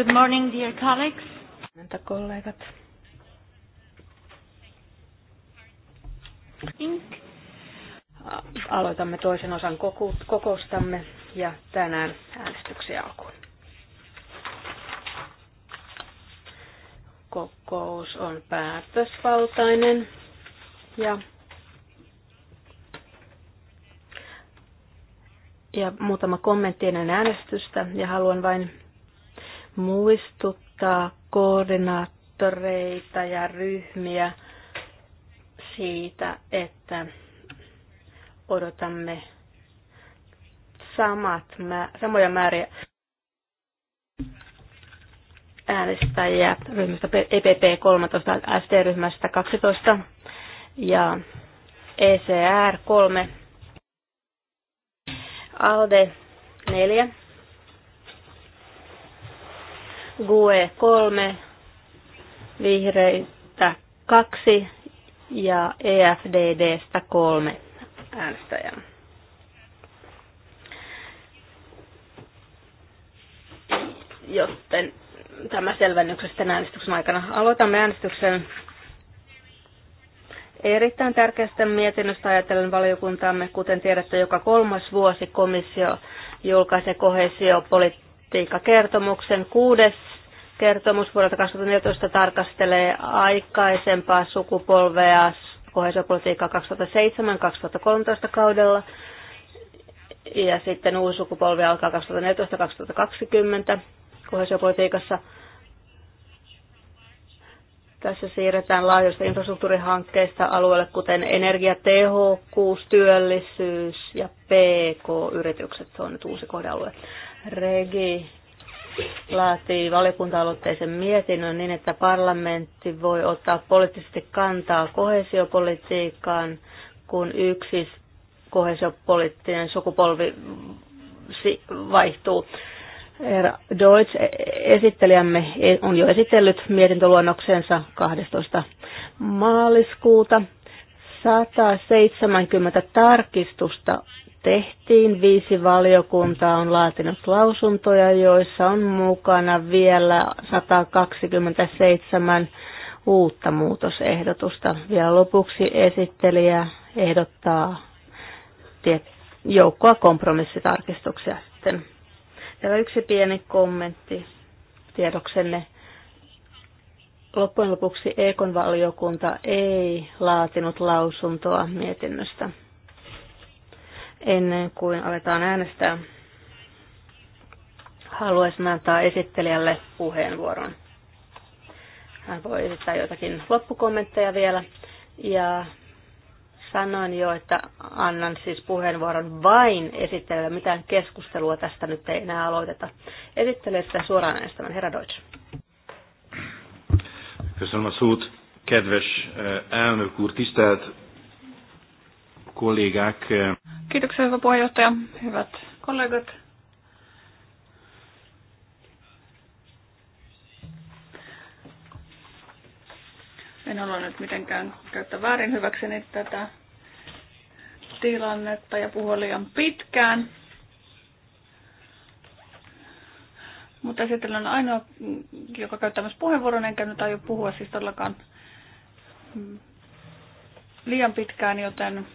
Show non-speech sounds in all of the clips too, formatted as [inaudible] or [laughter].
Good morning, dear colleagues. kollegat? Aloitamme toisen osan kokoustamme ja tänään äänestyksiä alkuun. Kokous on päätösvaltainen ja ja muutama kommentti ennen äänestystä ja haluan vain muistuttaa koordinaattoreita ja ryhmiä siitä, että odotamme samat, samoja määriä äänestäjiä ryhmästä EPP 13, ST-ryhmästä 12 ja ECR 3, ALDE 4, GUE 3, vihreitä 2 ja EFDDstä 3 äänestäjää. Joten tämä selvennyksestä äänestyksen aikana aloitamme äänestyksen erittäin tärkeästä mietinnöstä ajatellen valiokuntaamme. Kuten tiedätte, joka kolmas vuosi komissio julkaisee kohesiopolitiikkaa kertomuksen Kuudes kertomus vuodelta 2014 tarkastelee aikaisempaa sukupolvea kohesiopolitiikkaa 2007-2013 kaudella ja sitten uusi sukupolvi alkaa 2014-2020 kohesiopolitiikassa. Tässä siirretään laajoista infrastruktuurihankkeista alueelle, kuten energia, tehokkuus, työllisyys ja PK-yritykset. Se on nyt uusi kohdealue. Regi laatii valiokunta-aloitteisen mietinnön niin, että parlamentti voi ottaa poliittisesti kantaa kohesiopolitiikkaan, kun yksi kohesiopoliittinen sukupolvi vaihtuu. Herra Deutsch, esittelijämme on jo esitellyt mietintöluonnoksensa 12. maaliskuuta. 170 tarkistusta tehtiin. Viisi valiokuntaa on laatinut lausuntoja, joissa on mukana vielä 127 uutta muutosehdotusta. Vielä lopuksi esittelijä ehdottaa joukkoa kompromissitarkistuksia sitten. Vielä yksi pieni kommentti tiedoksenne. Loppujen lopuksi Ekon valiokunta ei laatinut lausuntoa mietinnöstä ennen kuin aletaan äänestää. Haluaisin antaa esittelijälle puheenvuoron. Hän voi esittää jotakin loppukommentteja vielä. Ja sanoin jo, että annan siis puheenvuoron vain esittelijälle. Mitään keskustelua tästä nyt ei enää aloiteta. Esittelee sitä suoraan äänestämään. Herra Deutsch. Köszönöm a szót, kedves eh, elnök úr, tisztelt kollegak. Eh, Kiitoksia hyvä puheenjohtaja, hyvät kollegat. En halua nyt mitenkään käyttää väärin hyväkseni tätä tilannetta ja puhua liian pitkään. Mutta sitten on ainoa, joka käyttää myös puheenvuoron, enkä nyt aio puhua siis todellakaan liian pitkään, joten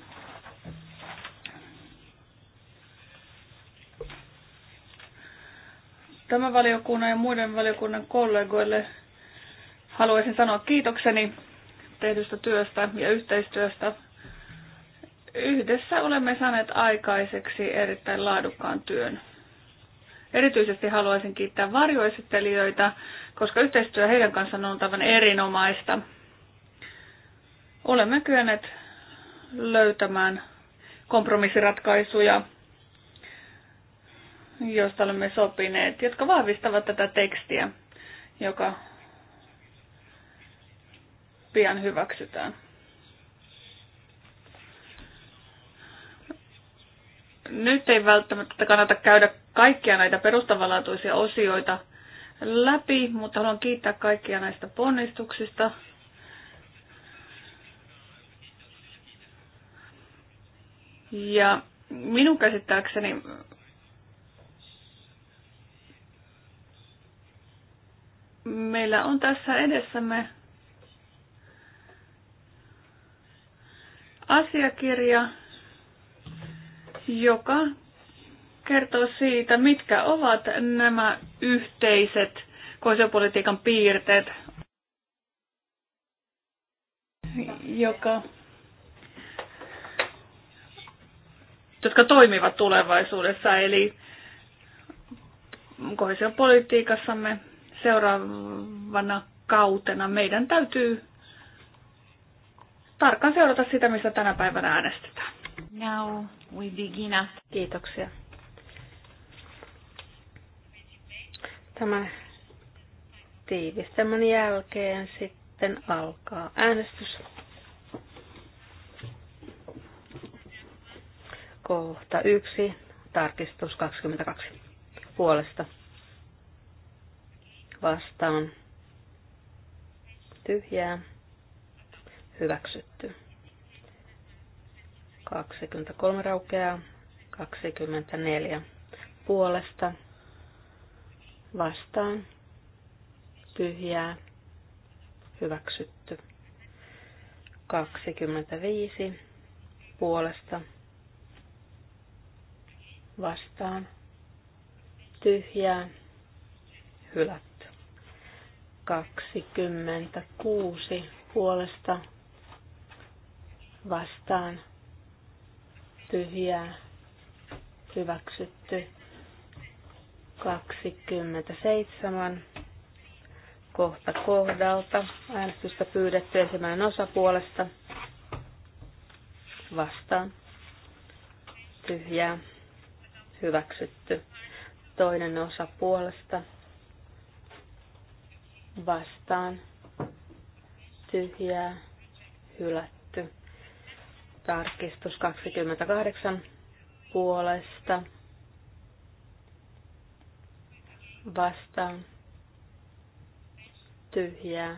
tämän valiokunnan ja muiden valiokunnan kollegoille haluaisin sanoa kiitokseni tehdystä työstä ja yhteistyöstä. Yhdessä olemme saaneet aikaiseksi erittäin laadukkaan työn. Erityisesti haluaisin kiittää varjoesittelijöitä, koska yhteistyö heidän kanssaan on tavan erinomaista. Olemme kyenneet löytämään kompromissiratkaisuja joista olemme sopineet, jotka vahvistavat tätä tekstiä, joka pian hyväksytään. Nyt ei välttämättä kannata käydä kaikkia näitä perustavanlaatuisia osioita läpi, mutta haluan kiittää kaikkia näistä ponnistuksista. Ja minun käsittääkseni meillä on tässä edessämme asiakirja, joka kertoo siitä, mitkä ovat nämä yhteiset koisiopolitiikan piirteet, joka, jotka toimivat tulevaisuudessa. Eli koisiopolitiikassamme seuraavana kautena meidän täytyy tarkkaan seurata sitä, mistä tänä päivänä äänestetään. Now we begin after. Kiitoksia. Tämä tiivistämän jälkeen sitten alkaa äänestys. Kohta 1, tarkistus 22 puolesta vastaan tyhjää hyväksytty. 23 raukeaa 24 puolesta vastaan tyhjää hyväksytty. 25 puolesta vastaan tyhjää hylätty. 26 puolesta vastaan tyhjää hyväksytty 27 kohta kohdalta. Äänestystä pyydetty ensimmäinen osa puolesta vastaan tyhjää hyväksytty toinen osa puolesta vastaan tyhjää hylätty. Tarkistus 28 puolesta vastaan tyhjää.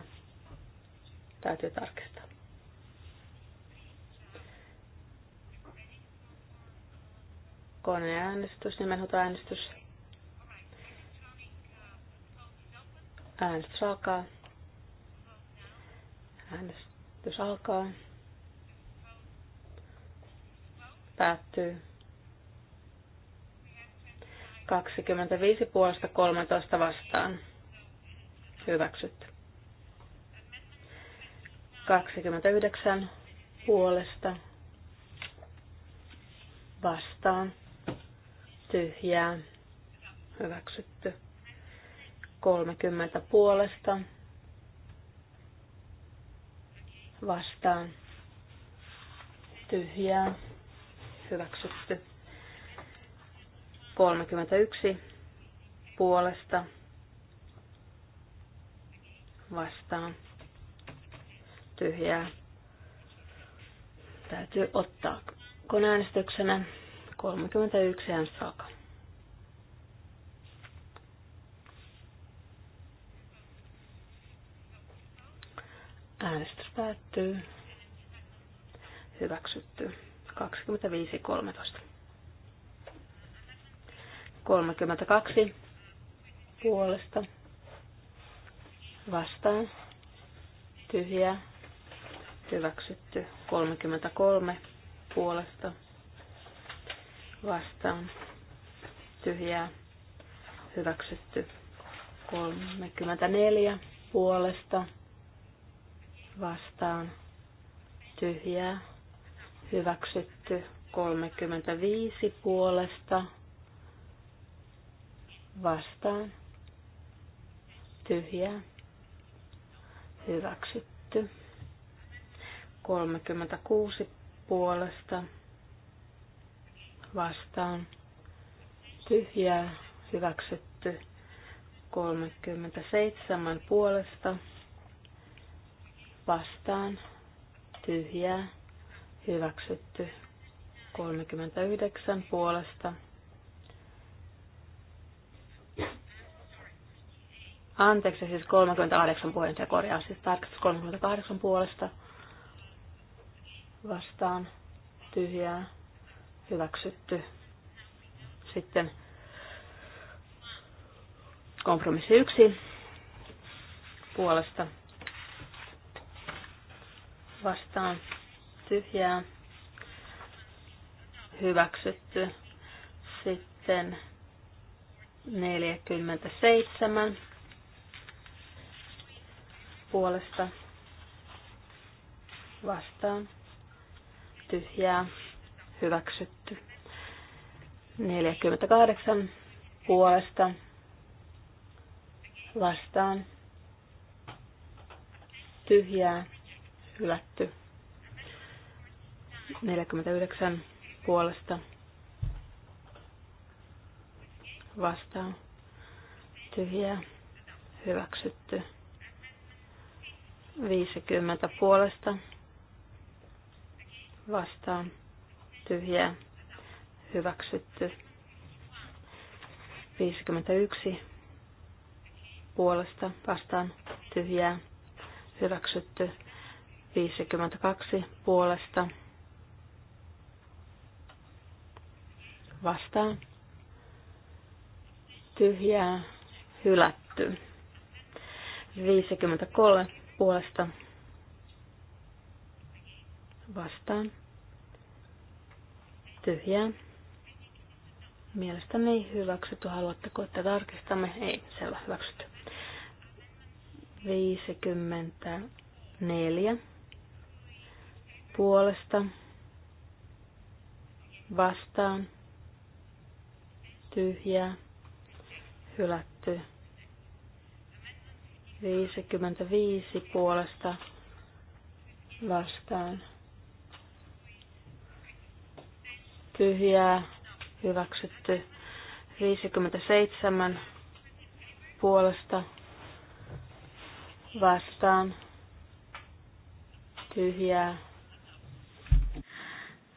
Täytyy tarkistaa. Koneäänestys, nimenhoitoäänestys. Äänestys alkaa. Äänestys alkaa. Päättyy. 25 puolesta 13 vastaan. Hyväksytty. 29 puolesta vastaan. Tyhjää. Hyväksytty. 30 puolesta vastaan tyhjää hyväksytty 31 puolesta vastaan tyhjää täytyy ottaa koneäänestyksenä 31 äänestä Äänestys päättyy. Hyväksytty. 25.13. 32 puolesta vastaan tyhjä hyväksytty 33 puolesta vastaan tyhjää hyväksytty 34 puolesta vastaan tyhjää hyväksytty 35 puolesta vastaan tyhjää hyväksytty 36 puolesta vastaan tyhjää hyväksytty 37 puolesta vastaan tyhjää hyväksytty 39 puolesta. Anteeksi, siis 38 puolesta, korjaa, siis tarkastus 38 puolesta vastaan tyhjää hyväksytty. Sitten kompromissi yksi puolesta vastaan tyhjää hyväksytty. Sitten 47 puolesta vastaan tyhjää hyväksytty. 48 puolesta vastaan tyhjää hylätty. 49 puolesta vastaan tyhjää hyväksytty. 50 puolesta vastaan tyhjää hyväksytty. 51 puolesta vastaan tyhjää hyväksytty. 52 puolesta vastaan. Tyhjää hylätty. 53 puolesta vastaan. Tyhjää. Mielestäni hyväksytty. Haluatteko, että tarkistamme? Ei, selvä, hyväksytty. 54 puolesta vastaan tyhjää hylätty. 55 puolesta vastaan tyhjää hyväksytty. 57 puolesta vastaan tyhjää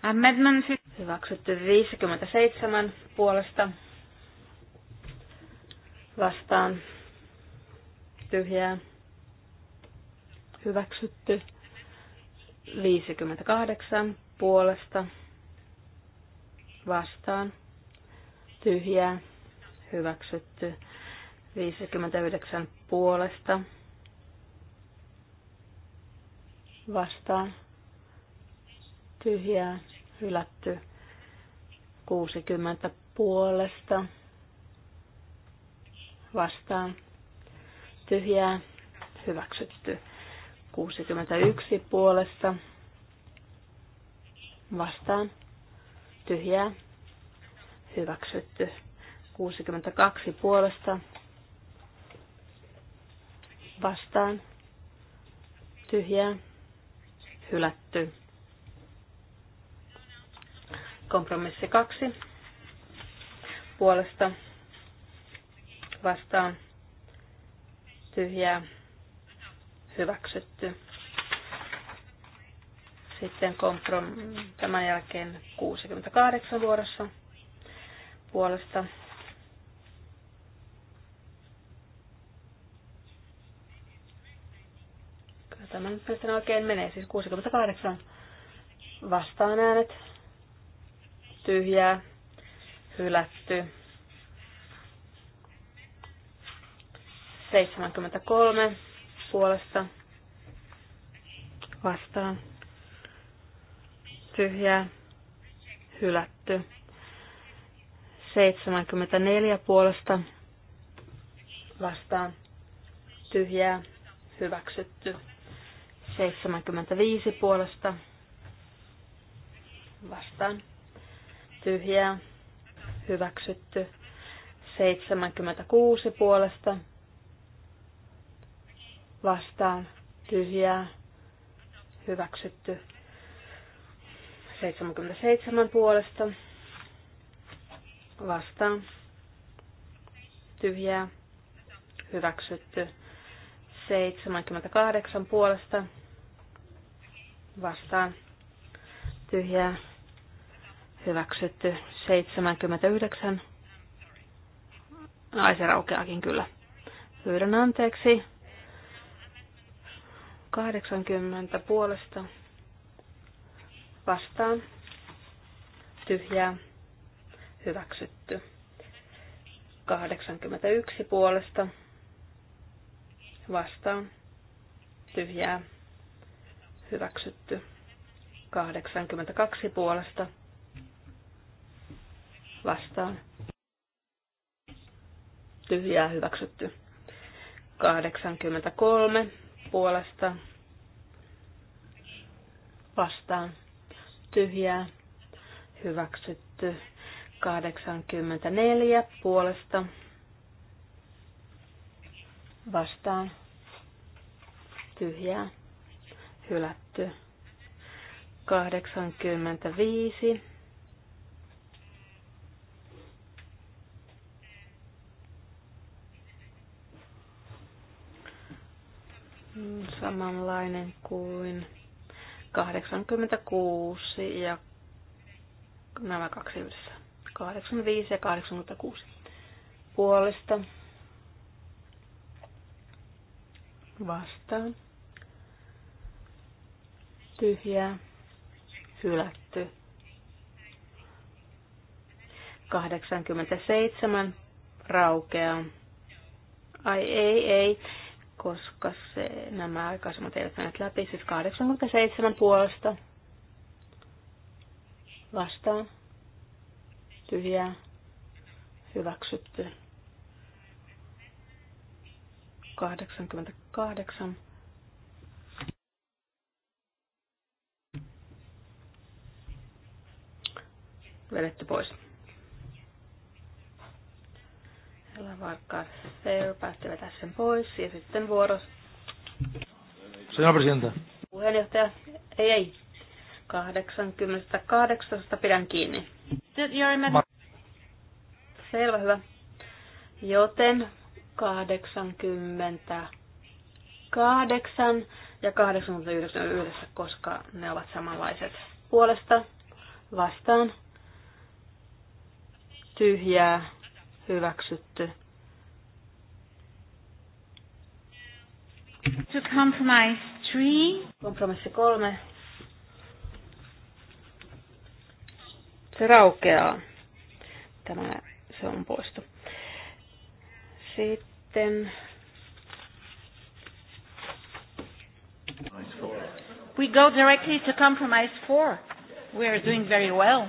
Amendment hyväksytty 57 puolesta vastaan tyhjää hyväksytty 58 puolesta vastaan tyhjää hyväksytty 59 puolesta vastaan tyhjää hylätty 60 puolesta vastaan tyhjää hyväksytty 61 puolesta vastaan tyhjää hyväksytty 62 puolesta vastaan tyhjää hylätty Kompromissi kaksi puolesta vastaan tyhjää hyväksytty. Sitten komprom, tämän jälkeen 68 vuorossa puolesta Tämä nyt oikein menee, siis 68 vastaan äänet tyhjää, hylätty. 73 puolesta vastaan, tyhjää, hylätty. 74 puolesta vastaan, tyhjää, hyväksytty. 75 puolesta vastaan tyhjää, hyväksytty. 76 puolesta vastaan, tyhjää, hyväksytty. 77 puolesta vastaan, tyhjää, hyväksytty. 78 puolesta vastaan, tyhjää, hyväksytty 79. Ai se raukeakin kyllä. Pyydän anteeksi. 80 puolesta vastaan tyhjää hyväksytty. 81 puolesta vastaan tyhjää hyväksytty. 82 puolesta vastaan. Tyhjää hyväksytty. 83 puolesta vastaan. Tyhjää hyväksytty. 84 puolesta vastaan. Tyhjää hylätty. 85 samanlainen kuin 86 ja nämä kaksi yhdessä. 85 ja 86 puolesta vastaan. Tyhjää, hylätty. 87 raukeaa. Ai ei, ei koska se, nämä aikaisemmat eivät menneet läpi, siis 87 puolesta vastaan, tyhjää, hyväksytty. 88. Vedetty pois. Tarkistuksella vaikka EU päätti vetää sen pois ja sitten vuoros. Señor presidentti. Puheenjohtaja, ei ei. 88 pidän kiinni. Selvä, hyvä. Joten 88 ja 89 yhdessä, koska ne ovat samanlaiset. Puolesta vastaan tyhjää hyväksytty. To compromise three. Kompromissi kolme. Se raukeaa. Tämä se on poistu. Sitten We go directly to compromise four. We are doing very well.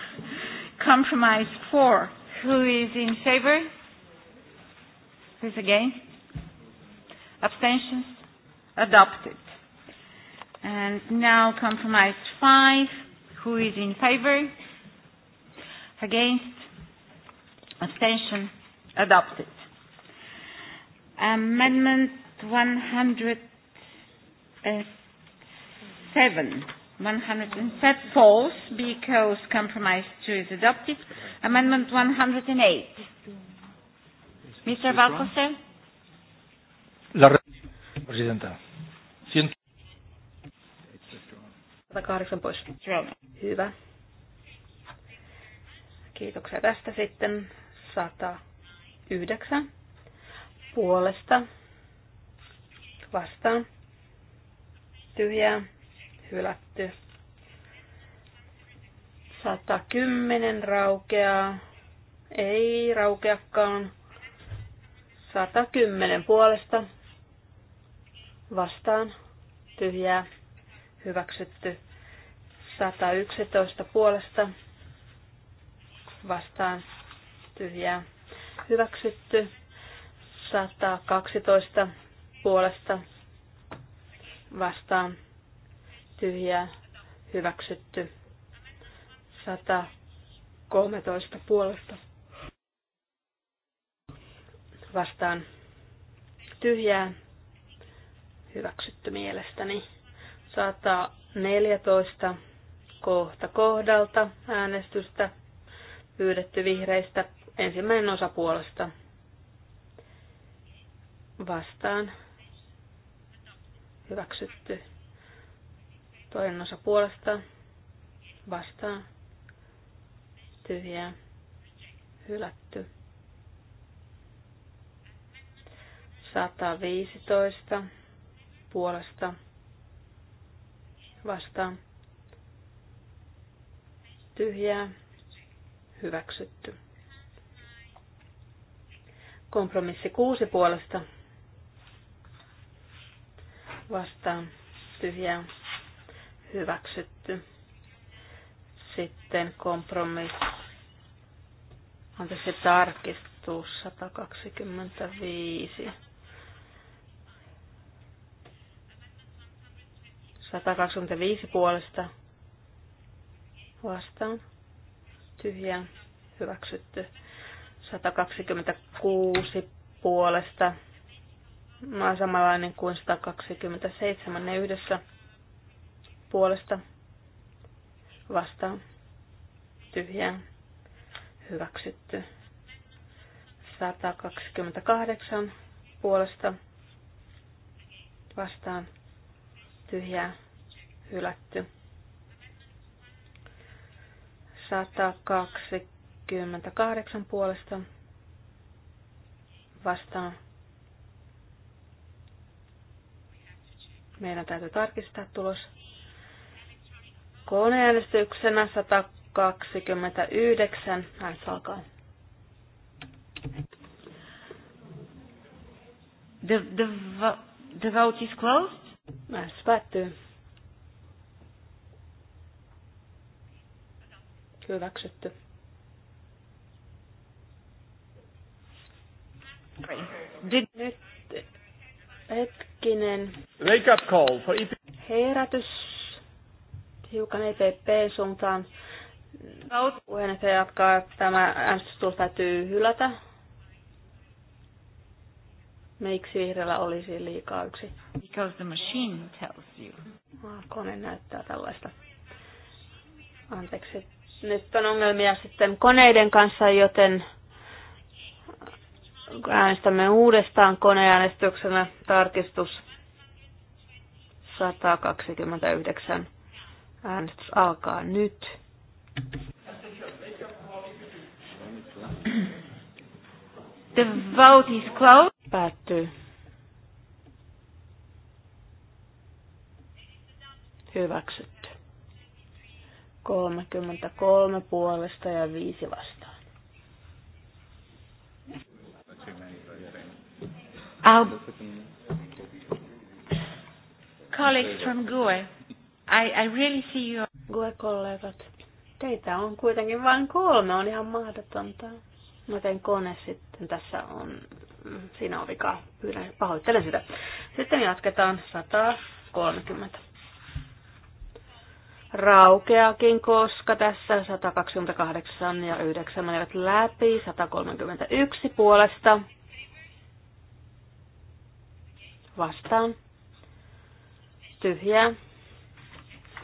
[laughs] compromise four. Who is in favor? Please again. Abstentions? Adopted. And now compromise five. Who is in favor? Against? Abstention? Adopted. Amendment 107. 107 falls because compromise 2 is adopted. Amendment 108. Mr. Valcocer? La presidenta. 108 pois. Hyvä. Kiitoksia tästä sitten. 109 puolesta vastaan tyhjää hylätty. 110 raukeaa. Ei raukeakaan. 110 puolesta. Vastaan. Tyhjää. Hyväksytty. 111 puolesta. Vastaan. Tyhjää. Hyväksytty. 112 puolesta. Vastaan tyhjää hyväksytty 113 puolesta vastaan tyhjää hyväksytty mielestäni 114 kohta kohdalta äänestystä pyydetty vihreistä ensimmäinen osa puolesta vastaan hyväksytty Toinen osa puolesta vastaan tyhjää hylätty. 115 puolesta vastaan tyhjää hyväksytty. Kompromissi kuusi puolesta vastaan tyhjää hyväksytty. Sitten kompromissi, anteeksi tarkistus 125. 125 puolesta vastaan. Tyhjä hyväksytty. 126 puolesta. Mä samanlainen kuin 127 ne yhdessä puolesta vastaan tyhjää hyväksytty. 128 puolesta vastaan tyhjää hylätty. 128 puolesta vastaan. Meidän täytyy tarkistaa tulos koneäänestyksenä 129. Hän alkaa. The, the, the vote is closed. Äänestys päättyy. Hyväksytty. Did... Nyt hetkinen. Wake up call for e Herätys hiukan EPPn suuntaan. Puheenjohtaja jatkaa, että tämä äänestystulos täytyy hylätä. Miksi vihreällä olisi liikaa yksi? Because the machine tells you. Ah, kone näyttää tällaista. Anteeksi. Nyt on ongelmia sitten koneiden kanssa, joten äänestämme uudestaan koneäänestyksenä tarkistus 129. Äänestys alkaa nyt. The vote is closed. Päättyy. Hyväksytty. 33 puolesta ja 5 vastaan. Our colleagues from GUE. I, I really see you. Lue kollegat. Teitä on kuitenkin vain kolme, on ihan mahdotonta. Joten kone sitten tässä on, mm, siinä on vika. Pyydän, pahoittelen sitä. Sitten jatketaan 130. Raukeakin, koska tässä 128 ja 9 menevät läpi, 131 puolesta. Vastaan. Tyhjää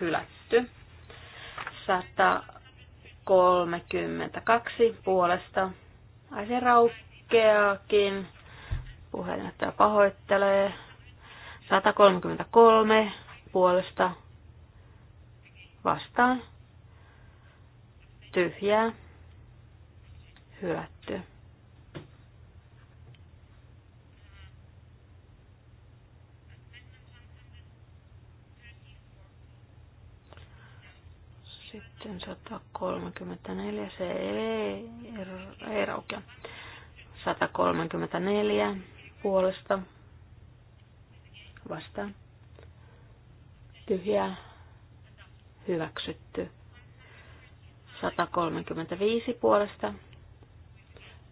hylätty. 132 puolesta. Ai se raukeakin. Puheenjohtaja pahoittelee. 133 puolesta vastaan. Tyhjää. Hylätty. Sitten 134, se ei, ei raukea. 134 puolesta vastaan. tyhjä hyväksytty. 135 puolesta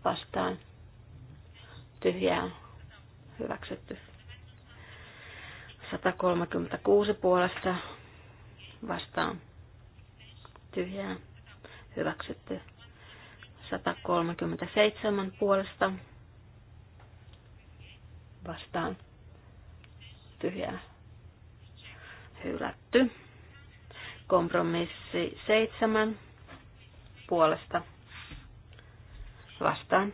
vastaan. Tyhjää hyväksytty. 136 puolesta vastaan tyhjää hyväksytty. 137 puolesta vastaan tyhjää hylätty. Kompromissi 7 puolesta vastaan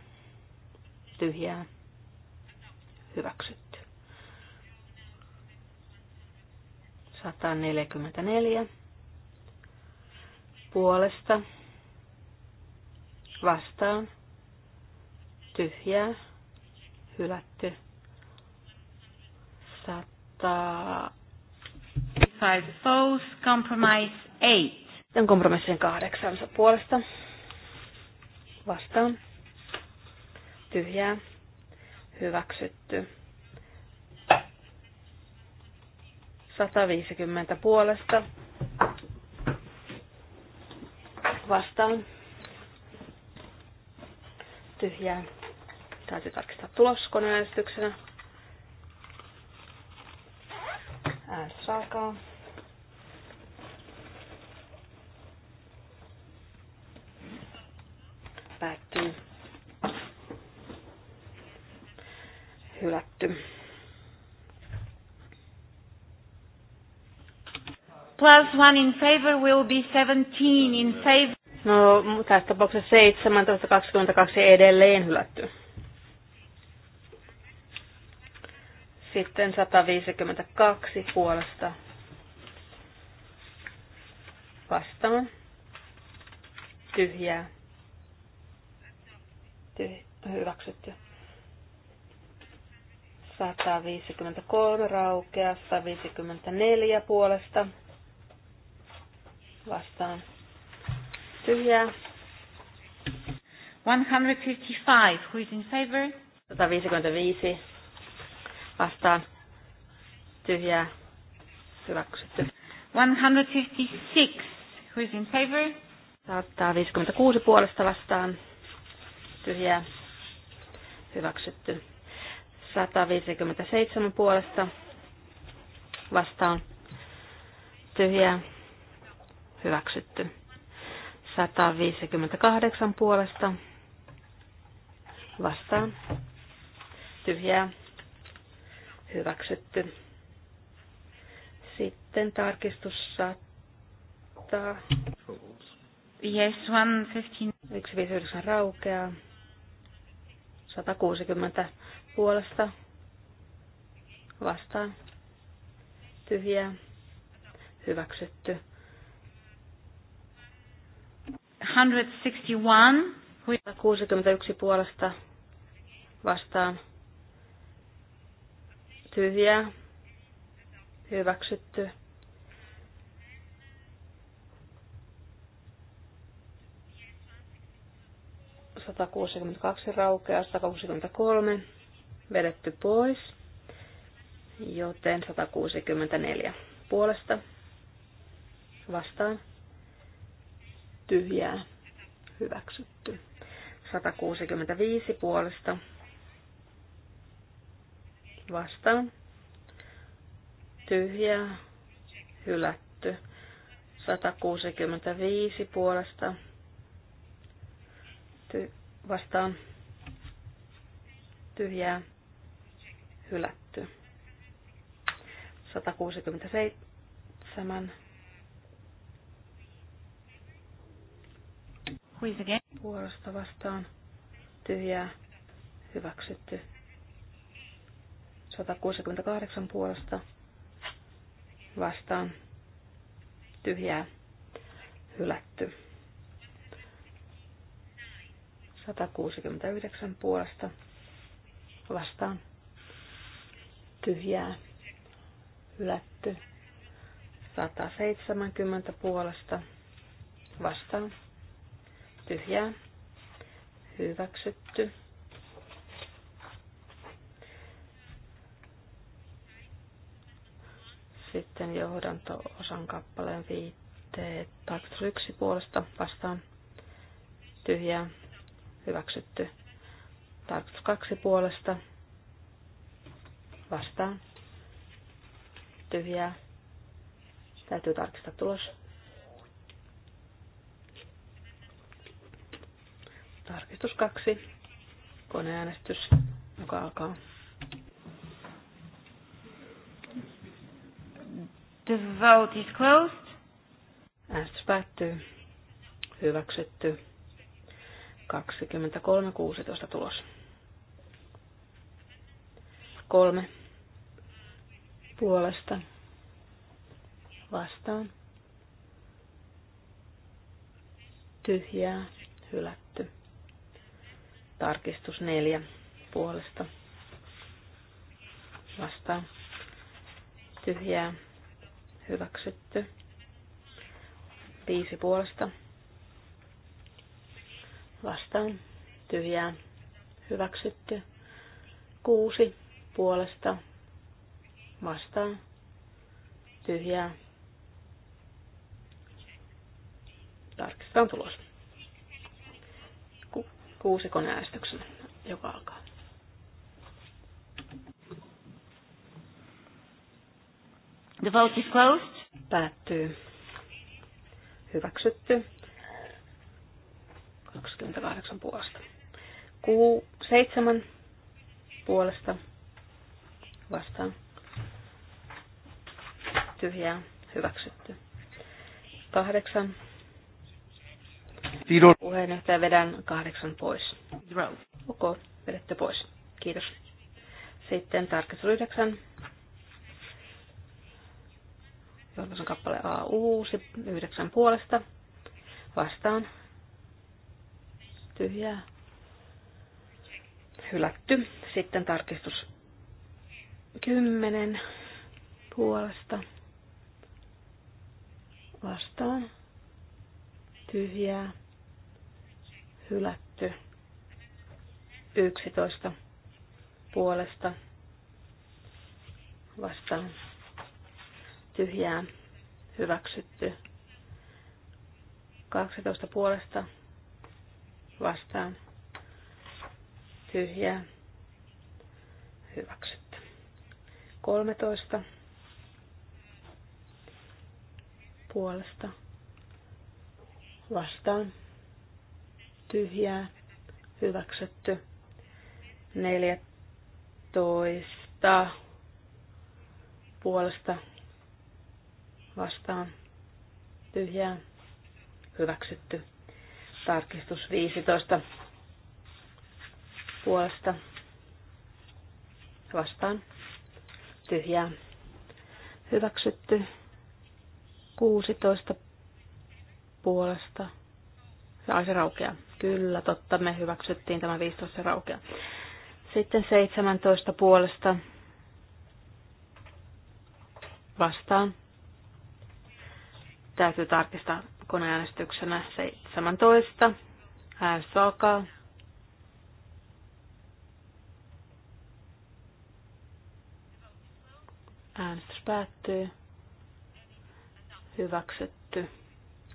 tyhjää hyväksytty. 144 puolesta vastaan tyhjää hylätty 100 five foes, compromise eight. Sitten kompromissin kahdeksansa puolesta. Vastaan. Tyhjää. Hyväksytty. 150 puolesta vastaan tyhjään. Täytyy tarkistaa tulos koneäänestyksenä. Äänestys alkaa. Päättyy. Hylätty. Plus one in favor will be 17 in favor. No, tässä tapauksessa 17.22 edelleen hylätty. Sitten 152 puolesta vastaan. Tyhjää. Tyh- hyväksytty. 153 raukea, 154 puolesta vastaan tyhjää. 155, who is in favor? 155 vastaan tyhjää hyväksytty. 156, who is in favor? 156 puolesta vastaan tyhjää hyväksytty. 157 puolesta vastaan tyhjää hyväksytty. 158 puolesta vastaan. Tyhjää. Hyväksytty. Sitten tarkistus 100. Yes, 159. 159 raukeaa. 160 puolesta vastaan. Tyhjää. Hyväksytty. 161. 61 puolesta vastaan tyhjää, hyväksytty. kaksi raukeaa, 163 vedetty pois, joten 164 puolesta vastaan tyhjää hyväksytty. 165 puolesta vastaan tyhjää hylätty. 165 puolesta ty- vastaan tyhjää hylätty. 167 Who again? Puolesta vastaan. Tyhjää. Hyväksytty. 168 puolesta vastaan. Tyhjää. Hylätty. 169 puolesta vastaan. Tyhjää. Hylätty. 170 puolesta vastaan tyhjää, hyväksytty. Sitten johdanto-osan kappaleen viitteet. Tarkistus yksi puolesta vastaan tyhjää, hyväksytty. Tarkistus kaksi puolesta vastaan tyhjää. Täytyy tarkistaa tulos. Tarkistus kaksi. Koneäänestys, joka alkaa. The vote is closed. Äänestys päättyy. Hyväksytty. 23.16 tulos. Kolme. Puolesta. Vastaan. Tyhjää. Hylätty. Tarkistus neljä puolesta vastaan. Tyhjää hyväksytty. Viisi puolesta vastaan. Tyhjää hyväksytty. Kuusi puolesta vastaan. Tyhjää. Tarkistetaan tulosta kuusikon äänestyksen, joka alkaa. The vote is closed. Päättyy. Hyväksytty. 28 puolesta. q 7 puolesta vastaan. Tyhjää. Hyväksytty. 8 Tiro. Puheenjohtaja vedän kahdeksan pois. Row. Ok, vedätte pois. Kiitos. Sitten tarkistus yhdeksän. Johdus on kappale A uusi, yhdeksän puolesta. Vastaan. Tyhjää. Hylätty. Sitten tarkistus kymmenen puolesta. Vastaan tyhjää, hylätty 11 puolesta vastaan tyhjää hyväksytty 12 puolesta vastaan tyhjää hyväksytty 13 puolesta vastaan tyhjää hyväksytty. 14 puolesta vastaan tyhjää hyväksytty. Tarkistus 15 puolesta vastaan tyhjää hyväksytty. 16 puolesta. Ja se raukeaa. Kyllä, totta, me hyväksyttiin tämä 15 raukea. Sitten 17 puolesta vastaan. Täytyy tarkistaa koneäänestyksenä 17. Äänestys alkaa. Äänestys päättyy. Hyväksytty.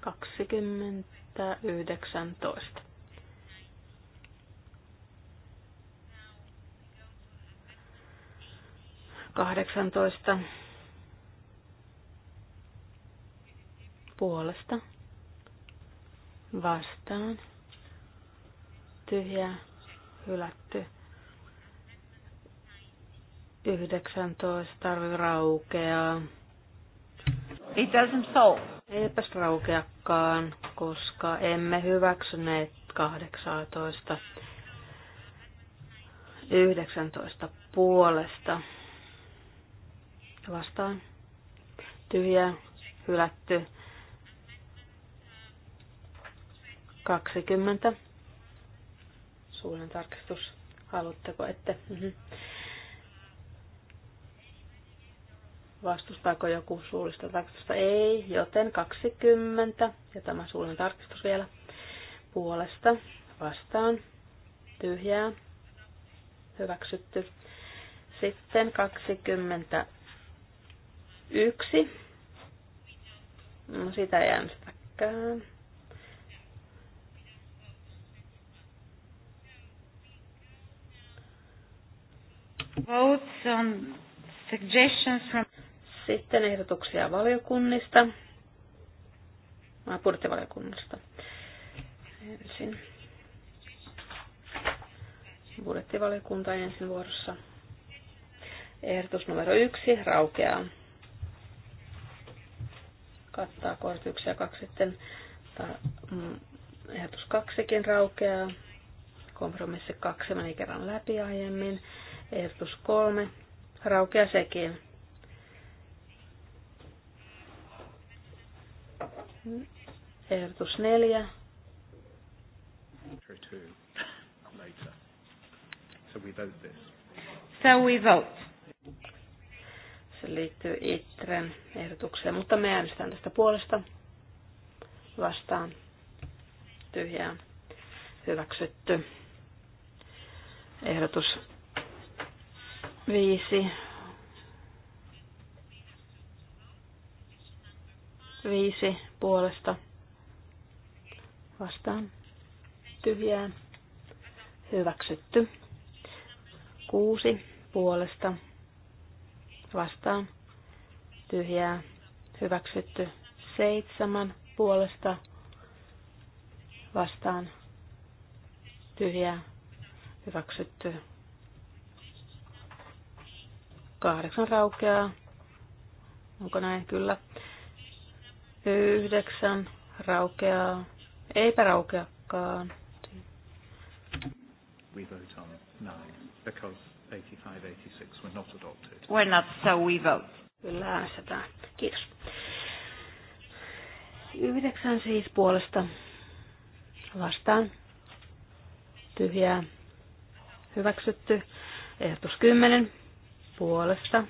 2019. 18 puolesta vastaan tyhjä hylätty 19 raukeaa. It doesn't so. Eipäs raukeakaan, koska emme hyväksyneet 18. 19 puolesta vastaan tyhjä hylätty 20 suunnan tarkistus. Haluatteko, että mm-hmm. vastustaako joku suullista tarkistusta? Ei, joten 20 ja tämä suullinen tarkistus vielä puolesta vastaan tyhjää hyväksytty. Sitten 20 Yksi. No sitä ei äänestäkään. Votes on suggestions from... Sitten ehdotuksia valiokunnista. Ah, budjettivaliokunnasta. Ensin. Budjettivaliokunta ensin vuorossa. Ehdotus numero yksi raukeaa kattaa kohdat 1 ja 2 sitten mm, ehdotus 2kin raukeaa. Kompromissi 2 meni kerran läpi aiemmin. Ehdotus 3 raukeaa sekin. Ehdotus 4. So we vote this. So we vote. Se liittyy Itren ehdotukseen, mutta me äänestään tästä puolesta vastaan tyhjää hyväksytty. Ehdotus viisi viisi puolesta vastaan tyhjää hyväksytty. kuusi puolesta vastaan tyhjää hyväksytty seitsemän puolesta vastaan tyhjää hyväksytty kahdeksan raukeaa. Onko näin? Kyllä. Yhdeksän raukeaa. Eipä raukeakaan. We vote on nine because 85, 86 were not adopted. Were not, so we vote. äänestetään. Kiitos. Yhdeksän siis puolesta vastaan. Tyhjää. Hyväksytty. Ehdotus 10 puolesta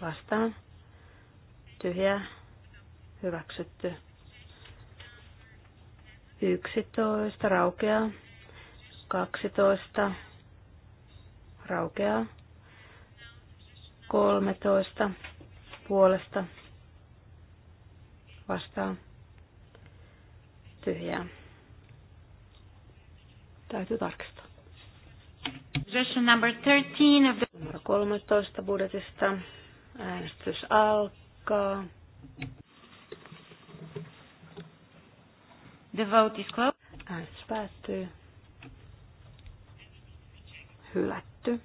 vastaan. Tyhjää. Hyväksytty. 11 raukeaa. 12 raukeaa. 13 puolesta vastaan tyhjää. Täytyy tarkistaa. Suggestion number 13 of the... 13 budjetista. Äänestys alkaa. The vote is closed. Äänestys päättyy. Hylätty tehty.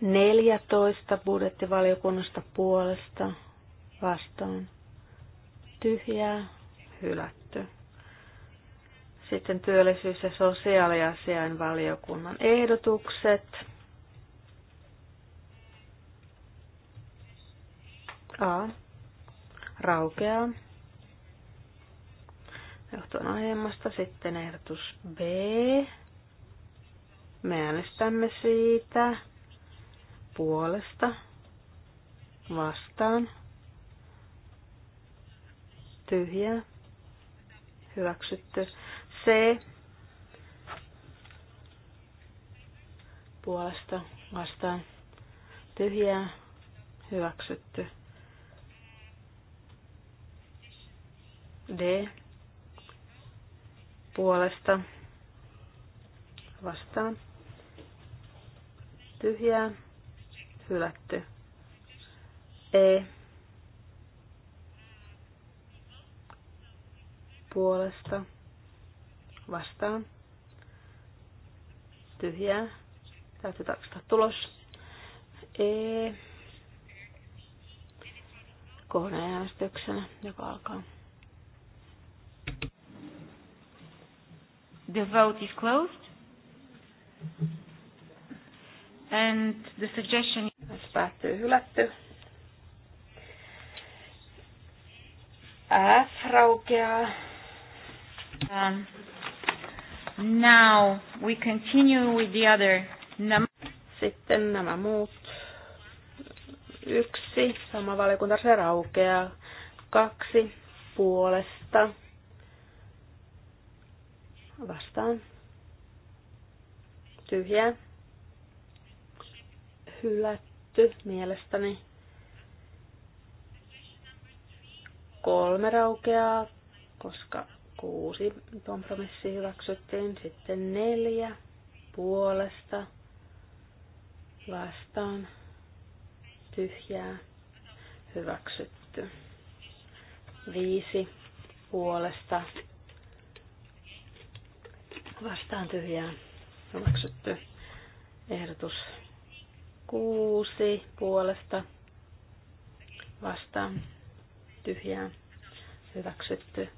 Neljätoista budjettivaliokunnasta puolesta vastaan. Tyhjää. Hylätty. Sitten työllisyys- ja sosiaaliasiain valiokunnan ehdotukset. A. Raukeaa johtuen aiemmasta. Sitten ehdotus B. Me äänestämme siitä puolesta vastaan. Tyhjä. Hyväksytty. C. Puolesta vastaan. tyhjä Hyväksytty. D puolesta vastaan. Tyhjää, hylätty. E. Puolesta vastaan. Tyhjää. Täytyy tarkistaa tulos. E. Kohdeäänestyksenä, joka alkaa. The vote is closed. And the suggestion is päättyy hylätty. F raukeaa. Um, now we continue with the other number. Sitten nämä muut. Yksi, sama valiokunta se raukeaa. Kaksi puolesta vastaan tyhjää hylätty mielestäni. Kolme raukeaa, koska kuusi kompromissi hyväksyttiin, sitten neljä puolesta vastaan tyhjää hyväksytty. Viisi puolesta vastaan tyhjään hyväksytty. Ehdotus kuusi puolesta vastaan tyhjään hyväksytty.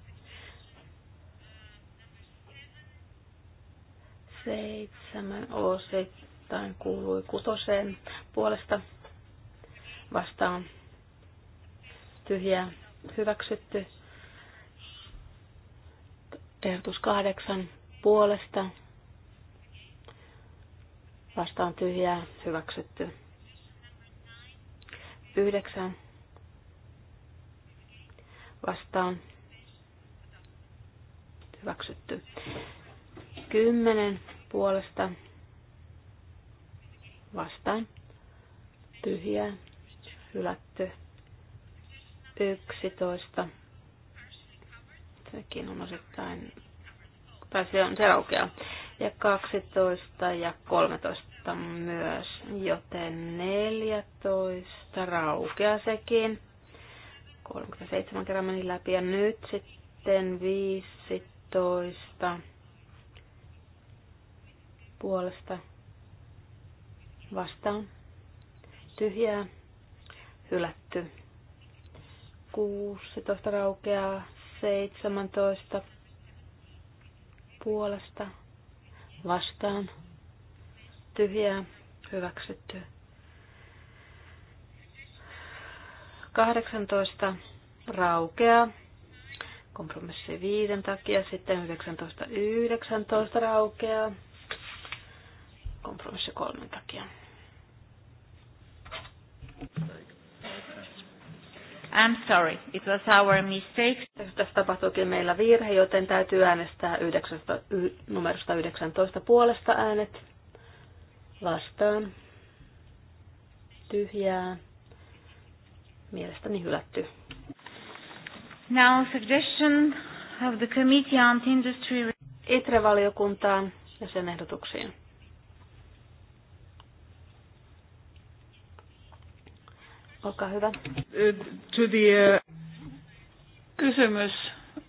Seitsemän osittain kuului kutoseen puolesta vastaan tyhjää hyväksytty. Ehdotus kahdeksan puolesta vastaan tyhjää hyväksytty. Yhdeksän vastaan hyväksytty. Kymmenen puolesta vastaan tyhjää hylätty. Yksitoista. Sekin on osittain tai se, on, se aukeaa. Ja 12 ja 13 myös, joten 14 raukeaa sekin. 37 kerran meni läpi ja nyt sitten 15 puolesta vastaan. Tyhjää, hylätty. 16 raukeaa, 17 puolesta vastaan tyhjää hyväksytty. 18 raukea kompromissi 5 takia, sitten 19, 19 raukea kompromissi 3 takia. Thank you. I'm sorry, it was our mistake. Tässä tapahtuikin meillä virhe, joten täytyy äänestää 19, y, numerosta 19 puolesta äänet vastaan. Tyhjää. Mielestäni hylätty. Now suggestion of the Committee on Industry... ITRE-valiokuntaan ja sen ehdotuksiin. Olkaa hyvä. To the... Uh, Kysymys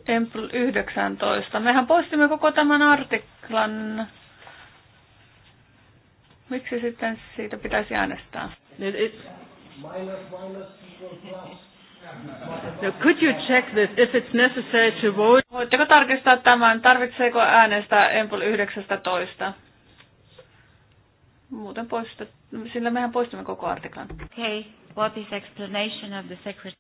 Empl 19. Mehän poistimme koko tämän artiklan. Miksi sitten siitä pitäisi äänestää? It, it... No, could you check this if it's necessary to vote? Voitteko tarkistaa tämän? Tarvitseeko äänestää Empl 19? Muuten poistet... Sillä mehän poistamme koko artiklan. Okei. Okay. What is explanation of the secretary?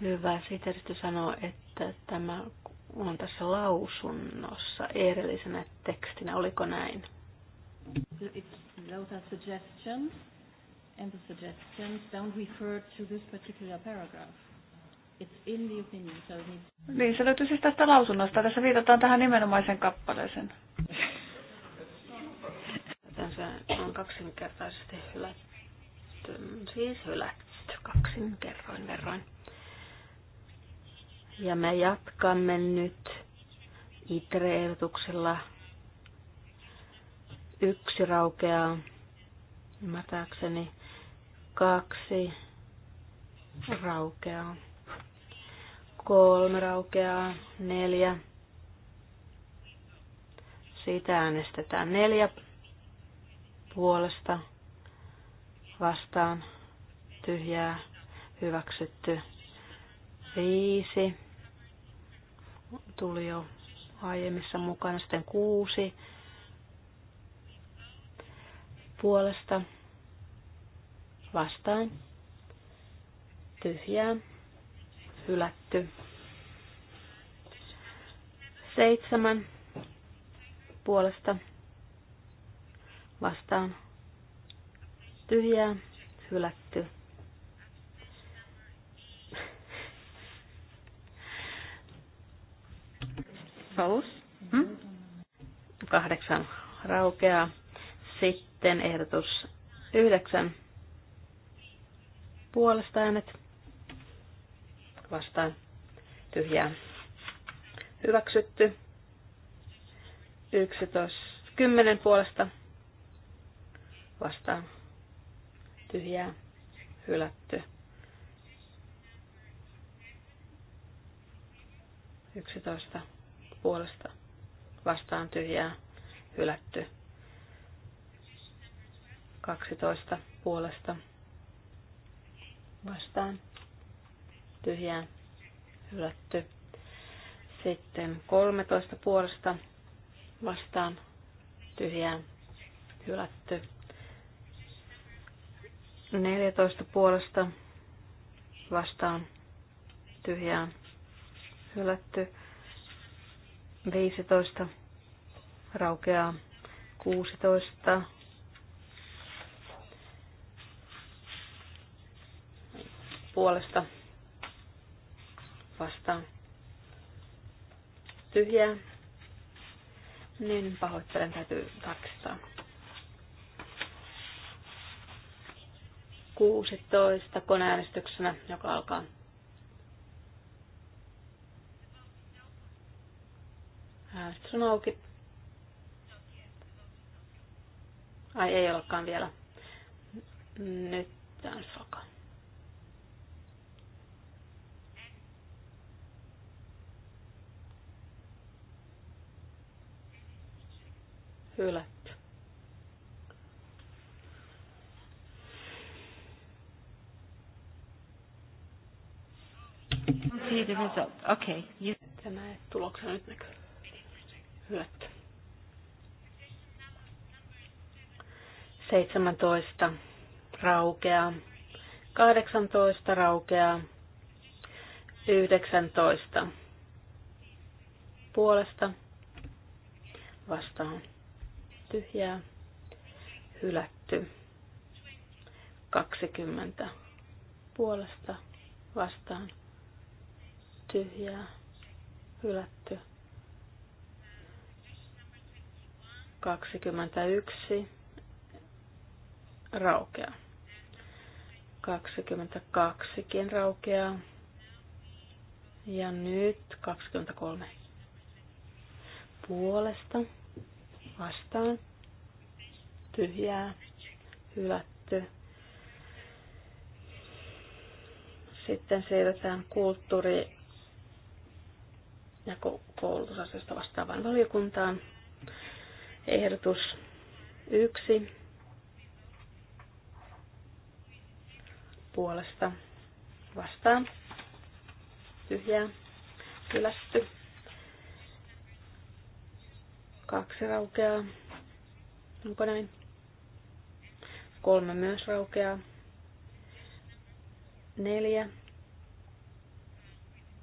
Hyvä. Sitten sanoo, että tämä on tässä lausunnossa erillisenä tekstinä. Oliko näin? It's, those are suggestions, and the suggestions don't refer to this particular paragraph. It's in the opinion, so it needs... Niin, se löytyy siis tästä lausunnosta. Tässä viitataan tähän nimenomaisen kappaleeseen. Tämä on kaksinkertaisesti hylätty siis hylätty kaksin kerroin verran. Ja me jatkamme nyt itre yksi raukeaa, ymmärtääkseni kaksi raukeaa, kolme raukeaa, neljä. Siitä äänestetään neljä puolesta vastaan tyhjää hyväksytty. Viisi tuli jo aiemmissa mukana, sitten kuusi puolesta vastaan tyhjää hylätty. Seitsemän puolesta vastaan tyhjää, hylätty. False. Hmm? Kahdeksan raukeaa. Sitten ehdotus yhdeksän puolesta äänet vastaan tyhjää. Hyväksytty. Yksitoista. kymmenen puolesta vastaan tyhjää hylätty. Yksitoista puolesta vastaan tyhjää hylätty. Kaksitoista puolesta vastaan tyhjää hylätty. Sitten 13 puolesta vastaan tyhjää hylätty. 14 puolesta vastaan tyhjään hylätty. 15 raukeaa 16. puolesta vastaan tyhjää, niin pahoittelen täytyy tarkistaa. 16 koneäänestyksenä, joka alkaa. Äänestys on auki. Ai ei olekaan vielä. Nyt äänestys alkaa. Hylätty. See the result. Okay. You... Tämä tuloksena nyt näkyy. Hylätty. 17 raukeaa. 18 raukeaa. 19 puolesta vastaan tyhjää hylätty 20 puolesta vastaan tyhjää, hylätty. 21 raukea, 22kin raukeaa. Ja nyt 23 puolesta vastaan tyhjää, hylätty. Sitten siirrytään kulttuuri ja koulutusasioista vastaavaan valiokuntaan. Ehdotus yksi puolesta vastaan tyhjää Hylästy. Kaksi raukeaa. Onko näin? Kolme myös raukeaa. Neljä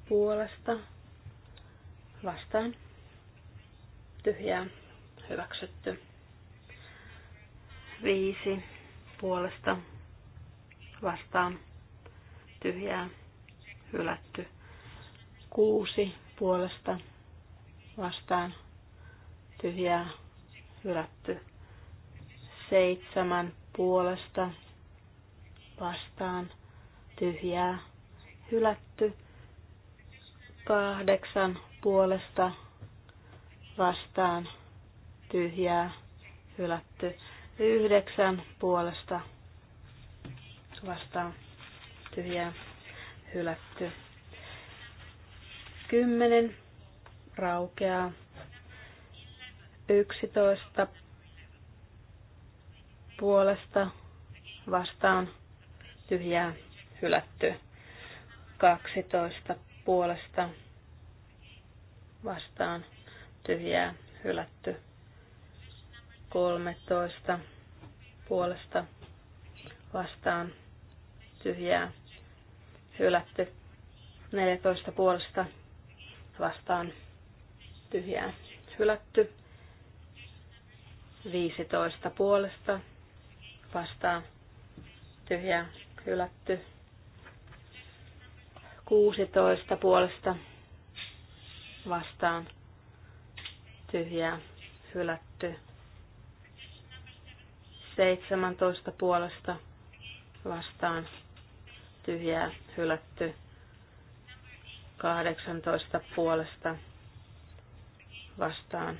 puolesta vastaan tyhjää hyväksytty. Viisi puolesta vastaan tyhjää hylätty. Kuusi puolesta vastaan tyhjää hylätty. Seitsemän puolesta vastaan tyhjää hylätty. Kahdeksan puolesta vastaan tyhjää hylätty. Yhdeksän puolesta vastaan tyhjää hylätty. Kymmenen raukeaa. Yksitoista puolesta vastaan tyhjää hylätty. Kaksitoista puolesta vastaan tyhjää hylätty 13 puolesta vastaan tyhjää hylätty 14 puolesta vastaan tyhjää hylätty 15 puolesta vastaan tyhjää hylätty 16 puolesta vastaan tyhjää hylätty. 17 puolesta vastaan tyhjää hylätty. 18 puolesta vastaan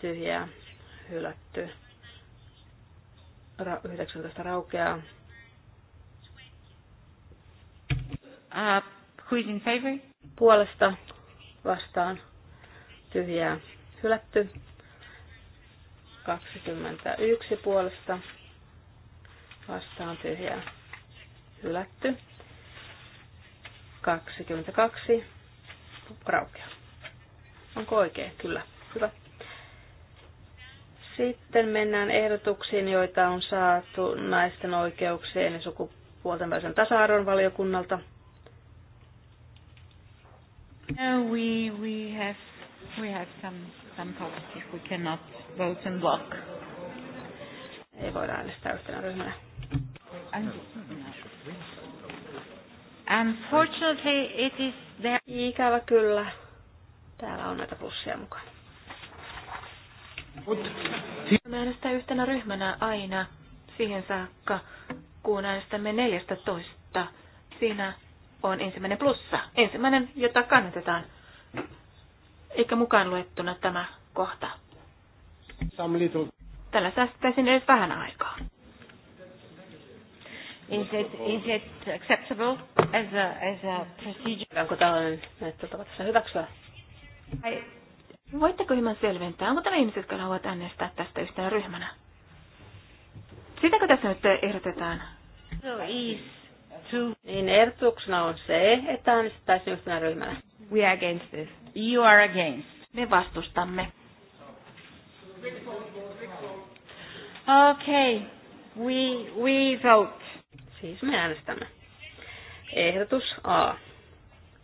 tyhjää hylätty. 19 raukeaa. Uh, who is in favor? Puolesta vastaan tyhjää hylätty. 21 puolesta vastaan tyhjää hylätty. 22 raukea. Onko oikein? Kyllä. Hyvä. Sitten mennään ehdotuksiin, joita on saatu naisten oikeuksien ja sukupuolten välisen tasa-arvon valiokunnalta – No, we, we have, we have some, some policies. We cannot vote in block. Ei voida äänestää yhtenä ryhmänä. Unfortunately, it is there. Ikävä kyllä. Täällä on näitä plussia mukana. Mä äänestää yhtenä ryhmänä aina siihen saakka, kun äänestämme 14. Siinä on ensimmäinen plussa, ensimmäinen, jota kannatetaan, eikä mukaan luettuna tämä kohta. Tällä säästäisin edes vähän aikaa. Is it, is it acceptable as a, as a procedure? Onko tämä menettelytapa tässä hyväksyä? I... Voitteko hieman selventää, onko tämä ihmiset, jotka haluavat äänestää tästä yhtenä ryhmänä? Sitäkö tässä nyt ehdotetaan? So is to... Niin ehdotuksena on se, että äänestettäisiin yhtenä ryhmänä. We are against this. You are against. Me vastustamme. Okay. We, we vote. Siis me äänestämme. Ehdotus A.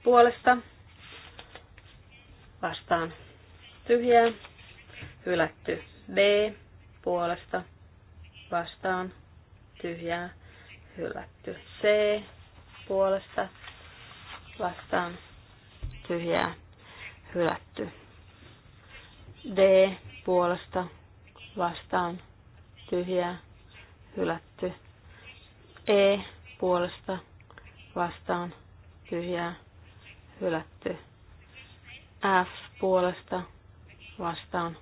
Puolesta. Vastaan. Tyhjää. Hylätty. B. Puolesta. Vastaan. Tyhjää hylätty. C puolesta vastaan tyhjää hylätty. D puolesta vastaan tyhjää hylätty. E puolesta vastaan tyhjää hylätty. F puolesta vastaan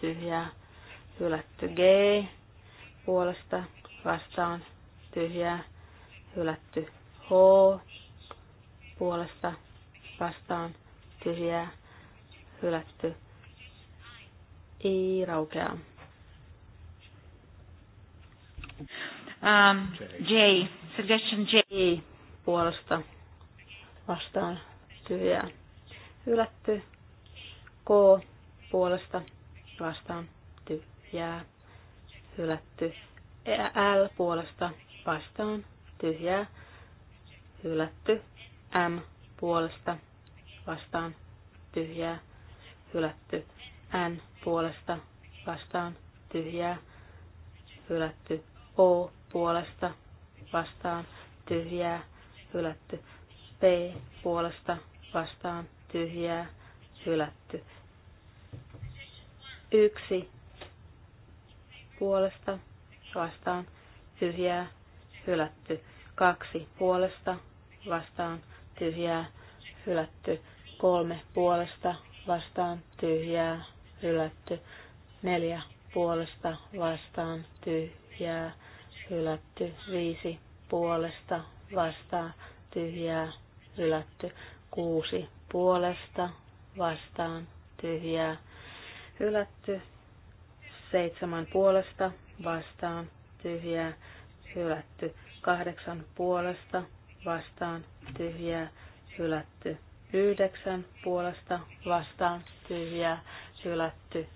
tyhjää hylätty. G puolesta vastaan tyhjää, hylätty. H puolesta vastaan tyhjää, hylätty. I raukeaa. Um, J. Suggestion J. I puolesta vastaan tyhjää, hylätty. K puolesta vastaan tyhjää, hylätty. E L puolesta vastaan, tyhjää, hylätty. M puolesta vastaan, tyhjää, hylätty. N puolesta vastaan, tyhjää, hylätty. O puolesta vastaan, tyhjää, hylätty. P puolesta vastaan, tyhjää, hylätty. Yksi puolesta vastaan, tyhjää, hylätty. Kaksi puolesta vastaan tyhjää, hylätty. Kolme puolesta vastaan tyhjää, hylätty. Neljä puolesta vastaan tyhjää, hylätty. Viisi puolesta vastaan tyhjää, hylätty. Kuusi puolesta vastaan tyhjää, hylätty. Seitsemän puolesta vastaan tyhjää, hylätty. Kahdeksan puolesta vastaan tyhjää, hylätty. Yhdeksän puolesta vastaan tyhjää, hylätty.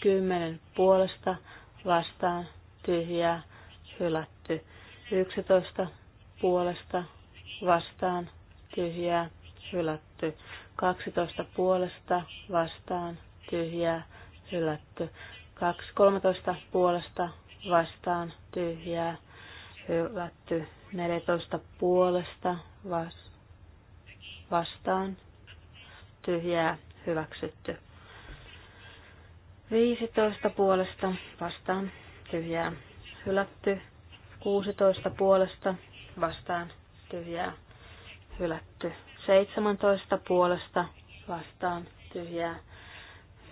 Kymmenen puolesta vastaan tyhjää, hylätty. Yksitoista puolesta vastaan tyhjää, hylätty. Kaksitoista puolesta vastaan tyhjää, hylätty. kaksi kolmetoista puolesta vastaan tyhjää, hylätty 14 puolesta vas- vastaan, tyhjää hyväksytty. 15 puolesta vastaan, tyhjää hylätty. 16 puolesta vastaan, tyhjää hylätty. 17 puolesta vastaan, tyhjää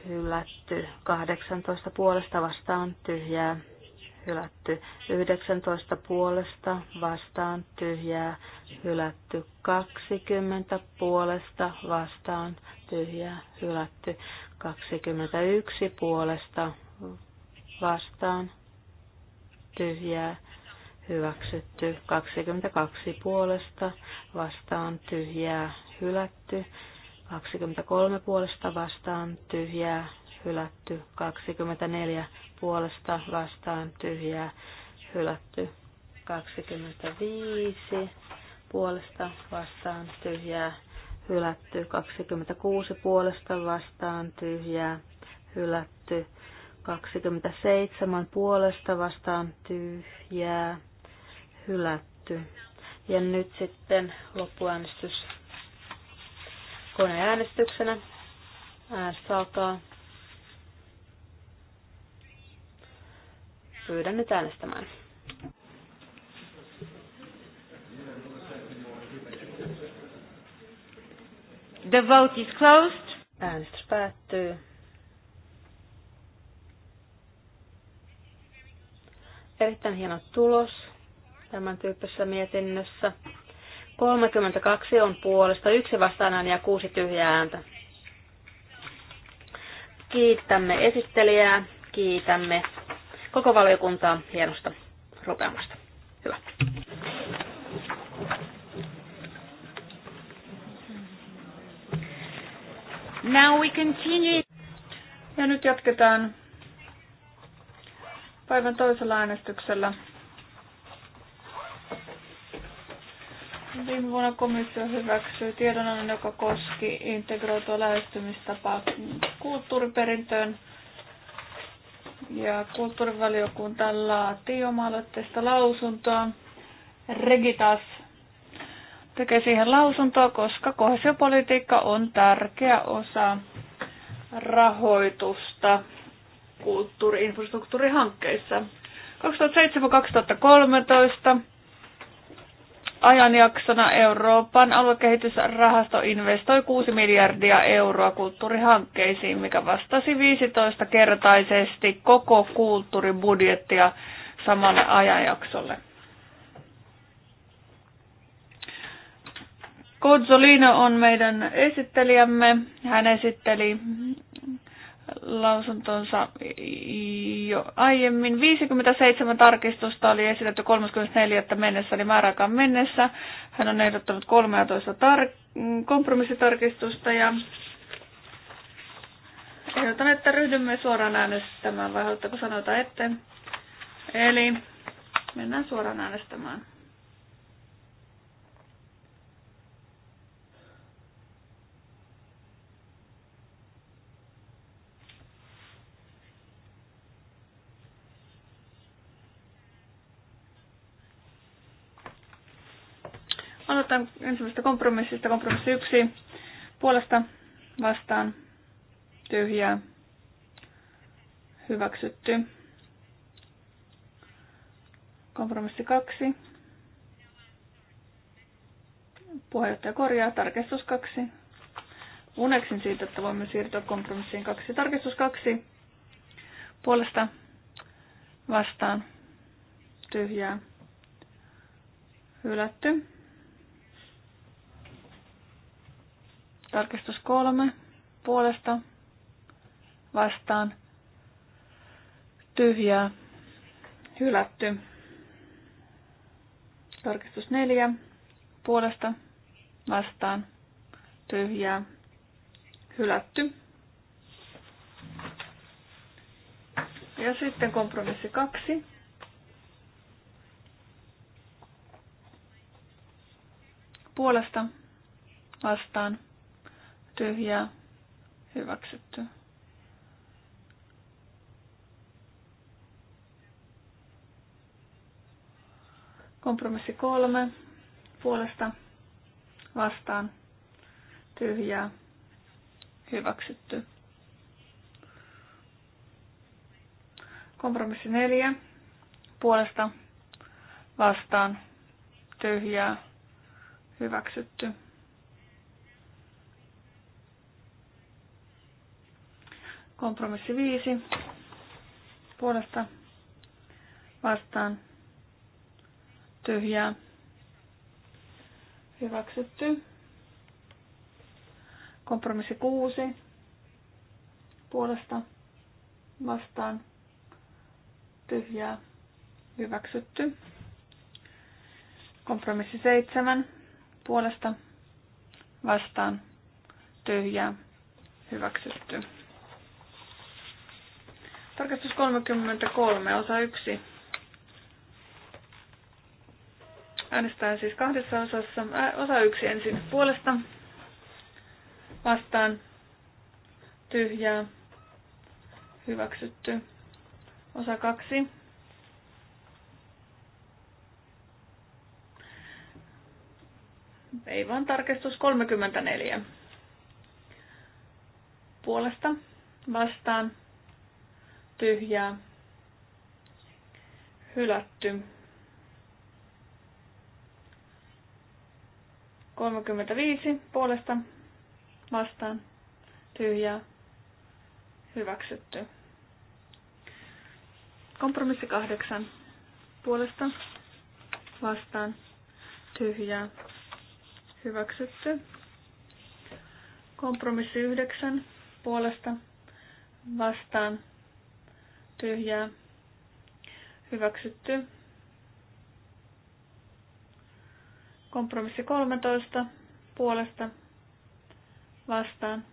hylätty. 18 puolesta vastaan, tyhjää hylätty 19 puolesta, vastaan tyhjää, hylätty 20 puolesta, vastaan tyhjää, hylätty 21 puolesta, vastaan tyhjää, hyväksytty 22 puolesta, vastaan tyhjää, hylätty 23 puolesta, vastaan tyhjää, hylätty 24 puolesta vastaan tyhjää hylätty. 25 puolesta vastaan tyhjää hylätty. 26 puolesta vastaan tyhjää hylätty. 27 puolesta vastaan tyhjää hylätty. Ja nyt sitten loppuäänestys koneäänestyksenä. Äänestys alkaa. Pyydän nyt äänestämään. The vote is closed. Äänestys päättyy. Erittäin hieno tulos tämän tyyppisessä mietinnössä. 32 on puolesta, yksi vastaan ja kuusi tyhjää ääntä. Kiitämme esittelijää, kiitämme koko valiokuntaa hienosta rupeamasta. Hyvä. Now we continue. Ja nyt jatketaan päivän toisella äänestyksellä. Viime vuonna komissio hyväksyi tiedonannon, joka koski integroitua lähestymistapaa kulttuuriperintöön ja kulttuurivaliokunta laatii oma lausuntoa. Regitas tekee siihen lausuntoa, koska kohesiopolitiikka on tärkeä osa rahoitusta kulttuuriinfrastruktuurihankkeissa. 2007-2013 ajanjaksona Euroopan aluekehitysrahasto investoi 6 miljardia euroa kulttuurihankkeisiin, mikä vastasi 15-kertaisesti koko kulttuuribudjettia samalle ajanjaksolle. Kozzolino on meidän esittelijämme. Hän esitteli lausuntonsa jo aiemmin. 57 tarkistusta oli esitetty 34. mennessä, eli määräaikaan mennessä. Hän on ehdottanut 13 tar- kompromissitarkistusta ja ehdotan, että ryhdymme suoraan äänestämään, vai haluatteko sanota ette? Eli mennään suoraan äänestämään. Aloitan ensimmäisestä kompromissista. Kompromissi yksi puolesta vastaan tyhjää hyväksytty. Kompromissi kaksi. Puheenjohtaja korjaa. Tarkistus kaksi. Uneksin siitä, että voimme siirtyä kompromissiin kaksi. Tarkistus kaksi. Puolesta vastaan tyhjää hylätty. Tarkistus kolme puolesta vastaan tyhjää hylätty. Tarkistus neljä puolesta vastaan tyhjää hylätty. Ja sitten kompromissi kaksi. Puolesta vastaan tyhjää, hyväksytty. Kompromissi kolme, puolesta vastaan, tyhjää, hyväksytty. Kompromissi neljä, puolesta vastaan, tyhjää, hyväksytty. Kompromissi 5 puolesta vastaan tyhjää. Hyväksytty. Kompromissi 6 puolesta vastaan tyhjää. Hyväksytty. Kompromissi 7 puolesta vastaan tyhjää. Hyväksytty. Tarkastus 33, osa 1. Äänestetään siis kahdessa osassa. Ä, osa 1 ensin puolesta. Vastaan. Tyhjää. Hyväksytty. Osa 2. Ei vaan tarkistus 34. Puolesta vastaan tyhjää, hylätty. 35 puolesta vastaan tyhjää hyväksytty. Kompromissi 8 puolesta vastaan tyhjää hyväksytty. Kompromissi 9 puolesta vastaan tyhjää, hyväksytty. Kompromissi 13 puolesta vastaan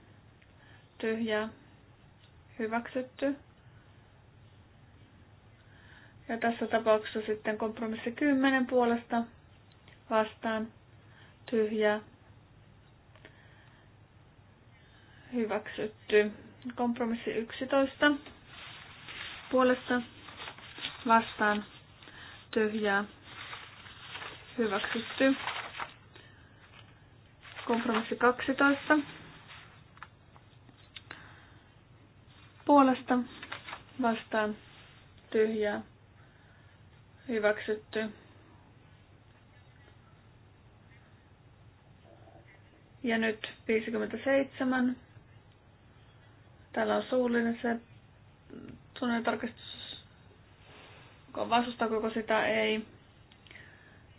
tyhjää hyväksytty. Ja tässä tapauksessa sitten kompromissi 10 puolesta vastaan tyhjää hyväksytty. Kompromissi 11 puolesta vastaan tyhjää hyväksytty. Kompromissi 12 puolesta vastaan tyhjää hyväksytty. Ja nyt 57. Täällä on suullinen se Suunnilleen tarkistus, vastustaako sitä, ei.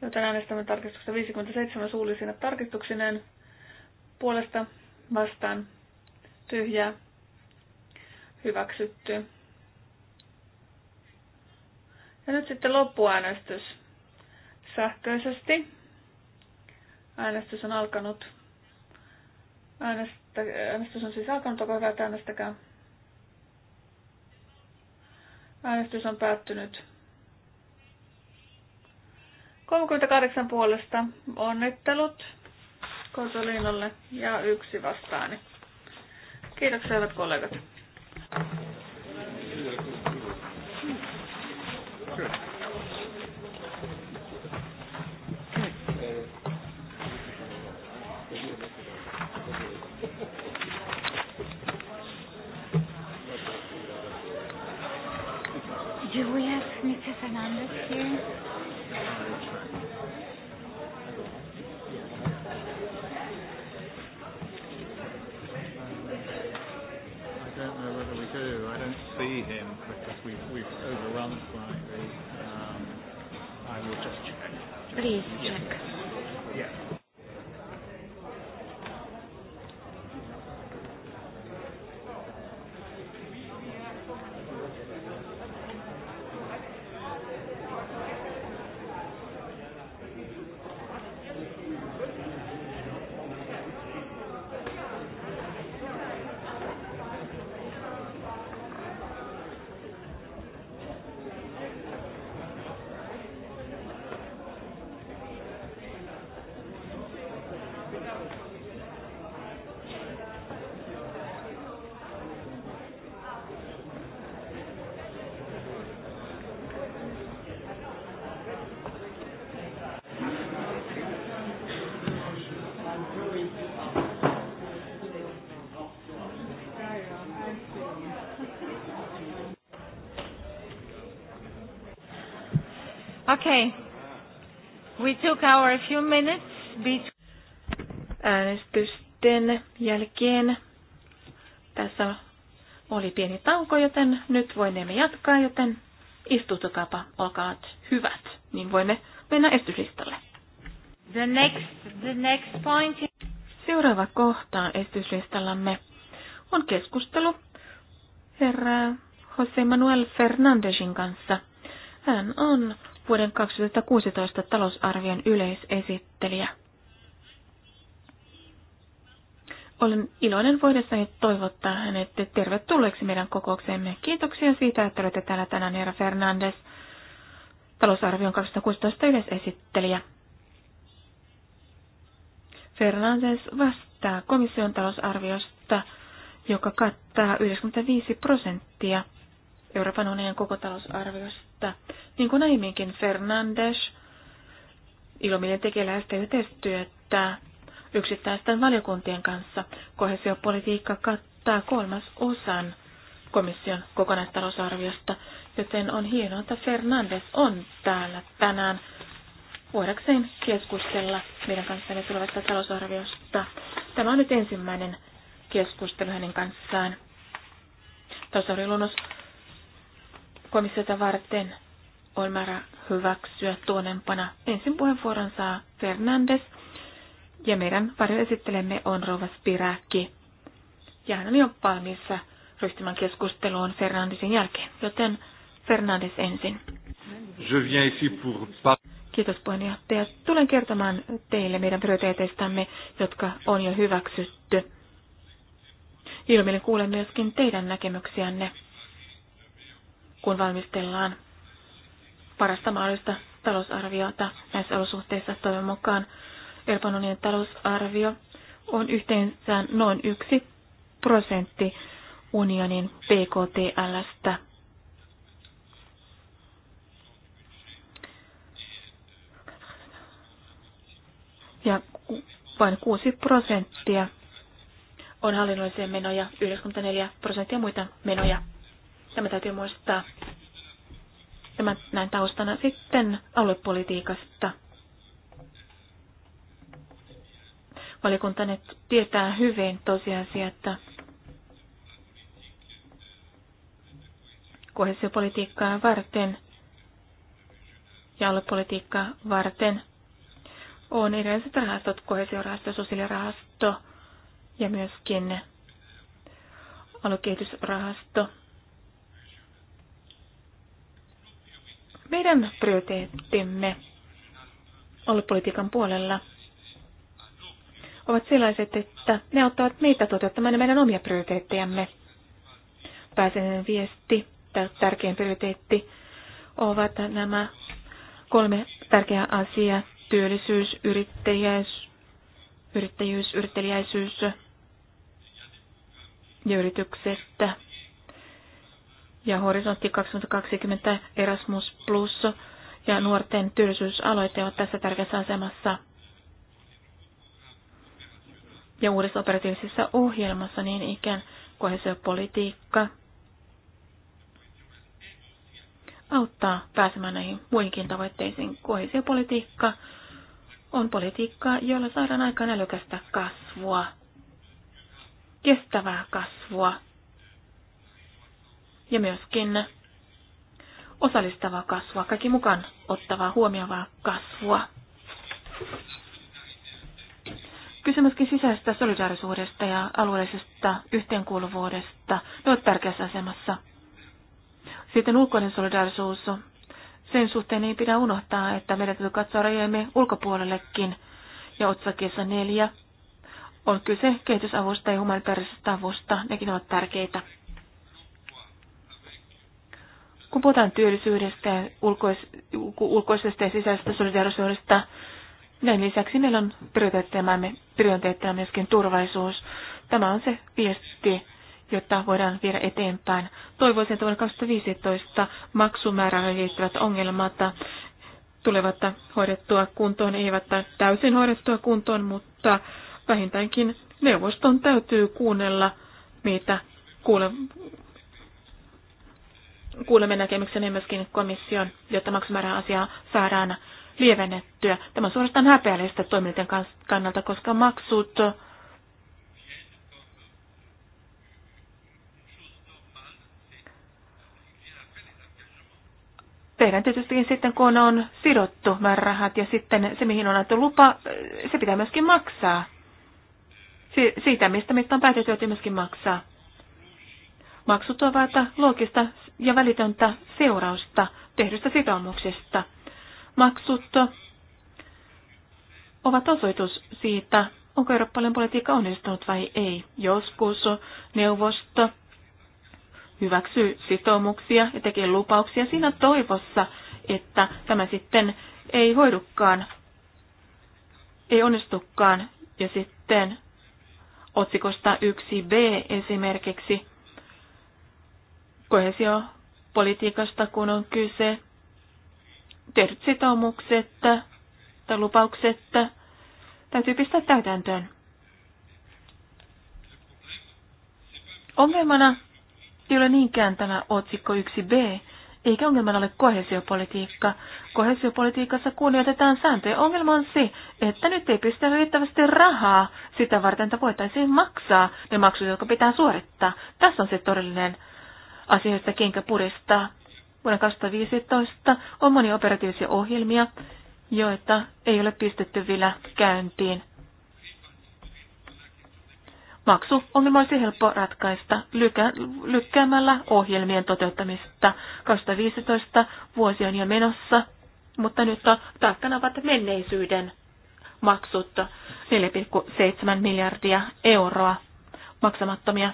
Joten äänestämme tarkistuksesta 57 suullisina tarkistuksineen puolesta vastaan tyhjää hyväksytty. Ja nyt sitten loppuäänestys sähköisesti. Äänestys on alkanut. Äänestä, äänestys on siis alkanut, onko hyvä, että äänestäkää. Äänestys on päättynyt. 38 puolesta onnittelut Kotoliinolle ja yksi vastaani. Kiitoksia hyvät kollegat. Good. Mr. Fernandez here? I don't know whether we do. I don't see him because we've, we've overrun slightly. Um, I will just check. Please yeah. check. Okay. We took our few minutes Äänestysten jälkeen tässä oli pieni tauko, joten nyt voimme jatkaa, joten istutukapa, olkaa hyvät, niin voimme mennä estyslistalle. The next, the next point. Seuraava kohta estyslistallamme on keskustelu herra Jose Manuel Fernandesin kanssa. Hän on vuoden 2016 talousarvion yleisesittelijä. Olen iloinen voidessani toivottaa hänet tervetulleeksi meidän kokoukseemme. Kiitoksia siitä, että olette täällä tänään, Eera Fernandes, talousarvion 2016 yleisesittelijä. Fernandes vastaa komission talousarviosta, joka kattaa 95 prosenttia Euroopan unionin koko talousarviosta että niin kuin aiemminkin Fernandes ilomielen tekee läheistä yhteistyötä yksittäisten valiokuntien kanssa. Kohesiopolitiikka kattaa kolmas osan komission kokonaistalousarviosta, joten on hienoa, että Fernandes on täällä tänään voidakseen keskustella meidän kanssamme tulevasta talousarviosta. Tämä on nyt ensimmäinen keskustelu hänen kanssaan. Talousarvioluonnos komissiota varten on määrä hyväksyä tuonempana. Ensin puheenvuoron saa Fernandes ja meidän varjoesittelemme on Rova Spiräkki. Ja hän on jo valmiissa, ryhtymään keskusteluun Fernandesin jälkeen, joten Fernandes ensin. Je viens ici pour... Kiitos puheenjohtaja. Tulen kertomaan teille meidän prioriteeteistamme, jotka on jo hyväksytty. Ilmeisesti kuulen myöskin teidän näkemyksiänne kun valmistellaan parasta mahdollista talousarviota näissä olosuhteissa toivon mukaan. Euroopan talousarvio on yhteensä noin yksi prosentti unionin PKTLstä. Ja vain 6 prosenttia on hallinnollisia menoja, 94 prosenttia muita menoja. Tämä täytyy muistaa. Tämä näin taustana sitten aluepolitiikasta. Valiokunta nyt tietää hyvin tosiasia, että kohesiopolitiikkaa varten ja aluepolitiikkaa varten on erilaiset rahastot, kohesiorahasto, sosiaalirahasto ja myöskin aluekehitysrahasto Meidän prioriteettimme aluepolitiikan puolella ovat sellaiset, että ne auttavat meitä toteuttamaan meidän omia prioriteettejamme. Pääsenen viesti tai tärkein prioriteetti ovat nämä kolme tärkeää asiaa. Työllisyys, yrittäjyys, yrittäjyys, yrittäjäisyys ja yritykset ja Horisontti 2020 Erasmus Plus ja nuorten työllisyysaloite ovat tässä tärkeässä asemassa. Ja uudessa operatiivisessa ohjelmassa niin ikään kohesiopolitiikka auttaa pääsemään näihin muihinkin tavoitteisiin. Kohesiopolitiikka on politiikkaa, jolla saadaan aikaan älykästä kasvua, kestävää kasvua ja myöskin osallistavaa kasvua, kaikki mukaan ottavaa, huomioivaa kasvua. Kysymyskin sisäisestä solidaarisuudesta ja alueellisesta yhteenkuuluvuudesta ne ovat tärkeässä asemassa. Sitten ulkoinen solidaarisuus. Sen suhteen ei pidä unohtaa, että meidän täytyy katsoa rajojemme ulkopuolellekin. Ja otsakkeessa neljä on kyse kehitysavusta ja humanitaarisesta avusta. Nekin ovat tärkeitä. Kun puhutaan työllisyydestä, ulkois- ulkoisesta ja sisäisestä solidarisuudesta, näin lisäksi meillä on prioriteettina myöskin turvallisuus. Tämä on se viesti, jotta voidaan viedä eteenpäin. Toivoisin, että vuonna 2015 maksumäärään liittyvät ongelmat tulevat hoidettua kuntoon, eivät täysin hoidettua kuntoon, mutta vähintäänkin neuvoston täytyy kuunnella meitä kuule, kuulemme näkemyksenne myöskin komission, jotta maksumäärän asiaa saadaan lievennettyä. Tämä on suorastaan häpeällistä toimintojen kannalta, koska maksut tehdään tietysti sitten, kun on sidottu määrärahat ja sitten se, mihin on annettu lupa, se pitää myöskin maksaa. Si- siitä, mistä, mistä on päätetty, että myöskin maksaa. Maksut ovat loogista ja välitöntä seurausta tehdystä sitoumuksesta. Maksut ovat osoitus siitä, onko eurooppalainen politiikka onnistunut vai ei. Joskus neuvosto hyväksyy sitoumuksia ja tekee lupauksia siinä toivossa, että tämä sitten ei hoidukaan, ei onnistukaan. Ja sitten otsikosta 1b esimerkiksi kohesiopolitiikasta, kun on kyse, tehdyt sitoumukset tai lupaukset täytyy pistää täytäntöön. Ongelmana ei ole niinkään tämä otsikko 1b, eikä ongelmana ole kohesiopolitiikka. Kohesiopolitiikassa kunnioitetaan sääntöjä. Ongelma on se, että nyt ei pystytä riittävästi rahaa sitä varten, että voitaisiin maksaa ne maksut, jotka pitää suorittaa. Tässä on se todellinen asioista kenkä puristaa. Vuonna 2015 on monia operatiivisia ohjelmia, joita ei ole pistetty vielä käyntiin. Maksu ongelma olisi helppo ratkaista lykkä, lykkäämällä ohjelmien toteuttamista. 2015 vuosi on jo menossa, mutta nyt on tarkkana ovat menneisyyden maksut 4,7 miljardia euroa maksamattomia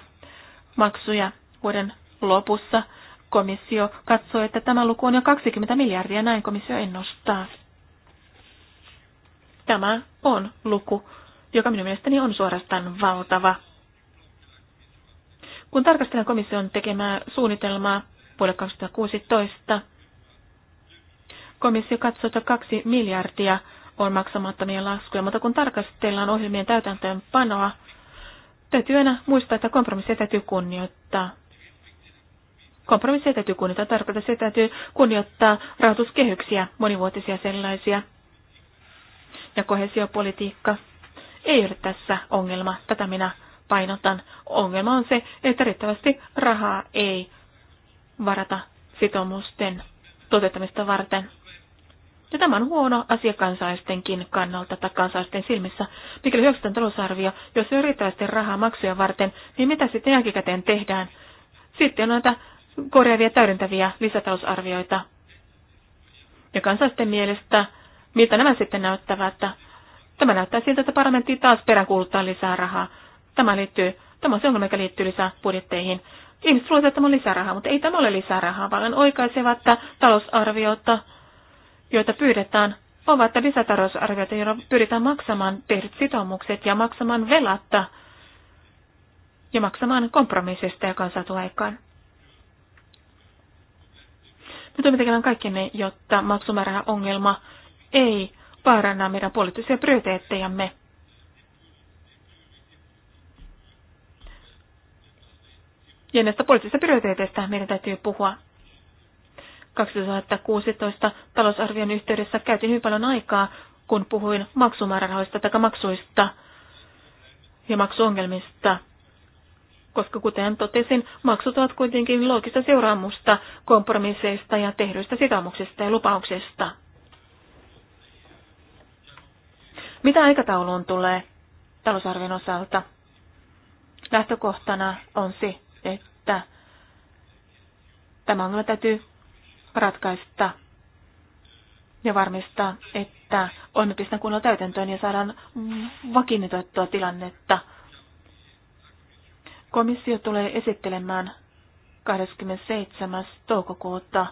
maksuja vuoden lopussa komissio katsoo, että tämä luku on jo 20 miljardia, näin komissio ennustaa. Tämä on luku, joka minun mielestäni on suorastaan valtava. Kun tarkastellaan komission tekemää suunnitelmaa vuodelle 2016, komissio katsoo, että 2 miljardia on maksamattomia laskuja, mutta kun tarkastellaan ohjelmien täytäntöönpanoa, täytyy aina muistaa, että kompromissia täytyy kunnioittaa. Kompromissi täytyy kunnioittaa. tarkoita, se täytyy kunnioittaa rahoituskehyksiä, monivuotisia sellaisia. Ja kohesiopolitiikka ei ole tässä ongelma. Tätä minä painotan. Ongelma on se, että riittävästi rahaa ei varata sitoumusten toteuttamista varten. Ja tämä on huono asia kansalaistenkin kannalta tai kansalaisten silmissä. Mikäli hyväksytään talousarvio, jos ei riittävästi rahaa maksuja varten, niin mitä sitten jälkikäteen tehdään? Sitten on näitä korjaavia täydentäviä lisätalousarvioita. Ja kansalaisten mielestä, miltä nämä sitten näyttävät, että tämä näyttää siltä, että parlamentti taas peräkuuluttaa lisää rahaa. Tämä liittyy, tämä on se ongelma, mikä liittyy lisää budjetteihin. Ihmiset luulevat, että tämä on rahaa, mutta ei tämä ole rahaa, vaan oikaisevat talousarviota, joita pyydetään, ovat lisätalousarvioita, joilla pyritään maksamaan tehdyt sitoumukset ja maksamaan velatta ja maksamaan kompromissista, joka on saatu aikaan. Me tulemme tekemään kaikkemme, jotta maksumääräongelma ei vaaranna meidän poliittisia prioriteettejamme. Ja näistä poliittisista prioriteeteista meidän täytyy puhua. 2016 talousarvion yhteydessä käytin hyvin paljon aikaa, kun puhuin maksumäärärahoista tai maksuista ja maksuongelmista koska kuten totesin, maksut ovat kuitenkin loogista seuraamusta kompromisseista ja tehdyistä sitoumuksista ja lupauksista. Mitä aikatauluun tulee talousarvion osalta? Lähtökohtana on se, että tämä ongelma täytyy ratkaista ja varmistaa, että olemme pistän kunnolla täytäntöön ja saadaan vakiinnitettua tilannetta – Komissio tulee esittelemään 27. toukokuuta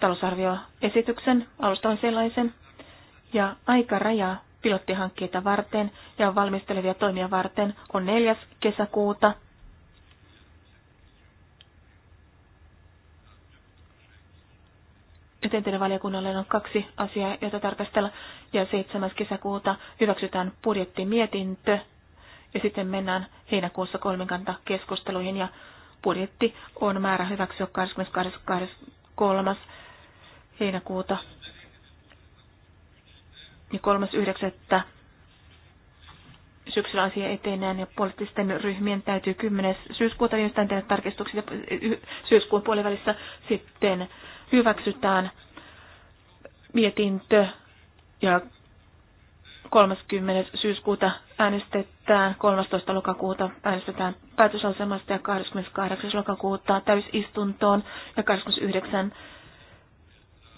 talousarvioesityksen, alustavan sellaisen, ja aikaraja pilottihankkeita varten ja valmistelevia toimia varten on 4. kesäkuuta. Joten valiokunnalle on kaksi asiaa, joita tarkastella, ja 7. kesäkuuta hyväksytään budjettimietintö – ja sitten mennään heinäkuussa kolmikanta keskusteluihin ja budjetti on määrä hyväksyä 22.3. heinäkuuta ja 3.9. syksyllä asia etenee ja poliittisten ryhmien täytyy 10. syyskuuta jostain tehdä tarkistuksia syyskuun puolivälissä sitten hyväksytään mietintö ja 30. syyskuuta äänestetään, 13. lokakuuta äänestetään päätösasemasta ja 28. lokakuuta täysistuntoon ja 29.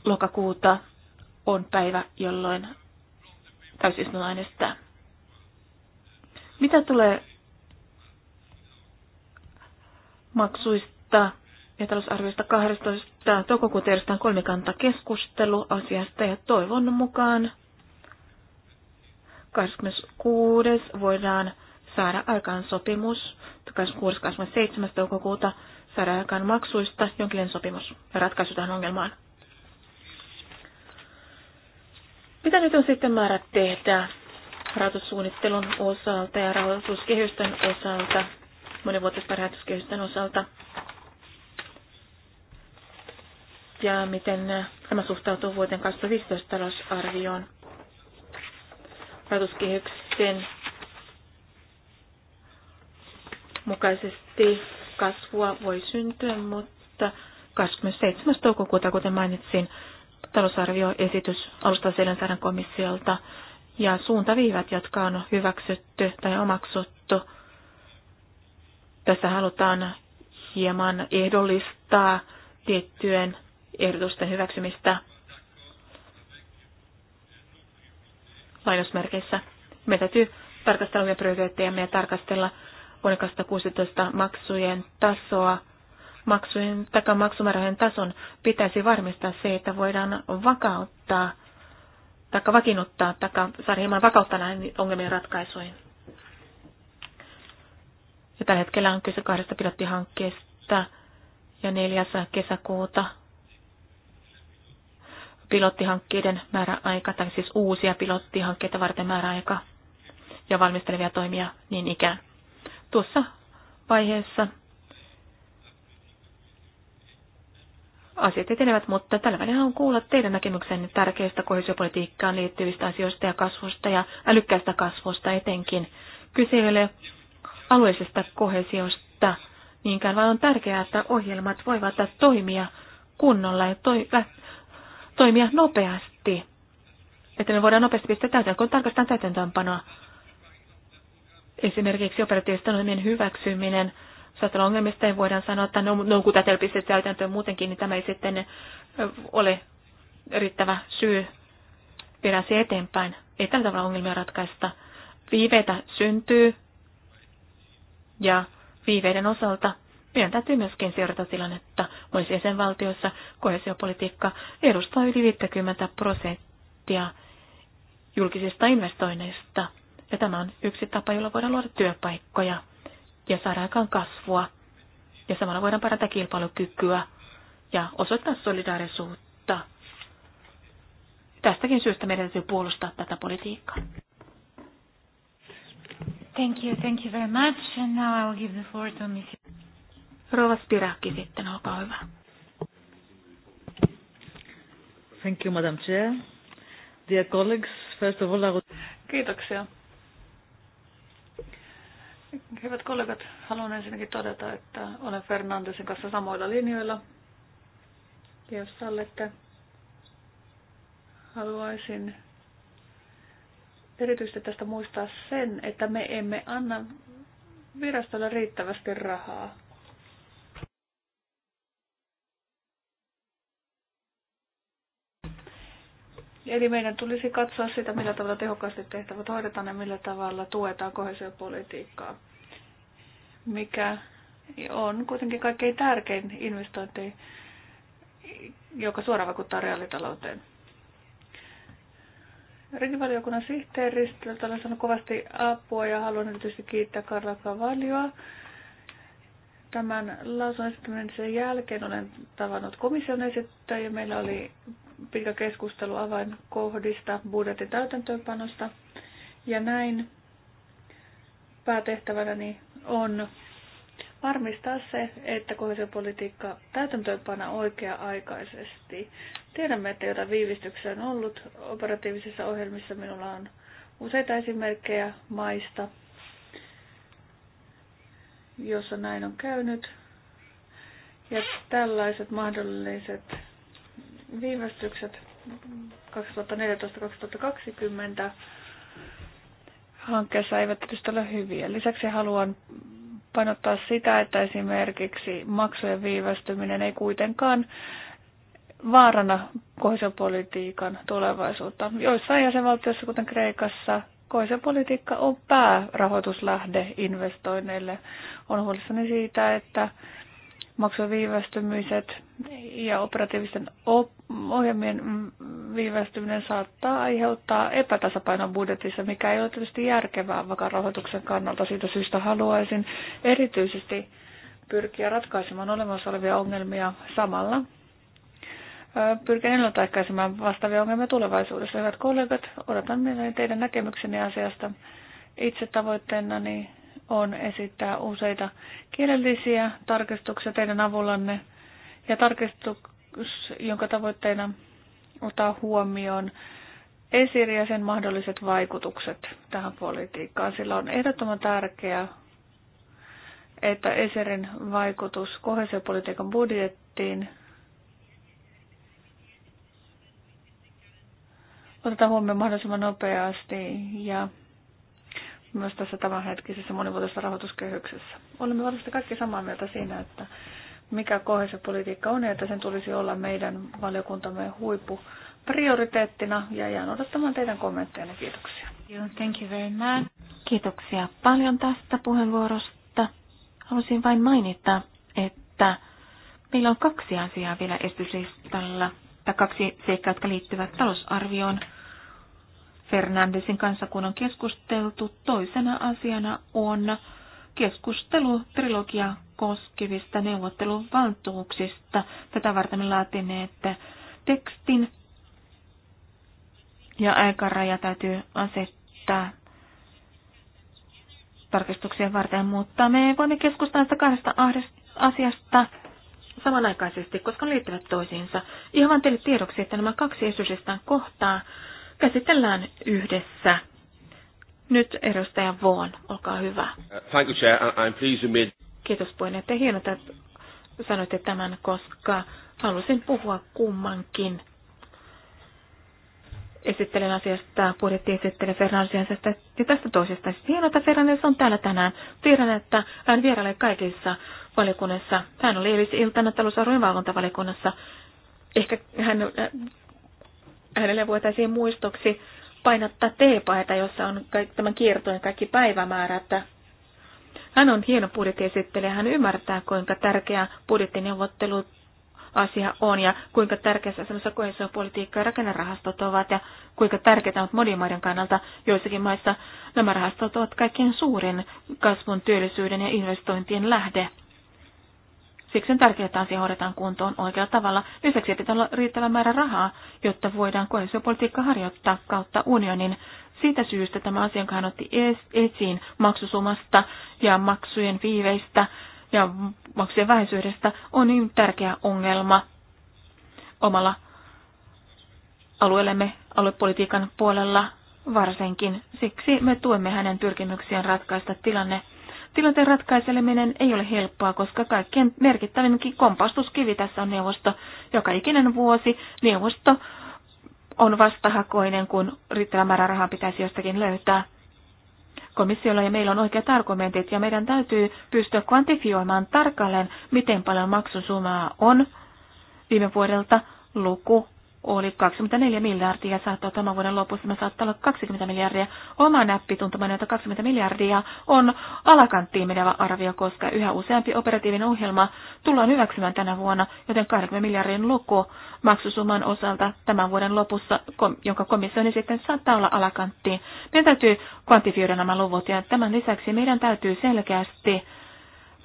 lokakuuta on päivä, jolloin täysistunto äänestää. Mitä tulee maksuista ja talousarviosta 12. toukokuuta järjestetään kolmikanta keskustelu asiasta ja toivon mukaan 26. voidaan saada aikaan sopimus, 26. 27. toukokuuta saada aikaan maksuista jonkinlainen sopimus ja ratkaisu tähän ongelmaan. Mitä nyt on sitten määrä tehdä rahoitussuunnittelun osalta ja rahoituskehysten osalta, monivuotisten rahoituskehysten osalta? Ja miten tämä suhtautuu vuoden 2015 talousarvioon? kasvatuskehyksen mukaisesti kasvua voi syntyä, mutta 27. toukokuuta, kuten mainitsin, talousarvioesitys alusta selän komissiolta ja suuntaviivat, jotka on hyväksytty tai omaksuttu. Tässä halutaan hieman ehdollistaa tiettyjen ehdotusten hyväksymistä lainausmerkeissä. Meidän täytyy tarkastella omia prioriteetteja ja tarkastella vuonna 2016 maksujen tasoa. Maksujen, taka maksumäärähän tason pitäisi varmistaa se, että voidaan vakauttaa taka vakiinnuttaa taka saada hieman vakautta näihin ongelmien ratkaisuihin. Ja tällä hetkellä on kyse kahdesta pilottihankkeesta ja neljässä kesäkuuta pilottihankkeiden määräaika, tai siis uusia pilottihankkeita varten määräaika ja valmistelevia toimia niin ikään. Tuossa vaiheessa asiat etenevät, mutta tällä välillä on kuulla teidän näkemyksenne tärkeistä kohesiopolitiikkaan liittyvistä asioista ja kasvusta ja älykkäistä kasvusta etenkin. Kyse ei ole alueellisesta kohesiosta niinkään, vaan on tärkeää, että ohjelmat voivat toimia kunnolla ja toi, toimia nopeasti, että me voidaan nopeasti pistää täytäntöön, kun tarkastetaan täytäntöönpanoa. Esimerkiksi operatiivisten ohjelmien hyväksyminen saattaa olla ongelmista, ja voidaan sanoa, että no, no kun tätä pistää täytäntöön muutenkin, niin tämä ei sitten ole riittävä syy viedä se eteenpäin. Ei tällä tavalla ongelmia ratkaista. Viiveitä syntyy, ja viiveiden osalta meidän täytyy myöskin seurata tilannetta. Monissa jäsenvaltioissa kohesiopolitiikka edustaa yli 50 prosenttia julkisista investoinneista. Ja tämä on yksi tapa, jolla voidaan luoda työpaikkoja ja saada aikaan kasvua. Ja samalla voidaan parantaa kilpailukykyä ja osoittaa solidaarisuutta. Tästäkin syystä meidän täytyy puolustaa tätä politiikkaa. Thank you. Thank you very much. And now I will give the floor to Ms. Rova Spirakki sitten, olkaa hyvä. Thank you, Madam Chair. Dear colleagues, first of all, I would... Kiitoksia. Hyvät kollegat, haluan ensinnäkin todeta, että olen Fernandesin kanssa samoilla linjoilla. Ja jos sallette, haluaisin erityisesti tästä muistaa sen, että me emme anna virastolle riittävästi rahaa. Eli meidän tulisi katsoa sitä, millä tavalla tehokkaasti tehtävät hoidetaan ja millä tavalla tuetaan kohesiopolitiikkaa, mikä on kuitenkin kaikkein tärkein investointi, joka suoraan vaikuttaa reaalitalouteen. Rikivaliokunnan sihteeristöltä olen saanut kovasti apua ja haluan erityisesti kiittää Karla Kavalioa. Tämän lausun esittämisen jälkeen olen tavannut komission esittäjä. Meillä oli pitkä keskustelu avainkohdista budjetin täytäntöönpanosta. Ja näin päätehtävänäni on varmistaa se, että kohesiopolitiikka täytäntöönpana oikea-aikaisesti. Tiedämme, että jotain viivistyksiä on ollut operatiivisissa ohjelmissa. Minulla on useita esimerkkejä maista, jossa näin on käynyt. Ja tällaiset mahdolliset viivästykset 2014-2020 hankkeessa eivät tietysti ole hyviä. Lisäksi haluan painottaa sitä, että esimerkiksi maksujen viivästyminen ei kuitenkaan vaarana kohesiopolitiikan tulevaisuutta. Joissain jäsenvaltioissa, kuten Kreikassa, kohesiopolitiikka on päärahoituslähde investoinneille. On huolissani siitä, että maksuviivästymiset ja operatiivisten ohjelmien viivästyminen saattaa aiheuttaa epätasapainon budjetissa, mikä ei ole tietysti järkevää vaikka rahoituksen kannalta. Siitä syystä haluaisin erityisesti pyrkiä ratkaisemaan olemassa olevia ongelmia samalla pyrkin ennaltaehkäisemään vastaavia ongelmia tulevaisuudessa. Hyvät kollegat, odotan mielelläni teidän näkemyksenne asiasta. Itse niin on esittää useita kielellisiä tarkistuksia teidän avullanne ja tarkistus, jonka tavoitteena ottaa huomioon esiri ja sen mahdolliset vaikutukset tähän politiikkaan. Sillä on ehdottoman tärkeää, että esirin vaikutus kohesiopolitiikan budjettiin otetaan huomioon mahdollisimman nopeasti ja myös tässä tämänhetkisessä monivuotisessa rahoituskehyksessä. Olemme varmasti kaikki samaa mieltä siinä, että mikä kohesiopolitiikka on ja että sen tulisi olla meidän valiokuntamme huippu prioriteettina ja jään odottamaan teidän ja Kiitoksia. Thank you very much. Kiitoksia paljon tästä puheenvuorosta. Halusin vain mainita, että meillä on kaksi asiaa vielä esityslistalla, tai kaksi seikkaa, jotka liittyvät talousarvioon. Fernandesin kanssa, kun on keskusteltu. Toisena asiana on keskustelu trilogia koskevista neuvotteluvaltuuksista. Tätä varten me laatineet tekstin ja aikaraja täytyy asettaa tarkistuksien varten, mutta me voimme keskustella näistä kahdesta asiasta samanaikaisesti, koska ne liittyvät toisiinsa. Ihan vain teille tiedoksi, että nämä kaksi esitystä kohtaa käsitellään yhdessä. Nyt edustaja Vaan, olkaa hyvä. Thank you, Chair. I'm pleased with... Kiitos puheenjohtaja. Hienoa, että sanoitte tämän, koska halusin puhua kummankin. Esittelen asiasta, budjetti esittelen Fernandesista ja tästä toisesta. Siis Hienoa, että Fernandes on täällä tänään. Tiedän, että hän vierailee kaikissa valiokunnissa. Hän oli eilisiltana talousarvojen valvontavaliokunnassa ehkä hän hänelle voitaisiin muistoksi painattaa teepaita, jossa on tämän kiertojen kaikki päivämäärät. Hän on hieno budjettiesittelijä, hän ymmärtää, kuinka tärkeä budjettineuvottelu asia on ja kuinka tärkeässä asemassa kohesiopolitiikka ja rakennerahastot ovat ja kuinka tärkeitä on monien maiden kannalta. Joissakin maissa nämä rahastot ovat kaikkein suurin kasvun, työllisyyden ja investointien lähde. Siksi on tärkeää, että asia hoidetaan kuntoon oikealla tavalla. Lisäksi pitää olla riittävä määrä rahaa, jotta voidaan kohesiopolitiikka harjoittaa kautta unionin. Siitä syystä tämä asian hän otti esiin maksusumasta ja maksujen viiveistä ja maksujen vähäisyydestä on niin tärkeä ongelma omalla alueellemme aluepolitiikan puolella varsinkin. Siksi me tuemme hänen pyrkimyksiään ratkaista tilanne Tilanteen ratkaiseleminen ei ole helppoa, koska kaikkien merkittävinkin kompastuskivi tässä on neuvosto. Joka ikinen vuosi neuvosto on vastahakoinen, kun riittävä määrä rahaa pitäisi jostakin löytää. Komissiolla ja meillä on oikeat argumentit ja meidän täytyy pystyä kvantifioimaan tarkalleen, miten paljon maksusumaa on. Viime vuodelta luku oli 24 miljardia, saattaa tämän vuoden lopussa me saattaa olla 20 miljardia. Oma näppituntumani, että 20 miljardia on alakanttiin menevä arvio, koska yhä useampi operatiivinen ohjelma tullaan hyväksymään tänä vuonna, joten 20 miljardin luku maksusumman osalta tämän vuoden lopussa, jonka komissioni sitten saattaa olla alakanttiin. Meidän täytyy kvantifioida nämä luvut ja tämän lisäksi meidän täytyy selkeästi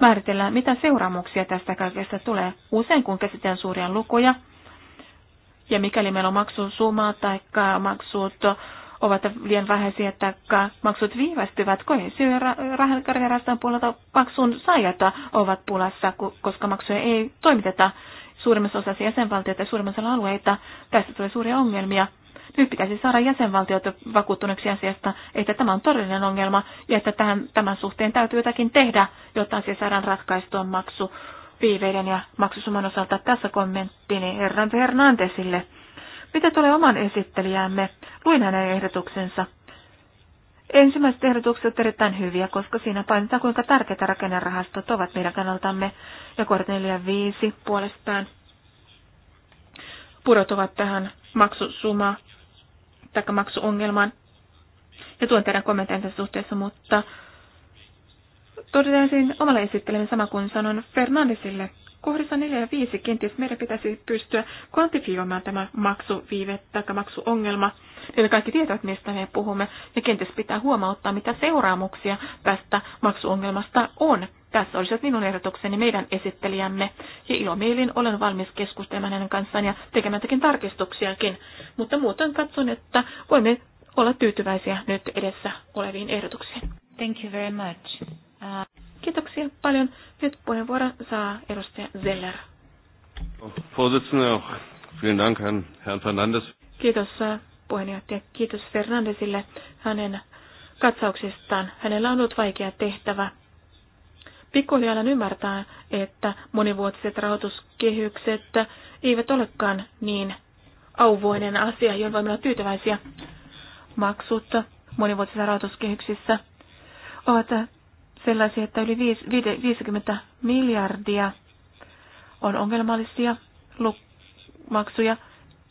määritellä, mitä seuraamuksia tästä kaikesta tulee. Usein kun käsitellään suuria lukuja, ja mikäli meillä on maksun summa tai maksut ovat liian vähäisiä tai maksut viivästyvät, rahankarjärjestön puolelta maksun saajat ovat pulassa, koska maksuja ei toimiteta suurimmassa osassa jäsenvaltioita ja suurimmassa alueita. Tästä tulee suuria ongelmia. Nyt pitäisi saada jäsenvaltiot vakuuttuneeksi asiasta, että tämä on todellinen ongelma ja että tämän suhteen täytyy jotakin tehdä, jotta asia saadaan ratkaistua maksu viiveiden ja maksusumman osalta tässä kommenttini Herran Fernandesille. Mitä tulee oman esittelijäämme? Luin hänen ehdotuksensa. Ensimmäiset ehdotukset ovat erittäin hyviä, koska siinä painetaan, kuinka tärkeitä rakennerahastot ovat meidän kannaltamme, ja kohdat 4 ja 5 puolestaan pudotuvat tähän maksusuma tai maksuongelmaan. Ja tuon teidän kommentteja suhteessa, mutta Todellisin omalle esittelemme sama kuin sanon Fernandesille. Kohdissa 4 ja 5 kenties meidän pitäisi pystyä kvantifioimaan tämä maksuviive tai maksuongelma. Eli kaikki tietävät, mistä me puhumme, ja kenties pitää huomauttaa, mitä seuraamuksia tästä maksuongelmasta on. Tässä olisivat minun ehdotukseni meidän esittelijämme, ja ilomielin olen valmis keskustelemaan hänen kanssaan ja tekemään tarkistuksiakin. Mutta muuten katson, että voimme olla tyytyväisiä nyt edessä oleviin ehdotuksiin. Thank you very much. Kiitoksia paljon. Nyt puheenvuoron saa edustaja Zeller. Kiitos äh, puheenjohtaja. Kiitos Fernandesille hänen katsauksistaan. Hänellä on ollut vaikea tehtävä. Pikkuhiljaa ymmärtää, että monivuotiset rahoituskehykset eivät olekaan niin auvoinen asia, johon voimme olla tyytyväisiä. Maksut monivuotisissa rahoituskehyksissä ovat sellaisia, että yli 50 miljardia on ongelmallisia maksuja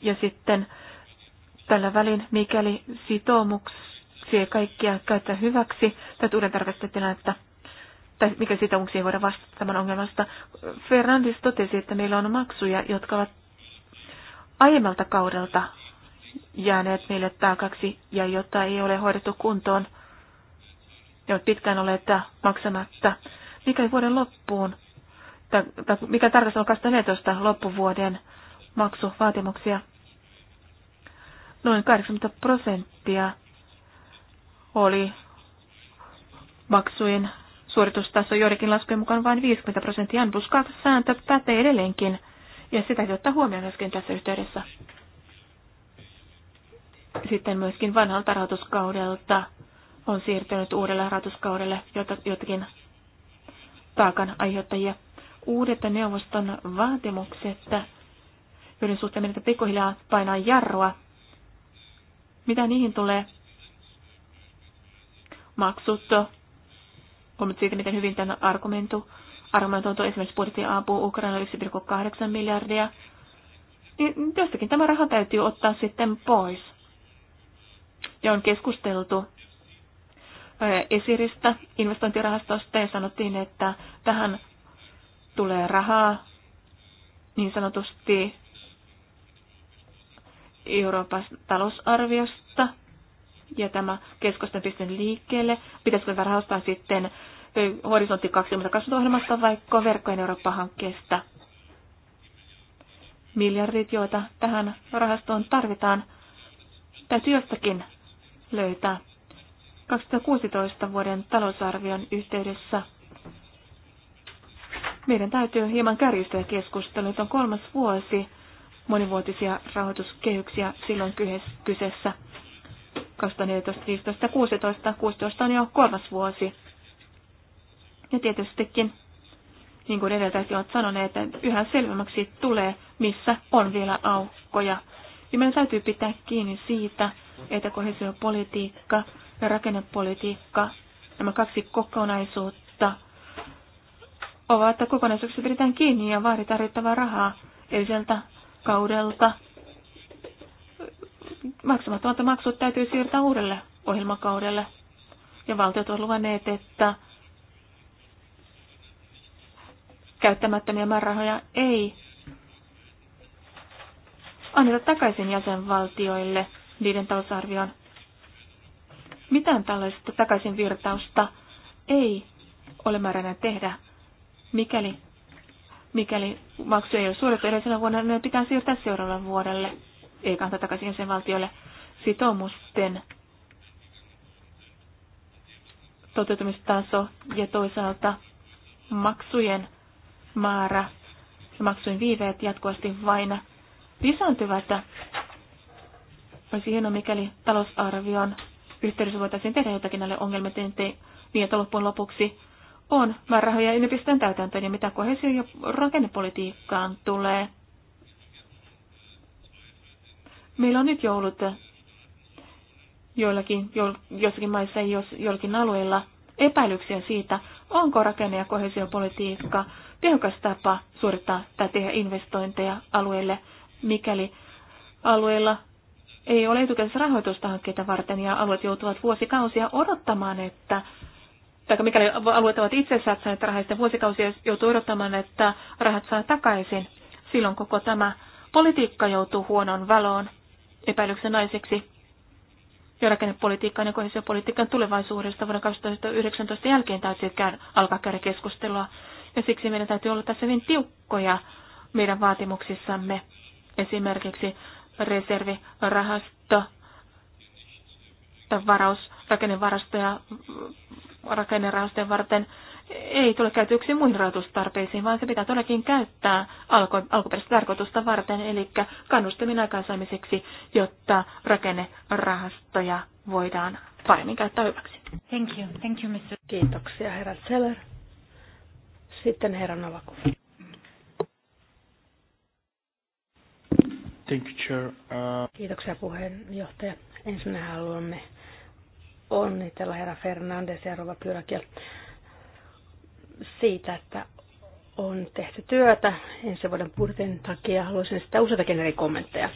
ja sitten tällä välin, mikäli sitoumuksia kaikkia käyttää hyväksi, tai uuden tarkastetilannetta, tai mikä sitoumuksia ei voida vastata tämän ongelmasta. Ferrandis totesi, että meillä on maksuja, jotka ovat aiemmalta kaudelta jääneet meille taakaksi ja jota ei ole hoidettu kuntoon – ja ovat pitkään olleet maksamatta. Mikäli vuoden loppuun, tai, tai mikä tarkastelu 2014 loppuvuoden maksuvaatimuksia, noin 80 prosenttia oli maksujen suoritustaso joidenkin laskujen mukaan vain 50 prosenttia. plus 2 sääntö pätee edelleenkin, ja sitä ei ottaa huomioon myöskin tässä yhteydessä. Sitten myöskin vanhalta rahoituskaudelta on siirtynyt uudelle ratuskaudelle jotakin taakan aiheuttajia. Uudet neuvoston vaatimukset, joiden suhteen meidän pikkuhiljaa painaa jarrua. Mitä niihin tulee? Maksut on siitä, miten hyvin tämä argumentu. Argumentoitu esimerkiksi budjetin apu Ukraina 1,8 miljardia. Niin jostakin tämä raha täytyy ottaa sitten pois. Ja on keskusteltu esiristä, investointirahastosta, ja sanottiin, että tähän tulee rahaa niin sanotusti Euroopan talousarviosta, ja tämä keskusten pisteen liikkeelle. Pitäisikö tämä rahastaa sitten Horisontti 2020 ohjelmasta vaikka verkkojen Eurooppa-hankkeesta? Miljardit, joita tähän rahastoon tarvitaan, täytyy jostakin löytää. 2016 vuoden talousarvion yhteydessä meidän täytyy hieman kärjistää keskustelua. Nyt on kolmas vuosi monivuotisia rahoituskehyksiä silloin kyseessä. 2014, 15, 16. 16 on jo kolmas vuosi. Ja tietystikin, niin kuin edeltäjät ovat sanoneet, että yhä selvemmäksi tulee, missä on vielä aukkoja. Ja meidän täytyy pitää kiinni siitä, että kohesiopolitiikka politiikka ja rakennepolitiikka, nämä kaksi kokonaisuutta, ovat että kokonaisuuksia pidetään kiinni ja vaaditaan riittävää rahaa edelliseltä kaudelta. Maksamattomat maksut täytyy siirtää uudelle ohjelmakaudelle. Ja valtiot ovat luvanneet, että käyttämättömiä määrärahoja ei anneta takaisin jäsenvaltioille niiden talousarvion mitään tällaista takaisinvirtausta ei ole määränä tehdä, mikäli, mikäli maksu ei ole suoritettu edellisenä vuonna, ne pitää siirtää seuraavalle vuodelle, ei kanta takaisin sen valtiolle sitoumusten toteutumistaso ja toisaalta maksujen määrä ja maksujen viiveet jatkuvasti vain lisääntyvät. Olisi hienoa, mikäli talousarvion yhteydessä voitaisiin tehdä jotakin näille niin, niin, että loppujen lopuksi on määrärahoja yliopistojen täytäntöön ja mitä kohesio- ja rakennepolitiikkaan tulee. Meillä on nyt joulut joillakin, jo, jossakin maissa jos, joillakin alueilla epäilyksiä siitä, onko rakenne- ja kohesiopolitiikka tehokas tapa suorittaa tai tehdä investointeja alueelle, mikäli alueella ei ole rahoitusta hankkeita varten ja alueet joutuvat vuosikausia odottamaan, että tai mikäli alueet ovat itse satsaneet rahaa, sitten vuosikausia joutuu odottamaan, että rahat saa takaisin. Silloin koko tämä politiikka joutuu huonon valoon epäilyksen naiseksi. Ja rakennepolitiikan ja kohesiopolitiikan tulevaisuudesta vuonna 2019 jälkeen täytyy alkaa käydä keskustelua. Ja siksi meidän täytyy olla tässä hyvin tiukkoja meidän vaatimuksissamme. Esimerkiksi reservirahasto tai varaus, rakennevarastoja, rakennerahastojen varten ei tule käytyksi muihin rahoitustarpeisiin, vaan se pitää todellakin käyttää alku, alkuperäistä tarkoitusta varten, eli kannustimin aikaansaamiseksi, jotta rakennerahastoja voidaan paremmin käyttää hyväksi. Thank you. Thank you, Mr. Kiitoksia, herra Seller. Sitten herra Novakov. Thank you, Chair. Uh... Kiitoksia puheenjohtaja. Ensinnä haluamme onnitella herra Fernandes ja Rova Pyrkiel siitä, että on tehty työtä ensi vuoden budjetin takia. Haluaisin sitä useitakin eri kommentteja.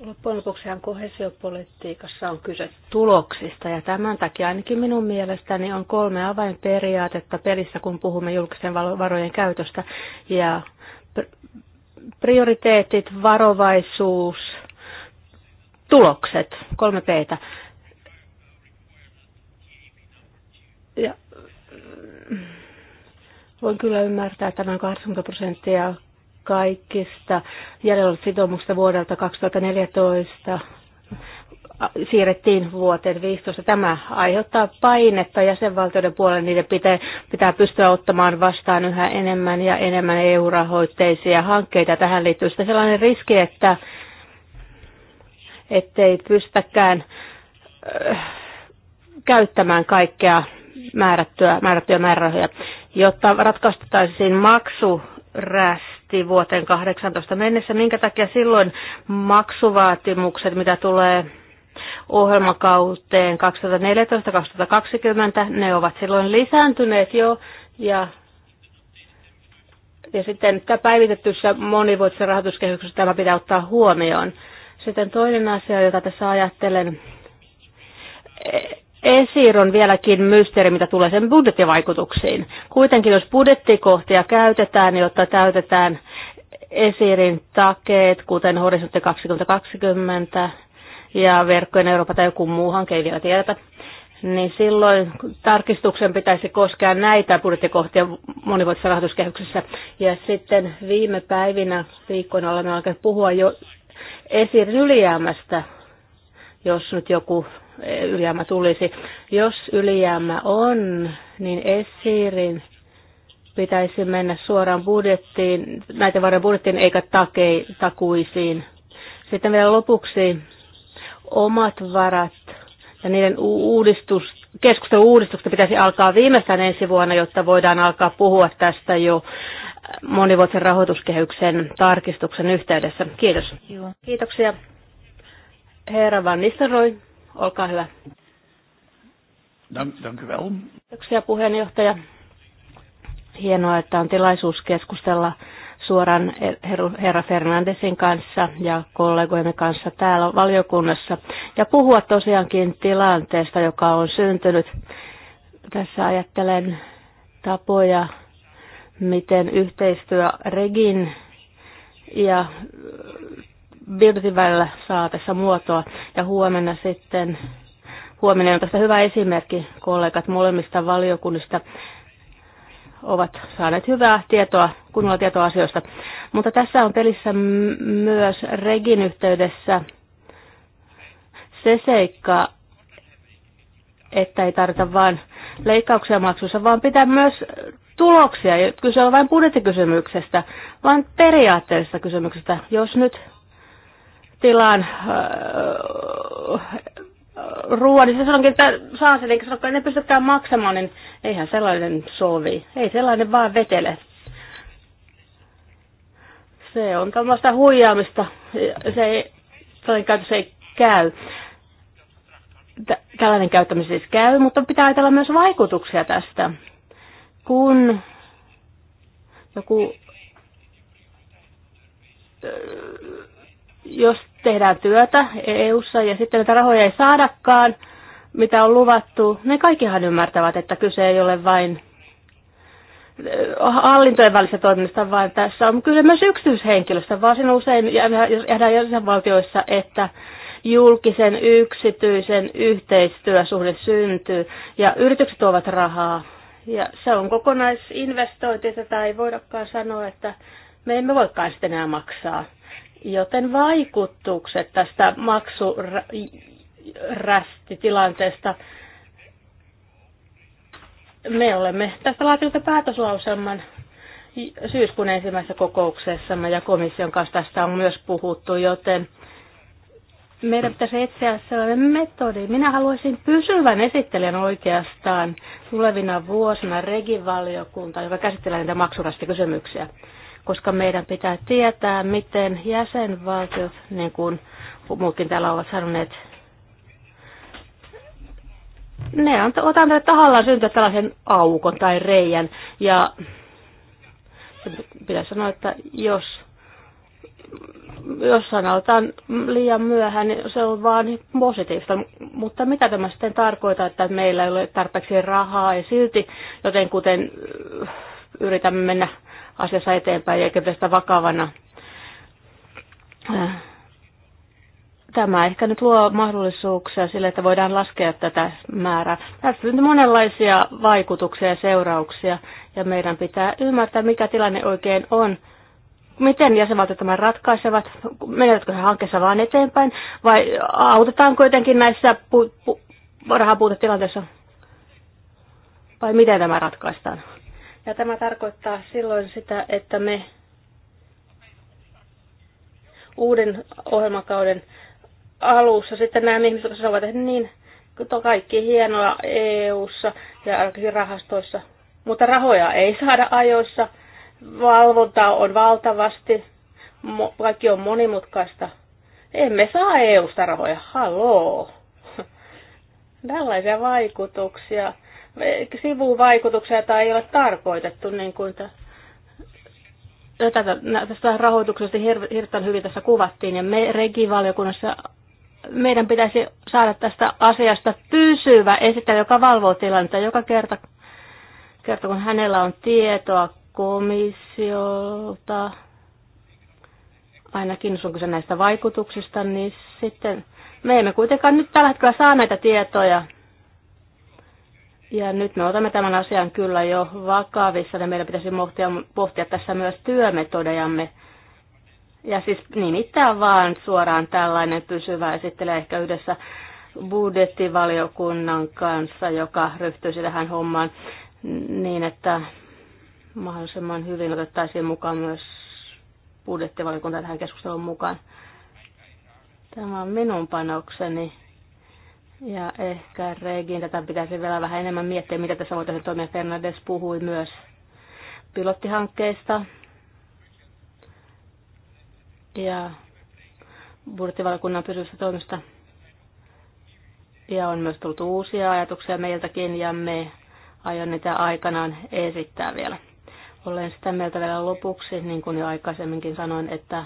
Loppujen lopuksihan kohesiopolitiikassa on kyse tuloksista ja tämän takia ainakin minun mielestäni on kolme avainperiaatetta pelissä, kun puhumme julkisen varojen käytöstä ja prioriteetit, varovaisuus, tulokset, kolme p Ja mm, voin kyllä ymmärtää, että noin 80 prosenttia kaikista jäljellä sitoumuksista vuodelta 2014 siirrettiin vuoteen 15. Tämä aiheuttaa painetta jäsenvaltioiden puolelle. Niiden pitää, pitää pystyä ottamaan vastaan yhä enemmän ja enemmän EU-rahoitteisia hankkeita. Tähän liittyy sitten sellainen riski, että ettei pystäkään äh, käyttämään kaikkea määrättyä, määrättyjä määrärahoja, jotta ratkaistaisiin maksuräs vuoteen 18 mennessä. Minkä takia silloin maksuvaatimukset, mitä tulee ohjelmakauteen 2014-2020. Ne ovat silloin lisääntyneet jo ja ja sitten tämä päivitettyssä monivuotisessa rahoituskehyksessä tämä pitää ottaa huomioon. Sitten toinen asia, jota tässä ajattelen, Esir on vieläkin mysteeri, mitä tulee sen budjettivaikutuksiin. Kuitenkin jos budjettikohtia käytetään, jotta täytetään Esirin takeet, kuten Horisontti 2020, ja verkkojen Eurooppa tai joku muu hanke, ei vielä tiedetä, niin silloin tarkistuksen pitäisi koskea näitä budjettikohtia monivuotisessa rahoituskehyksessä. Ja sitten viime päivinä viikkoina olemme alkaneet puhua jo esiin ylijäämästä, jos nyt joku eh, ylijäämä tulisi. Jos ylijäämä on, niin esiirin pitäisi mennä suoraan budjettiin, näitä varojen budjettiin eikä takei, takuisiin. Sitten vielä lopuksi omat varat ja niiden uudistus, keskustelun uudistuksesta pitäisi alkaa viimeistään ensi vuonna, jotta voidaan alkaa puhua tästä jo monivuotisen rahoituskehyksen tarkistuksen yhteydessä. Kiitos. Kiitoksia. Herra Van Nistelrooy, olkaa hyvä. wel. Kiitoksia puheenjohtaja. Hienoa, että on tilaisuus keskustella suoraan herra Fernandesin kanssa ja kollegojemme kanssa täällä valiokunnassa ja puhua tosiaankin tilanteesta, joka on syntynyt. Tässä ajattelen tapoja, miten yhteistyö Regin ja Biltin välillä saa tässä muotoa. Ja huomenna sitten, huomenna on tästä hyvä esimerkki kollegat molemmista valiokunnista ovat saaneet hyvää tietoa, kunnolla tietoa asioista. Mutta tässä on pelissä myös Regin yhteydessä se seikka, että ei tarvita vain leikkauksia maksussa, vaan pitää myös tuloksia. Kyse on vain budjettikysymyksestä, vaan periaatteellisesta kysymyksestä. Jos nyt tilaan öö, ruoan, niin se sanonkin, että saa sen, eikä sanonkin, että en maksamaan, niin eihän sellainen sovi. Ei sellainen vaan vetele. Se on tämmöistä huijaamista. Se ei, sellainen käytös ei käy. Tällainen käyttämis siis käy, mutta pitää ajatella myös vaikutuksia tästä. Kun joku jos tehdään työtä EU-ssa ja sitten näitä rahoja ei saadakaan, mitä on luvattu, ne kaikkihan ymmärtävät, että kyse ei ole vain hallintojen välistä toiminnasta, vaan tässä on kyse myös yksityishenkilöstä, vaan siinä usein jäädään jäsenvaltioissa, että julkisen yksityisen yhteistyösuhde syntyy ja yritykset tuovat rahaa. Ja se on kokonaisinvestointi, tätä ei voidakaan sanoa, että me emme voikaan sitten enää maksaa. Joten vaikutukset tästä maksurästitilanteesta me olemme tästä laatineet päätöslauselman syyskuun ensimmäisessä kokouksessa ja komission kanssa tästä on myös puhuttu, joten meidän pitäisi etsiä sellainen metodi. Minä haluaisin pysyvän esittelijän oikeastaan tulevina vuosina regivaliokunta, joka käsittelee näitä maksurastikysymyksiä. kysymyksiä koska meidän pitää tietää, miten jäsenvaltiot, niin kuin muutkin täällä ovat sanoneet, ne ovat antaneet tahallaan syntyä tällaisen aukon tai reijän. Ja pitää sanoa, että jos jos sanotaan liian myöhään, niin se on vaan positiivista. Mutta mitä tämä sitten tarkoittaa, että meillä ei ole tarpeeksi rahaa ja silti, joten kuten yritämme mennä asiassa eteenpäin ja pidä sitä vakavana. Äh, tämä ehkä nyt luo mahdollisuuksia sille, että voidaan laskea tätä määrää. Tässä on monenlaisia vaikutuksia ja seurauksia, ja meidän pitää ymmärtää, mikä tilanne oikein on miten jäsenvaltiot tämän ratkaisevat, menevätkö he hankkeessa vaan eteenpäin, vai autetaanko jotenkin näissä pu- pu- rahapuutetilanteissa, vai miten tämä ratkaistaan? Ja tämä tarkoittaa silloin sitä, että me uuden ohjelmakauden alussa sitten nämä ihmiset, jotka ovat tehneet niin, kaikki hienoa EU-ssa ja rahastoissa, mutta rahoja ei saada ajoissa, Valvonta on valtavasti, kaikki on monimutkaista. Emme saa EU-sta rahoja, haloo. [laughs] Tällaisia vaikutuksia sivuvaikutuksia tai ei ole tarkoitettu. Niin kuin tätä, tästä rahoituksesta hirveän hyvin tässä kuvattiin, ja me regivaliokunnassa meidän pitäisi saada tästä asiasta pysyvä esittäjä, joka valvoo tilannetta joka kerta, kerta kun hänellä on tietoa komissiolta, ainakin sun kyse näistä vaikutuksista, niin sitten me emme kuitenkaan nyt tällä hetkellä saa näitä tietoja. Ja nyt me otamme tämän asian kyllä jo vakavissa, ja meidän pitäisi pohtia, pohtia tässä myös työmetodejamme. Ja siis nimittäin vaan suoraan tällainen pysyvä esittelee ehkä yhdessä budjettivaliokunnan kanssa, joka ryhtyisi tähän hommaan niin, että mahdollisimman hyvin otettaisiin mukaan myös budjettivaliokunta tähän keskusteluun mukaan. Tämä on minun panokseni ja ehkä Reikin tätä pitäisi vielä vähän enemmän miettiä, mitä tässä voitaisiin toimia. Fernandes puhui myös pilottihankkeista. Ja budjettivaliokunnan pysyvistä toimista. Ja on myös tullut uusia ajatuksia meiltäkin ja me aion niitä aikanaan esittää vielä. Olen sitä mieltä vielä lopuksi, niin kuin jo aikaisemminkin sanoin, että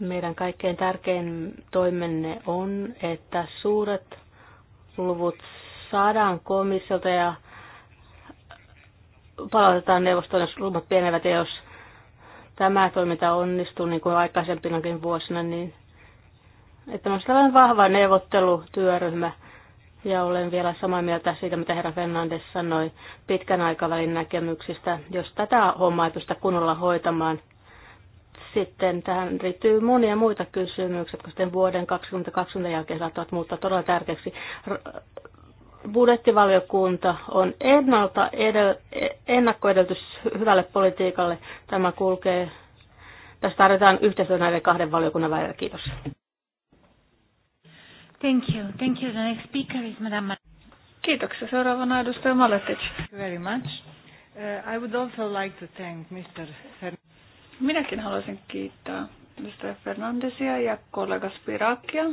meidän kaikkein tärkein toimenne on, että suuret luvut saadaan komissiolta ja palautetaan neuvostoon, jos luvut pienevät. Ja jos tämä toiminta onnistuu, niin kuin aikaisempinakin vuosina, niin että on sellainen vahva neuvottelutyöryhmä. Ja olen vielä samaa mieltä siitä, mitä herra Fernandes sanoi pitkän aikavälin näkemyksistä. Jos tätä hommaa ei pystytä kunnolla hoitamaan, sitten tähän liittyy monia muita kysymyksiä, jotka sitten vuoden 2020 jälkeen saattavat muuttaa todella tärkeäksi. Budjettivaliokunta on ennalta edel- ennakkoedellytys hyvälle politiikalle. Tämä kulkee. Tässä tarvitaan yhteistyötä näiden kahden valiokunnan välillä. Kiitos. Thank you. Thank you. The next speaker is Madame Kiitoksia. Seuraavana edustaja Maletic. Very much. Uh, I would also like to thank Mr. Fernandez. Minäkin haluaisin kiittää Mr. Fernandesia ja kollega Spirakia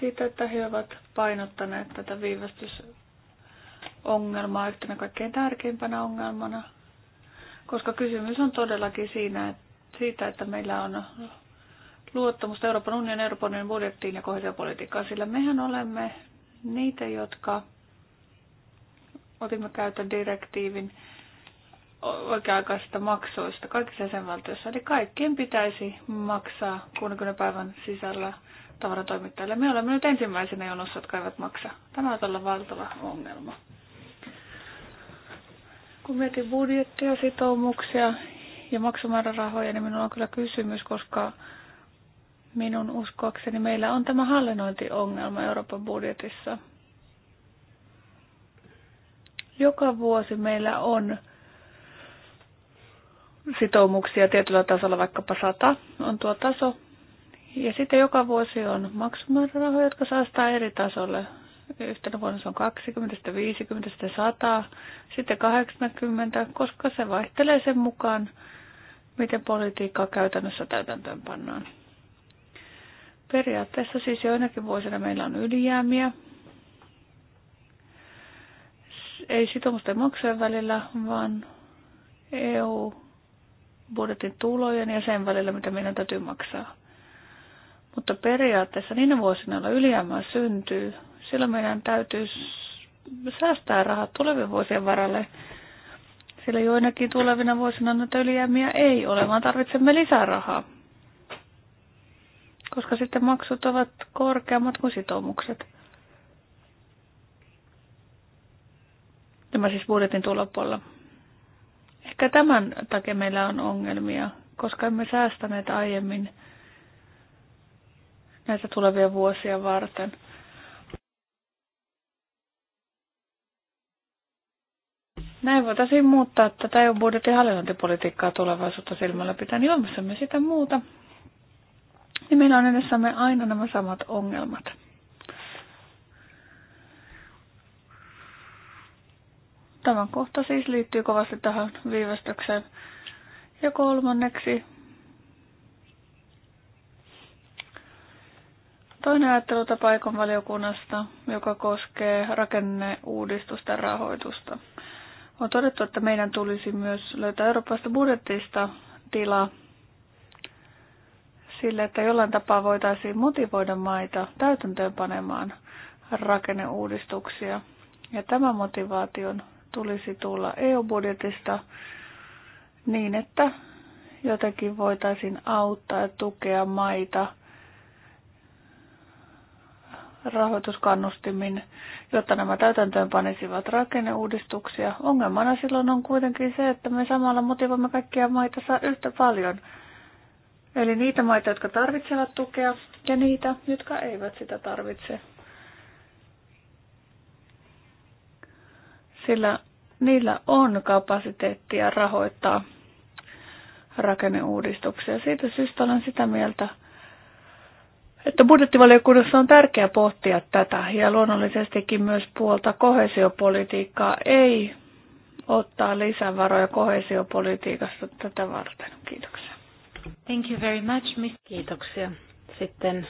siitä, että he ovat painottaneet tätä viivästysongelmaa yhtenä kaikkein tärkeimpänä ongelmana, koska kysymys on todellakin siinä, että siitä, että meillä on luottamusta Euroopan unionin, Euroopan unionin budjettiin ja kohesiopolitiikkaan, sillä mehän olemme niitä, jotka otimme käyttöön direktiivin, oikea-aikaisista maksuista kaikissa jäsenvaltioissa. Eli kaikkien pitäisi maksaa 60 päivän sisällä tavaratoimittajille. Me olemme nyt ensimmäisenä jonossa, jotka eivät maksa. Tämä on olla valtava ongelma. Kun mietin budjettia, sitoumuksia ja maksumäärärahoja, niin minulla on kyllä kysymys, koska minun uskoakseni meillä on tämä hallinnointiongelma Euroopan budjetissa. Joka vuosi meillä on sitoumuksia tietyllä tasolla, vaikkapa 100 on tuo taso. Ja sitten joka vuosi on maksumäärärahoja, jotka saastaa eri tasolle. Yhtenä vuonna se on 20, 50, 100, sitten 80, koska se vaihtelee sen mukaan, miten politiikkaa käytännössä täytäntöön pannaan. Periaatteessa siis joinakin vuosina meillä on ylijäämiä, ei sitoumusten maksujen välillä, vaan EU budjetin tulojen ja sen välillä, mitä meidän täytyy maksaa. Mutta periaatteessa niinä vuosina, joilla ylijäämää syntyy, silloin meidän täytyy säästää rahat tulevien vuosien varalle, sillä joinakin tulevina vuosina näitä ylijäämiä ei ole, vaan tarvitsemme lisää rahaa, koska sitten maksut ovat korkeammat kuin sitoumukset. Tämä siis budjetin tulopuolella. Ehkä tämän takia meillä on ongelmia, koska emme säästäneet aiemmin näitä tulevia vuosia varten. Näin voitaisiin muuttaa tätä EU-budjetin hallinnointipolitiikkaa tulevaisuutta silmällä pitäen. Niin me sitä muuta, niin meillä on edessämme aina nämä samat ongelmat. Tämä kohta siis liittyy kovasti tähän viivästykseen. Ja kolmanneksi toinen ajattelutapa Ekon valiokunnasta, joka koskee rakenneuudistusten rahoitusta. On todettu, että meidän tulisi myös löytää Euroopasta budjettista tila sille, että jollain tapaa voitaisiin motivoida maita panemaan rakenneuudistuksia. Ja tämän motivaation tulisi tulla EU-budjetista niin, että jotenkin voitaisiin auttaa ja tukea maita rahoituskannustimin, jotta nämä täytäntöön panisivat rakenneuudistuksia. Ongelmana silloin on kuitenkin se, että me samalla motivoimme kaikkia maita saa yhtä paljon. Eli niitä maita, jotka tarvitsevat tukea ja niitä, jotka eivät sitä tarvitse. sillä niillä on kapasiteettia rahoittaa rakenneuudistuksia. Siitä syystä olen sitä mieltä, että budjettivaliokunnassa on tärkeää pohtia tätä ja luonnollisestikin myös puolta kohesiopolitiikkaa ei ottaa lisävaroja kohesiopolitiikasta tätä varten. Kiitoksia. Thank you very much, Miss. Kiitoksia. Sitten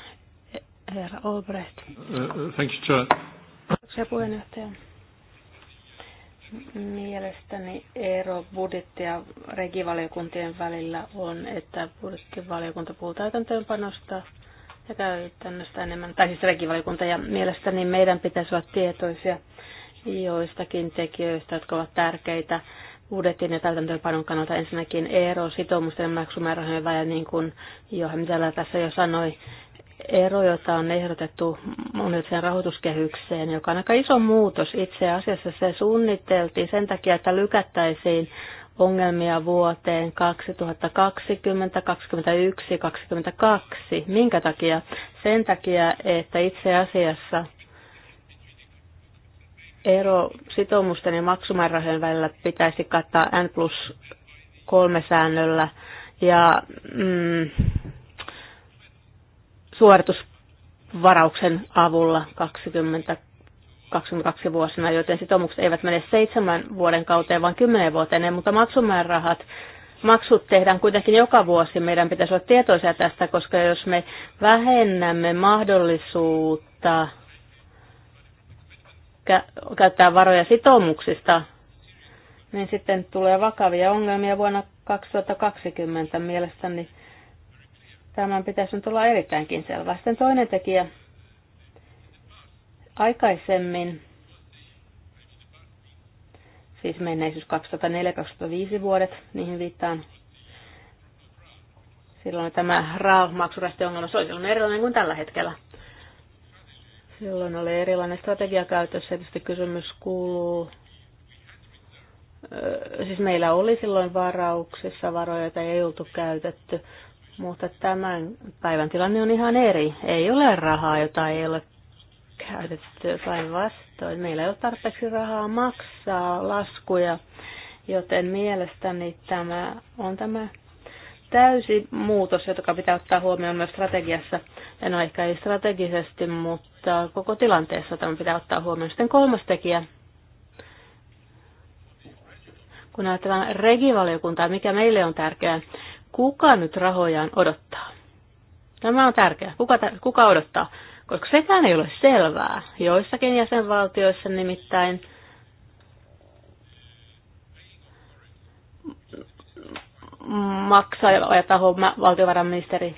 eh, herra Olbrecht. Uh, uh, thank you, Chair. Kiitoksia puheenjohtaja Mielestäni ero budjetti- ja regivaliokuntien välillä on, että budjettivaliokunta puhuu täytäntöönpanosta ja käytännöstä enemmän, tai siis regivaliokunta, ja mielestäni meidän pitäisi olla tietoisia joistakin tekijöistä, jotka ovat tärkeitä budjetin ja täytäntöönpanon kannalta ensinnäkin ero sitoumusten ja maksumäärärahojen ja niin kuin Johan tässä jo sanoi, ero, jota on ehdotettu monilliseen rahoituskehykseen, joka on aika iso muutos. Itse asiassa se suunniteltiin sen takia, että lykättäisiin ongelmia vuoteen 2020, 2021, 2022. Minkä takia? Sen takia, että itse asiassa ero sitoumusten ja maksumäärärahojen välillä pitäisi kattaa N plus kolme säännöllä ja mm, suoritusvarauksen avulla 20 22 vuosina, joten sitoumukset eivät mene seitsemän vuoden kauteen, vaan kymmenen vuoteen, mutta maksumäärärahat maksut tehdään kuitenkin joka vuosi. Meidän pitäisi olla tietoisia tästä, koska jos me vähennämme mahdollisuutta käyttää varoja sitoumuksista, niin sitten tulee vakavia ongelmia vuonna 2020 mielestäni Tämän pitäisi nyt olla erittäinkin selvä. Sitten toinen tekijä. Aikaisemmin, siis menneisyys 2004-2005 vuodet, niihin viittaan silloin tämä RAL-maksurästiongelma, se oli silloin erilainen kuin tällä hetkellä. Silloin oli erilainen strategia käytössä, tietysti kysymys kuuluu, siis meillä oli silloin varauksissa varoja, joita ei oltu käytetty. Mutta tämän päivän tilanne on ihan eri. Ei ole rahaa, jota ei ole käytetty päinvastoin. Meillä ei ole tarpeeksi rahaa maksaa laskuja, joten mielestäni tämä on tämä täysi muutos, joka pitää ottaa huomioon myös strategiassa. En ole ehkä ei strategisesti, mutta koko tilanteessa tämä pitää ottaa huomioon. Sitten kolmas tekijä, kun ajatellaan regivaliokuntaa, mikä meille on tärkeää, kuka nyt rahojaan odottaa? Tämä on tärkeää. Kuka, kuka odottaa? Koska sekään ei ole selvää. Joissakin jäsenvaltioissa nimittäin maksaa ja taho valtiovarainministeri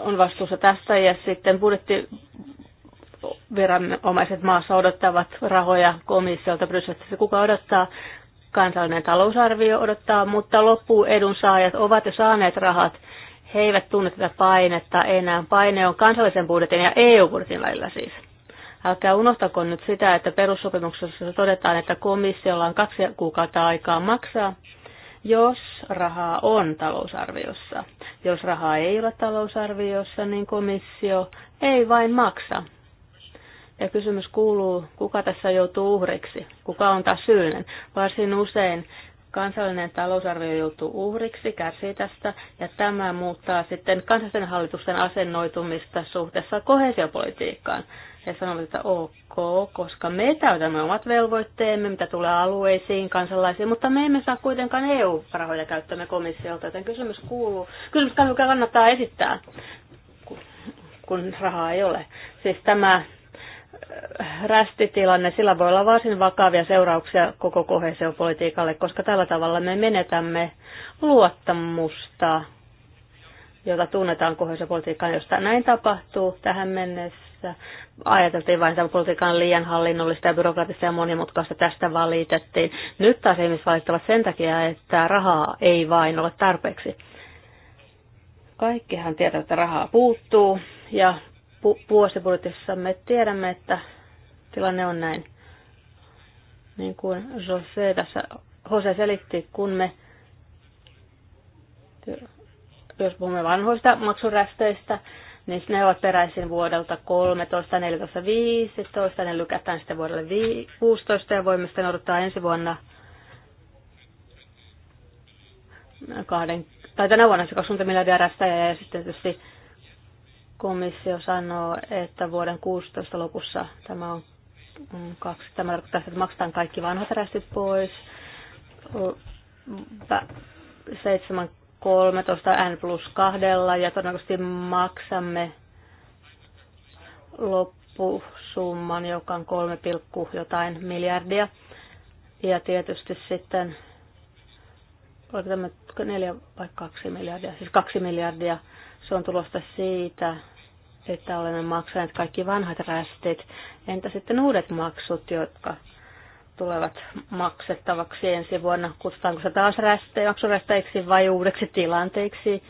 on vastuussa tässä ja sitten budjettiviranomaiset viranomaiset maassa odottavat rahoja komissiolta Brysselissä. Kuka odottaa kansallinen talousarvio odottaa, mutta edunsaajat ovat jo saaneet rahat. He eivät tunne tätä painetta enää. Paine on kansallisen budjetin ja EU-budjetin välillä siis. Älkää unohtako nyt sitä, että perussopimuksessa todetaan, että komissiolla on kaksi kuukautta aikaa maksaa, jos rahaa on talousarviossa. Jos rahaa ei ole talousarviossa, niin komissio ei vain maksa. Ja kysymys kuuluu, kuka tässä joutuu uhriksi, kuka on taas syyllinen. Varsin usein kansallinen talousarvio joutuu uhriksi, kärsii tästä, ja tämä muuttaa sitten kansallisen hallituksen asennoitumista suhteessa kohesiopolitiikkaan. He sanovat, että ok, koska me täytämme omat velvoitteemme, mitä tulee alueisiin, kansalaisiin, mutta me emme saa kuitenkaan EU-rahoja käyttämään komissiolta, joten kysymys kuuluu, kysymys kannattaa esittää, kun rahaa ei ole. Siis tämä rästitilanne, sillä voi olla varsin vakavia seurauksia koko kohesiopolitiikalle, koska tällä tavalla me menetämme luottamusta, jota tunnetaan kohesiopolitiikkaan. josta näin tapahtuu tähän mennessä, ajateltiin vain politiikka politiikan liian hallinnollista ja byrokratista ja monimutkaista, tästä valitettiin. Nyt taas ihmiset valittavat sen takia, että rahaa ei vain ole tarpeeksi. Kaikkihan tietävät, että rahaa puuttuu ja vuosibudjetissamme. Tiedämme, että tilanne on näin. Niin kuin Jose, tässä, Jose selitti, kun me, jos puhumme vanhoista maksurästeistä, niin ne ovat peräisin vuodelta 13, 14, 15, ne lykätään sitten vuodelle 16 ja voimme sitten odottaa ensi vuonna kahden, tai tänä vuonna se 20 miljardia rästäjä ja sitten tietysti komissio sanoo, että vuoden 16 lopussa tämä on mm, kaksi. Tämä tarkoittaa, että maksetaan kaikki vanhat rästit pois. 7.13 n plus kahdella ja todennäköisesti maksamme loppusumman, joka on 3, jotain miljardia. Ja tietysti sitten, oliko tämä 4 vai 2 miljardia, siis 2 miljardia, se on tulosta siitä, että olemme maksaneet kaikki vanhat rästit. Entä sitten uudet maksut, jotka tulevat maksettavaksi ensi vuonna? Kutsutaanko se taas rästejä, maksurästeiksi vai uudeksi tilanteiksi,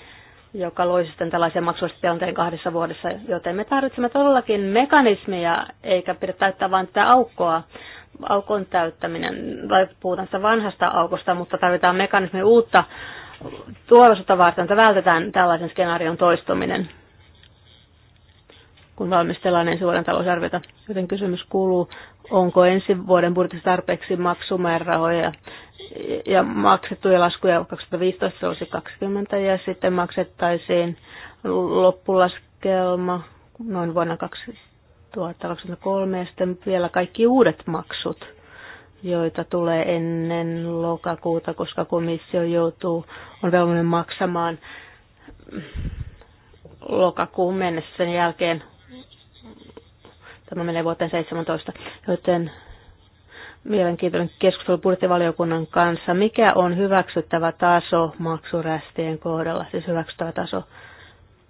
joka loisi sitten tällaisen maksurästitilanteen kahdessa vuodessa? Joten me tarvitsemme todellakin mekanismia, eikä pidä täyttää vain tätä aukkoa aukon täyttäminen, vai puhutaan sitä vanhasta aukosta, mutta tarvitaan mekanismi uutta tuolosuutta varten, että vältetään tällaisen skenaarion toistuminen kun valmistellaan ensi vuoden talousarviota. Joten kysymys kuuluu, onko ensi vuoden budjetissa tarpeeksi maksumäärärahoja ja maksettuja laskuja 2015 se olisi 20 ja sitten maksettaisiin loppulaskelma noin vuonna 2023 ja sitten vielä kaikki uudet maksut, joita tulee ennen lokakuuta, koska komissio joutuu, on velvollinen maksamaan lokakuun mennessä sen jälkeen Tämä menee vuoteen 17, joten mielenkiintoinen keskustelu budjettivaliokunnan kanssa. Mikä on hyväksyttävä taso maksurästien kohdalla, siis hyväksyttävä taso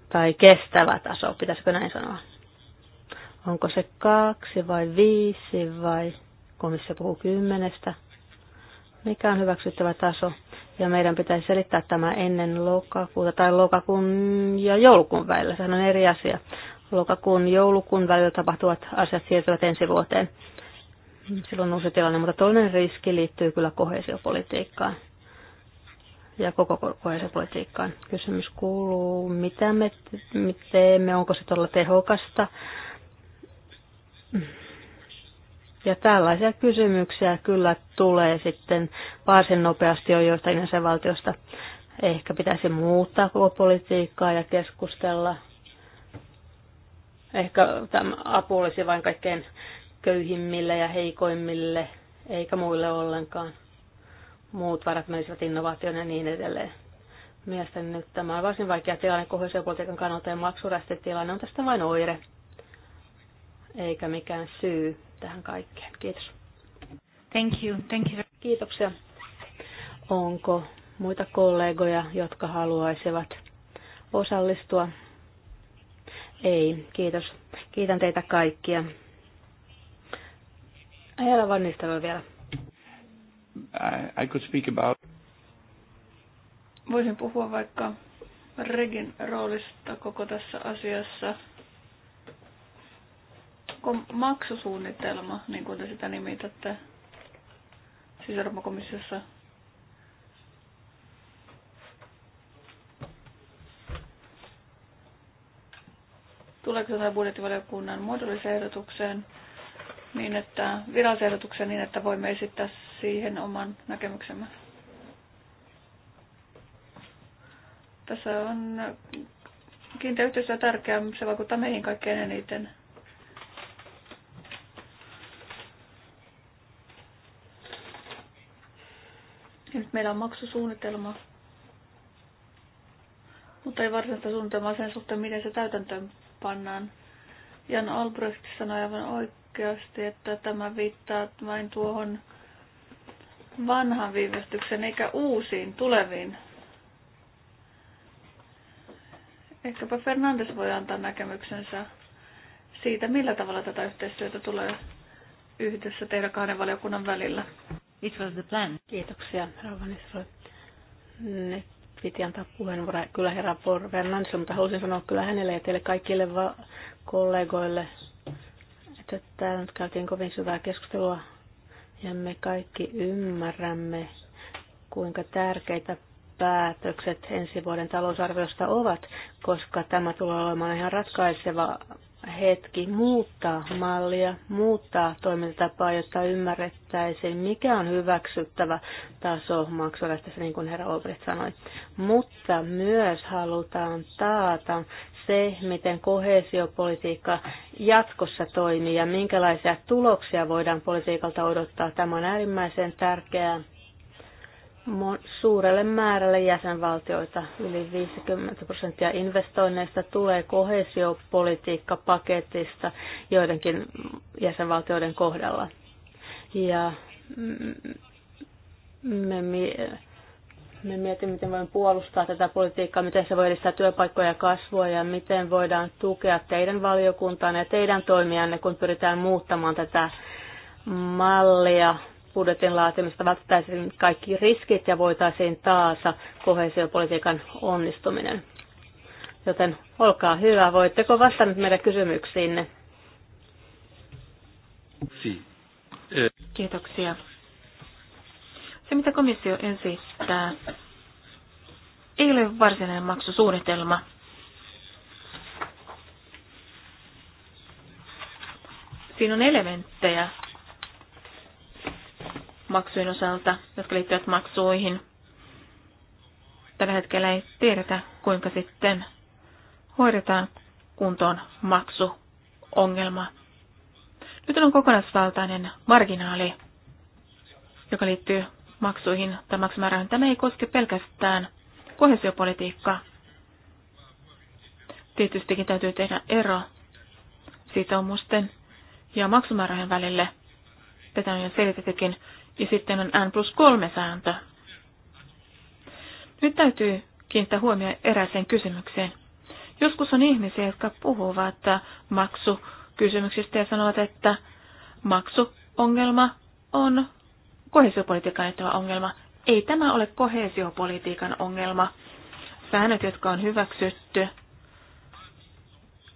tai kestävä taso, pitäisikö näin sanoa? Onko se kaksi vai viisi vai komissio puhuu kymmenestä? Mikä on hyväksyttävä taso? Ja meidän pitäisi selittää tämä ennen lokakuuta tai lokakuun ja joulukuun välillä. Sehän on eri asia lokakuun, joulukuun välillä tapahtuvat asiat siirtyvät ensi vuoteen. Silloin on uusi tilanne, mutta toinen riski liittyy kyllä kohesiopolitiikkaan ja koko kohesiopolitiikkaan. Kysymys kuuluu, mitä me teemme, onko se todella tehokasta. Ja tällaisia kysymyksiä kyllä tulee sitten varsin nopeasti jo joistain jäsenvaltiosta. Ehkä pitäisi muuttaa koko politiikkaa ja keskustella Ehkä tämä apu olisi vain kaikkein köyhimmille ja heikoimmille, eikä muille ollenkaan. Muut varat menisivät innovaatioon ja niin edelleen. Mielestäni nyt tämä on varsin vaikea tilanne politiikan kannalta ja tilanne, on tästä vain oire, eikä mikään syy tähän kaikkeen. Kiitos. Thank you. Thank you. Kiitoksia. Onko muita kollegoja, jotka haluaisivat osallistua ei, kiitos. Kiitän teitä kaikkia. Ajalla valmistelua vielä. I, I could speak about... Voisin puhua vaikka Regin roolista koko tässä asiassa. Kun maksusuunnitelma, niin kuin te sitä nimitätte, sisäilmakomissiossa tuleeko se budjettivaliokunnan muodolliseen niin, että virallisehdotukseen niin, että voimme esittää siihen oman näkemyksemme. Tässä on kiinteä yhteistyö tärkeää, se vaikuttaa meihin kaikkein eniten. Ja nyt meillä on maksusuunnitelma, mutta ei varsinaista suunnitelmaa sen suhteen, miten se täytäntöön pannaan. Jan Albrecht sanoi aivan oikeasti, että tämä viittaa vain tuohon vanhan viivästyksen eikä uusiin tuleviin. Ehkäpä Fernandes voi antaa näkemyksensä siitä, millä tavalla tätä yhteistyötä tulee yhdessä tehdä kahden valiokunnan välillä. It was the plan. Kiitoksia, Rauha Nyt piti antaa puheenvuoro kyllä herra Vernansson, mutta haluaisin sanoa kyllä hänelle ja teille kaikille va- kollegoille, että täällä nyt käytiin kovin syvää keskustelua ja me kaikki ymmärrämme, kuinka tärkeitä päätökset ensi vuoden talousarviosta ovat, koska tämä tulee olemaan ihan ratkaiseva hetki muuttaa mallia, muuttaa toimintatapaa, jotta ymmärrettäisiin, mikä on hyväksyttävä taso maksulähteessä, niin kuin herra Olbrecht sanoi. Mutta myös halutaan taata se, miten kohesiopolitiikka jatkossa toimii ja minkälaisia tuloksia voidaan politiikalta odottaa. Tämä on äärimmäisen tärkeää suurelle määrälle jäsenvaltioita. Yli 50 prosenttia investoinneista tulee kohesiopolitiikkapaketista joidenkin jäsenvaltioiden kohdalla. Ja me, me mietimme, miten voimme puolustaa tätä politiikkaa, miten se voi edistää työpaikkoja ja kasvua ja miten voidaan tukea teidän valiokuntaan ja teidän toimijanne, kun pyritään muuttamaan tätä mallia budjetin laatimista vältettäisiin kaikki riskit ja voitaisiin taasa kohesiopolitiikan onnistuminen. Joten olkaa hyvä, voitteko vastata meidän kysymyksiinne? Kiitoksia. Se, mitä komissio esittää, ei ole varsinainen maksusuunnitelma. Siinä on elementtejä, maksujen osalta, jotka liittyvät maksuihin. Tällä hetkellä ei tiedetä, kuinka sitten hoidetaan kuntoon maksuongelma. Nyt on kokonaisvaltainen marginaali, joka liittyy maksuihin tai maksumäärään. Tämä ei koske pelkästään kohesiopolitiikkaa. Tietystikin täytyy tehdä ero sitoumusten ja maksumäärähän välille. Tätä on jo selitettykin. Ja sitten on N plus 3 sääntö. Nyt täytyy kiinnittää huomioon erääseen kysymykseen. Joskus on ihmisiä, jotka puhuvat maksukysymyksistä ja sanovat, että maksuongelma on kohesiopolitiikan etävä ongelma. Ei tämä ole kohesiopolitiikan ongelma. Säännöt, jotka on hyväksytty,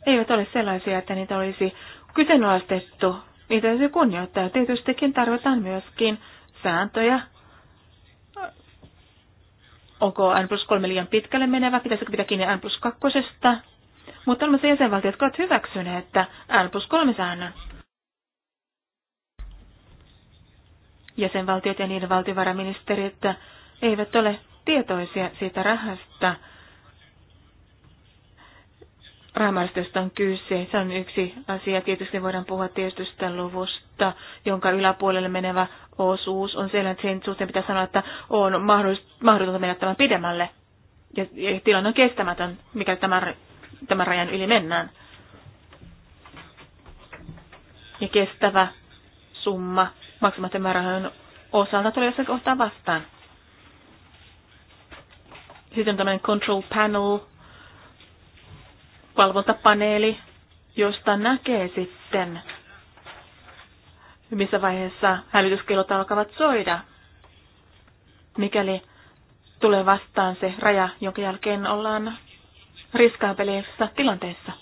eivät ole sellaisia, että niitä olisi kyseenalaistettu niitä täytyy kunnioittaa. Tietystikin tarvitaan myöskin sääntöjä. Onko N plus 3 liian pitkälle menevä? Pitäisikö pitää kiinni N plus 2? Mutta on myös jäsenvaltiot, jotka ovat hyväksyneet että N plus 3 säännön. Jäsenvaltiot ja niiden valtiovarainministerit eivät ole tietoisia siitä rahasta, Raamaistosta on kyse. Se on yksi asia. Tietysti voidaan puhua tietystä luvusta, jonka yläpuolelle menevä osuus on sellainen, että sen suhteen pitää sanoa, että on mahdotonta mennä tämän pidemmälle. Ja, ja tilanne on kestämätön, mikä tämän, tämän rajan yli mennään. Ja kestävä summa maksamattoman rahan osalta tulee jossain kohtaa vastaan. Sitten on tämmöinen control panel, valvontapaneeli, josta näkee sitten, missä vaiheessa hälytyskellot alkavat soida. Mikäli tulee vastaan se raja, jonka jälkeen ollaan riskaapeleissa tilanteessa.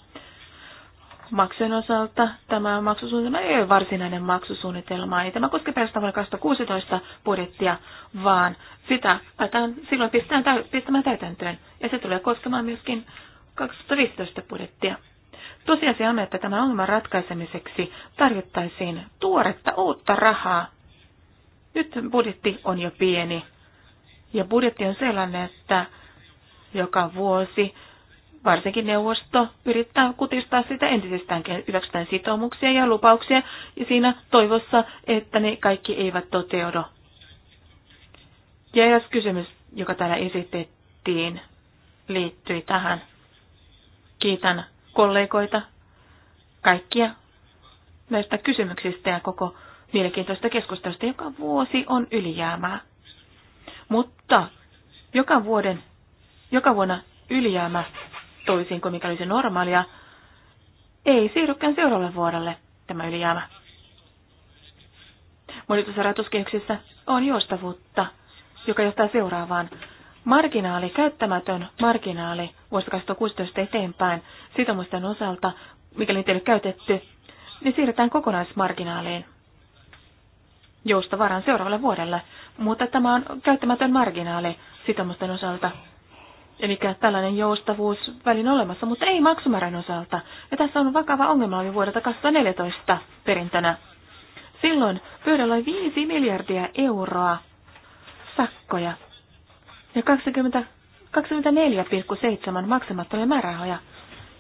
Maksujen osalta tämä maksusuunnitelma ei ole varsinainen maksusuunnitelma. Ei tämä koske perustaa vuonna 2016 budjettia, vaan sitä päätään, silloin pistämään täytäntöön. Ja se tulee koskemaan myöskin 2015 budjettia. Tosiasia on, että tämän ongelman ratkaisemiseksi tarjottaisiin tuoretta uutta rahaa. Nyt budjetti on jo pieni. Ja budjetti on sellainen, että joka vuosi varsinkin neuvosto yrittää kutistaa sitä entisestäänkin hyväksytään sitoumuksia ja lupauksia ja siinä toivossa, että ne kaikki eivät toteudu. Ja eräs kysymys, joka täällä esitettiin, liittyi tähän. Kiitän kollegoita, kaikkia näistä kysymyksistä ja koko mielenkiintoista keskustelusta. Joka vuosi on ylijäämää. Mutta joka, vuoden, joka vuonna ylijäämä, toisin kuin mikä olisi normaalia, ei siirrykään seuraavalle vuodelle tämä ylijäämä. Monitussa on joustavuutta, joka johtaa seuraavaan. Marginaali, käyttämätön marginaali vuosi 2016 eteenpäin sitomusten osalta, mikäli niitä ei ole käytetty, niin siirretään kokonaismarginaaliin joustovaran seuraavalle vuodelle, mutta tämä on käyttämätön marginaali sitomusten osalta. Eli tällainen joustavuus välin olemassa, mutta ei maksumäärän osalta. Ja tässä on vakava ongelma oli vuodelta 2014 perintönä. Silloin pyydellä oli 5 miljardia euroa sakkoja ja 20, 24,7 maksamattomia määrärahoja.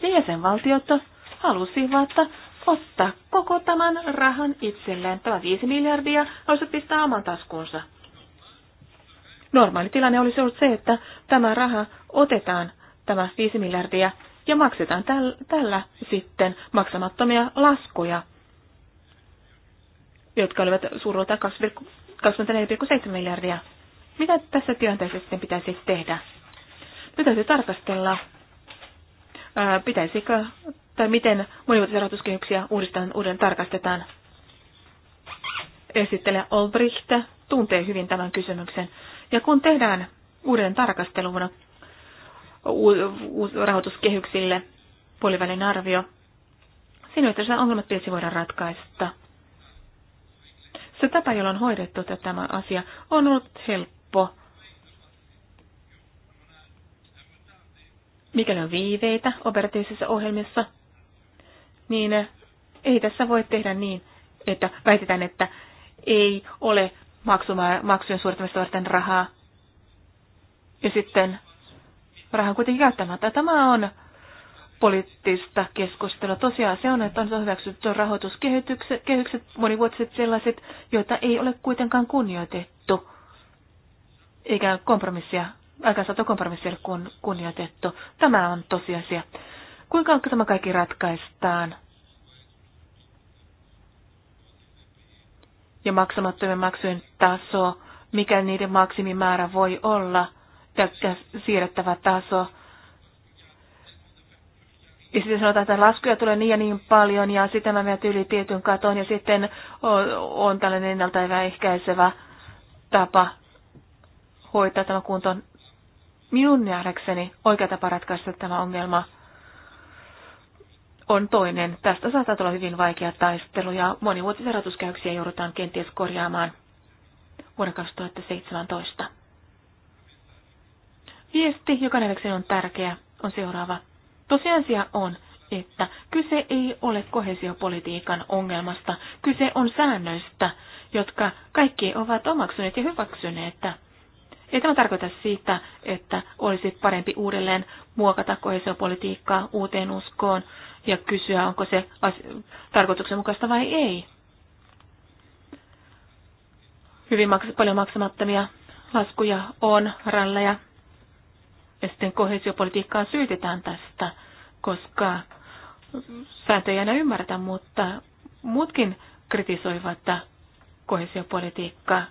Ja jäsenvaltiot halusivat ottaa koko tämän rahan itselleen. Tämä 5 miljardia olisi pistää oman taskuunsa. Normaali tilanne olisi ollut se, että tämä raha otetaan, tämä 5 miljardia, ja maksetaan täl, tällä sitten maksamattomia laskuja, jotka olivat suuruutta 24,7 miljardia. Mitä tässä tilanteessa sitten pitäisi tehdä? Pitäisi tarkastella, ää, pitäisikö tai miten monivuotisia rahoituskehyksiä uudestaan uuden tarkastetaan. Esittelijä Olbricht tuntee hyvin tämän kysymyksen. Ja kun tehdään uuden tarkastelun rahoituskehyksille puolivälin arvio, siinä yhteydessä ongelmat pitäisi voida ratkaista. Se tapa, jolla on hoidettu tämä asia, on ollut helppo helppo. Mikäli on viiveitä operatiivisessa ohjelmissa, niin eh, ei tässä voi tehdä niin, että väitetään, että ei ole maksujen suorittamista varten rahaa. Ja sitten rahan kuitenkin käyttämättä. Tämä on poliittista keskustelua. Tosiaan se on, että on hyväksytty rahoituskehykset, monivuotiset sellaiset, joita ei ole kuitenkaan kunnioitettu eikä kompromissia, aikaansaatu kompromissia ole kun, kunnioitettu. Tämä on tosiasia. Kuinka tämä kaikki ratkaistaan? Ja maksamattomien maksujen taso, mikä niiden maksimimäärä voi olla, ja siirrettävä taso. Ja sitten sanotaan, että laskuja tulee niin ja niin paljon, ja sitten mä menen yli tietyn katon, ja sitten on, on tällainen ennaltaehkäisevä tapa hoitaa tämä kuntoon. Minun nähdäkseni oikea tapa ratkaista tämä ongelma on toinen. Tästä saattaa tulla hyvin vaikea taistelu ja monivuotisia ratuskäyksiä joudutaan kenties korjaamaan vuonna 2017. Viesti, joka nähdäkseni on tärkeä, on seuraava. Tosiasia on, että kyse ei ole kohesiopolitiikan ongelmasta. Kyse on säännöistä, jotka kaikki ovat omaksuneet ja hyväksyneet. Ei tämä tarkoita sitä, että olisi parempi uudelleen muokata kohesiopolitiikkaa uuteen uskoon ja kysyä, onko se tarkoituksenmukaista vai ei. Hyvin maks- paljon maksamattomia laskuja on ralleja ja sitten kohesiopolitiikkaa syytetään tästä, koska sääntöjä aina ymmärretä, mutta muutkin kritisoivat kohesiopolitiikkaa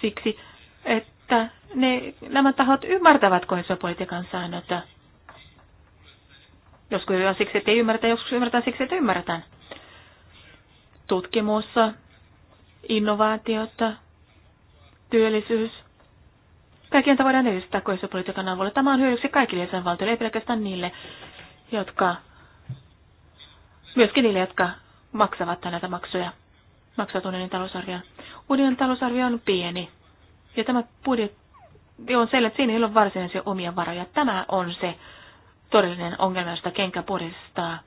siksi, että että ne, nämä tahot ymmärtävät kohesiopolitiikan säännöt. Joskus siksi, että ei ymmärretä, joskus ymmärretään siksi, että ymmärretään. Tutkimus, innovaatiot, työllisyys. Kaikkien voidaan edistää kohesiopolitiikan avulla. Tämä on hyödyksi kaikille jäsenvaltioille, ei pelkästään niille, jotka, myöskin niille, jotka maksavat näitä maksuja, maksavat unionin talousarvioon. Unionin talousarvio on pieni ja tämä budjetti on sellainen, että siinä ei ole varsinaisia omia varoja. Tämä on se todellinen ongelma, josta kenkä puristaa.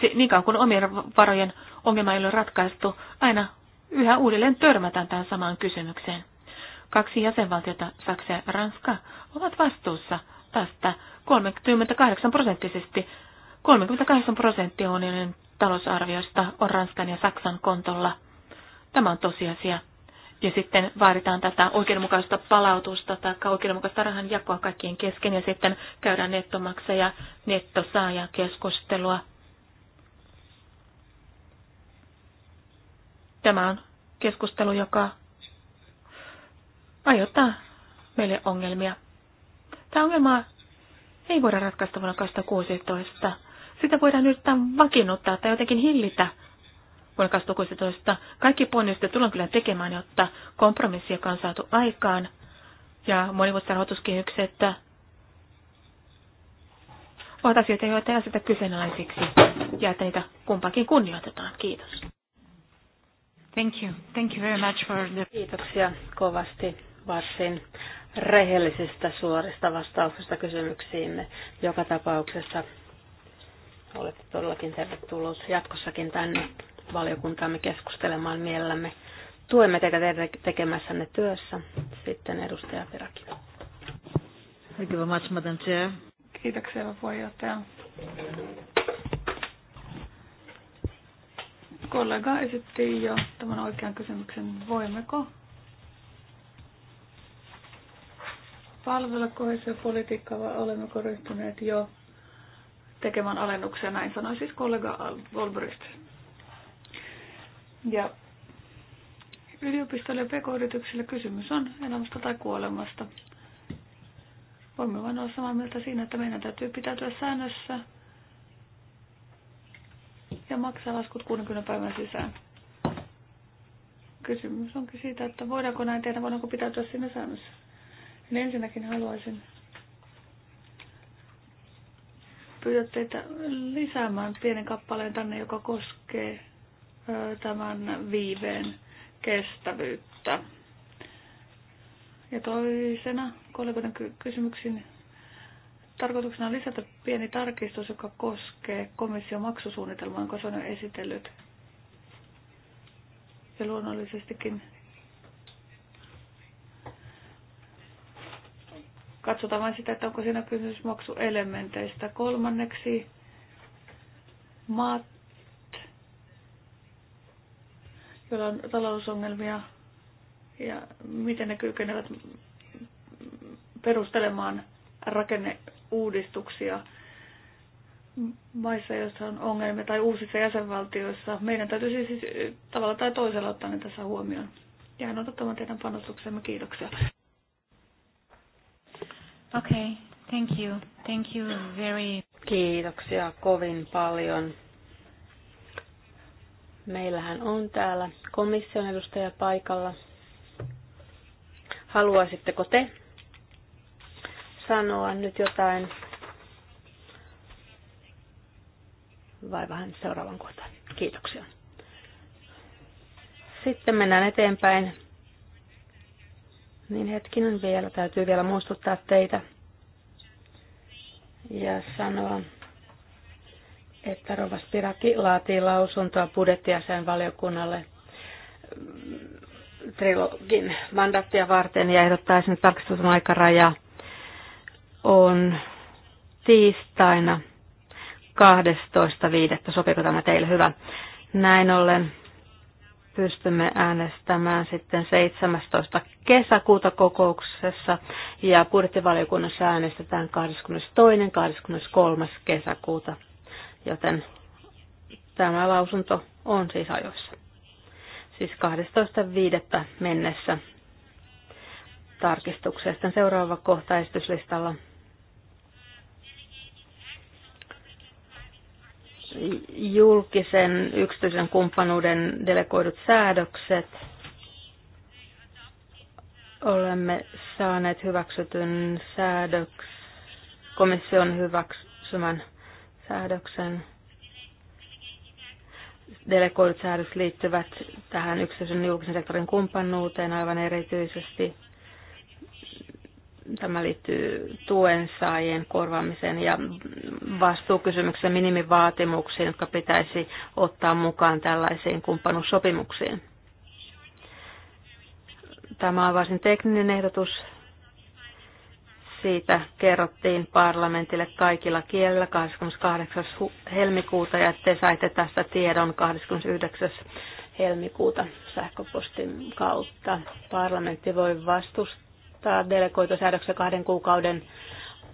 Se, niin kauan kuin omien varojen ongelma ei ole ratkaistu, aina yhä uudelleen törmätään tähän samaan kysymykseen. Kaksi jäsenvaltiota, Saksa ja Ranska, ovat vastuussa tästä 38 prosenttisesti. 38 prosenttia unionin talousarviosta on Ranskan ja Saksan kontolla. Tämä on tosiasia ja sitten vaaditaan tätä oikeudenmukaista palautusta tai oikeudenmukaista rahanjakoa kaikkien kesken ja sitten käydään nettomaksaja, nettosaaja keskustelua. Tämä on keskustelu, joka aiheuttaa meille ongelmia. Tämä ongelma ei voida ratkaista vuonna 2016. Sitä voidaan yrittää vakiinnuttaa tai jotenkin hillitä – vuonna 2016. Kaikki ponnistukset tullaan kyllä tekemään, jotta kompromissi, joka on saatu aikaan, ja monivuotiset rahoituskehykset ovat asioita, joita ei aseta kyseenalaisiksi, ja että niitä kumpakin kunnioitetaan. Kiitos. Thank you. Thank you very much for the... Kiitoksia kovasti varsin rehellisistä suorista vastauksista kysymyksiimme. Joka tapauksessa olette todellakin tervetullut jatkossakin tänne valiokuntaamme keskustelemaan mielellämme. Tuemme teitä tekemässänne työssä. Sitten edustaja Pirakin. Kiitoksia, puheenjohtaja. Kollega esitti jo tämän oikean kysymyksen, voimmeko palvella politiikkaa vai olemmeko ryhtyneet jo tekemään alennuksia, näin sanoi siis kollega Volbrist. Ja yliopistolle ja pk kysymys on elämästä tai kuolemasta. Voimme vain olla samaa mieltä siinä, että meidän täytyy pitäytyä säännössä ja maksaa laskut 60 päivän sisään. Kysymys onkin siitä, että voidaanko näin tehdä, voidaanko pitäytyä siinä säännössä. Eli ensinnäkin haluaisin pyydä teitä lisäämään pienen kappaleen tänne, joka koskee tämän viiveen kestävyyttä. Ja toisena kollegoiden kysymyksiin tarkoituksena on lisätä pieni tarkistus, joka koskee komission maksusuunnitelmaa, jonka se on jo esitellyt. Ja luonnollisestikin katsotaan vain sitä, että onko siinä kysymys maksuelementeistä. Kolmanneksi maat joilla on talousongelmia ja miten ne kykenevät perustelemaan rakenneuudistuksia maissa, joissa on ongelmia, tai uusissa jäsenvaltioissa. Meidän täytyy siis, siis tavalla tai toisella ottaa ne tässä huomioon. Jään odottamaan teidän panostuksemme. Kiitoksia. Okay, thank you. Thank you very... Kiitoksia kovin paljon. Meillähän on täällä komission edustaja paikalla. Haluaisitteko te sanoa nyt jotain vai vähän seuraavan kohtaan? Kiitoksia. Sitten mennään eteenpäin. Niin hetkinen vielä, täytyy vielä muistuttaa teitä ja sanoa, että Rovas Piraki laatii lausuntoa budjettiasain valiokunnalle trilogin mandattia varten ja sinne että aikaraja on tiistaina 12.5. Sopiiko tämä teille hyvä? Näin ollen pystymme äänestämään sitten 17. kesäkuuta kokouksessa ja budjettivaliokunnassa äänestetään 22. 23. kesäkuuta joten tämä lausunto on siis ajoissa. Siis 12.5. mennessä tarkistuksesta seuraava kohta esityslistalla. Julkisen yksityisen kumppanuuden delegoidut säädökset. Olemme saaneet hyväksytyn säädöksen komission hyväksymän säädöksen delegoidut säädökset liittyvät tähän yksityisen julkisen sektorin kumppanuuteen aivan erityisesti. Tämä liittyy tuen saajien korvaamiseen ja vastuukysymyksen minimivaatimuksiin, jotka pitäisi ottaa mukaan tällaisiin kumppanuussopimuksiin. Tämä on varsin tekninen ehdotus, siitä kerrottiin parlamentille kaikilla kielillä 28. helmikuuta ja te saitte tästä tiedon 29. helmikuuta sähköpostin kautta. Parlamentti voi vastustaa delegoitosäädöksen kahden kuukauden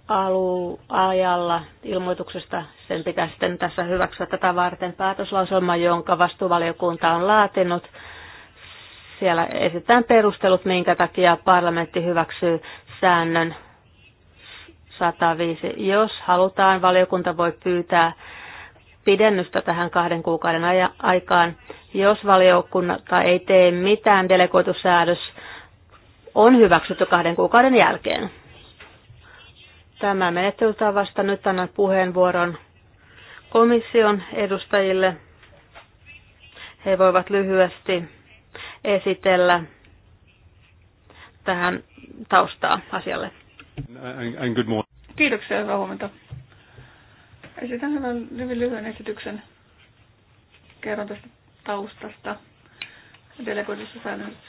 aluajalla ilmoituksesta. Sen pitää sitten tässä hyväksyä tätä varten päätöslauselma, jonka vastuuvaliokunta on laatinut. Siellä esitetään perustelut, minkä takia parlamentti hyväksyy säännön 105. Jos halutaan, valiokunta voi pyytää pidennystä tähän kahden kuukauden aikaan. Jos valiokunta ei tee mitään, delegoitusäädös on hyväksytty kahden kuukauden jälkeen. Tämä menettelytavasta nyt annan puheenvuoron komission edustajille. He voivat lyhyesti esitellä tähän taustaa asialle. And good morning. Kiitoksia, hyvää huomenta. Esitän hyvän, hyvin lyhyen esityksen. Kerron tästä taustasta delegoidussa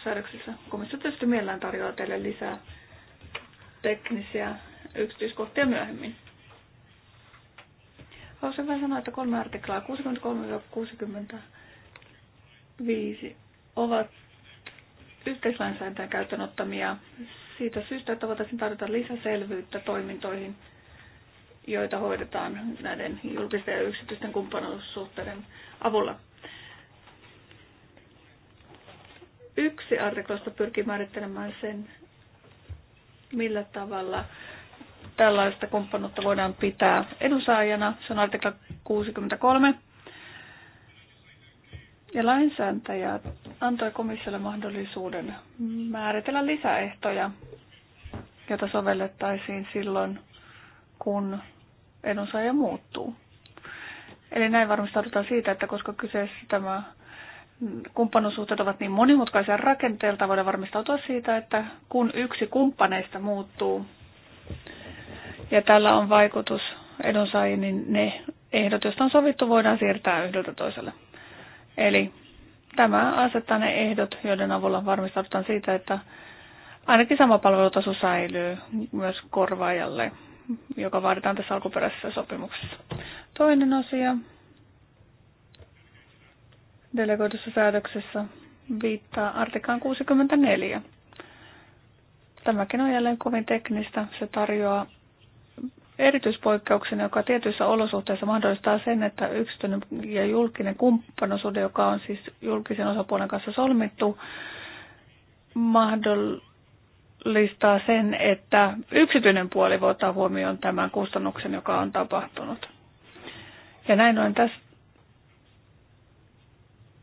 säädöksissä. Komissio tietysti mielellään tarjoaa teille lisää teknisiä yksityiskohtia myöhemmin. Haluaisin vain sanoa, että kolme artiklaa 63-65 ovat yhteislainsäädäntöön käyttöön ottamia siitä syystä, että voitaisiin tarjota lisäselvyyttä toimintoihin, joita hoidetaan näiden julkisten ja yksityisten kumppanuussuhteiden avulla. Yksi artiklasta pyrkii määrittelemään sen, millä tavalla tällaista kumppanuutta voidaan pitää edunsaajana. Se on artikla 63. Ja lainsääntäjät antoi komissiolle mahdollisuuden määritellä lisäehtoja, joita sovellettaisiin silloin, kun edunsaaja muuttuu. Eli näin varmistaudutaan siitä, että koska kyseessä tämä kumppanuussuhteet ovat niin monimutkaisia rakenteelta, voidaan varmistautua siitä, että kun yksi kumppaneista muuttuu ja tällä on vaikutus edunsaajiin, niin ne ehdot, joista on sovittu, voidaan siirtää yhdeltä toiselle. Eli Tämä asettaa ne ehdot, joiden avulla varmistaudutaan siitä, että ainakin sama palvelutaso säilyy myös korvaajalle, joka vaaditaan tässä alkuperäisessä sopimuksessa. Toinen asia delegoidussa säädöksessä viittaa artiklaan 64. Tämäkin on jälleen kovin teknistä. Se tarjoaa erityispoikkeuksen, joka tietyissä olosuhteissa mahdollistaa sen, että yksityinen ja julkinen kumppanuussuhde, joka on siis julkisen osapuolen kanssa solmittu, mahdollistaa sen, että yksityinen puoli voi ottaa huomioon tämän kustannuksen, joka on tapahtunut. Ja näin ollen tässä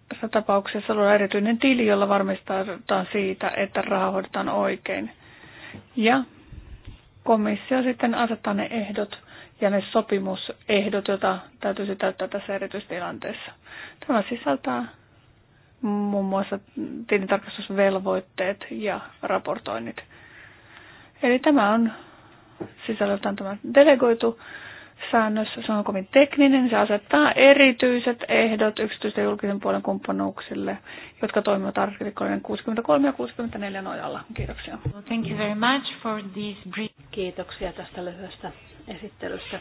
tässä tapauksessa on erityinen tili, jolla varmistetaan siitä, että raha hoidetaan oikein. Ja komissio sitten asettaa ne ehdot ja ne sopimusehdot, joita täytyisi täyttää tässä erityistilanteessa. Tämä sisältää muun muassa tilintarkastusvelvoitteet ja raportoinnit. Eli tämä on sisällöltään tämä delegoitu säännös. Se on kovin tekninen. Se asettaa erityiset ehdot yksityisten ja julkisen puolen kumppanuuksille, jotka toimivat artikkelien 63 ja 64 nojalla. Kiitoksia. Thank you very much for this brief. Kiitoksia tästä lyhyestä esittelystä.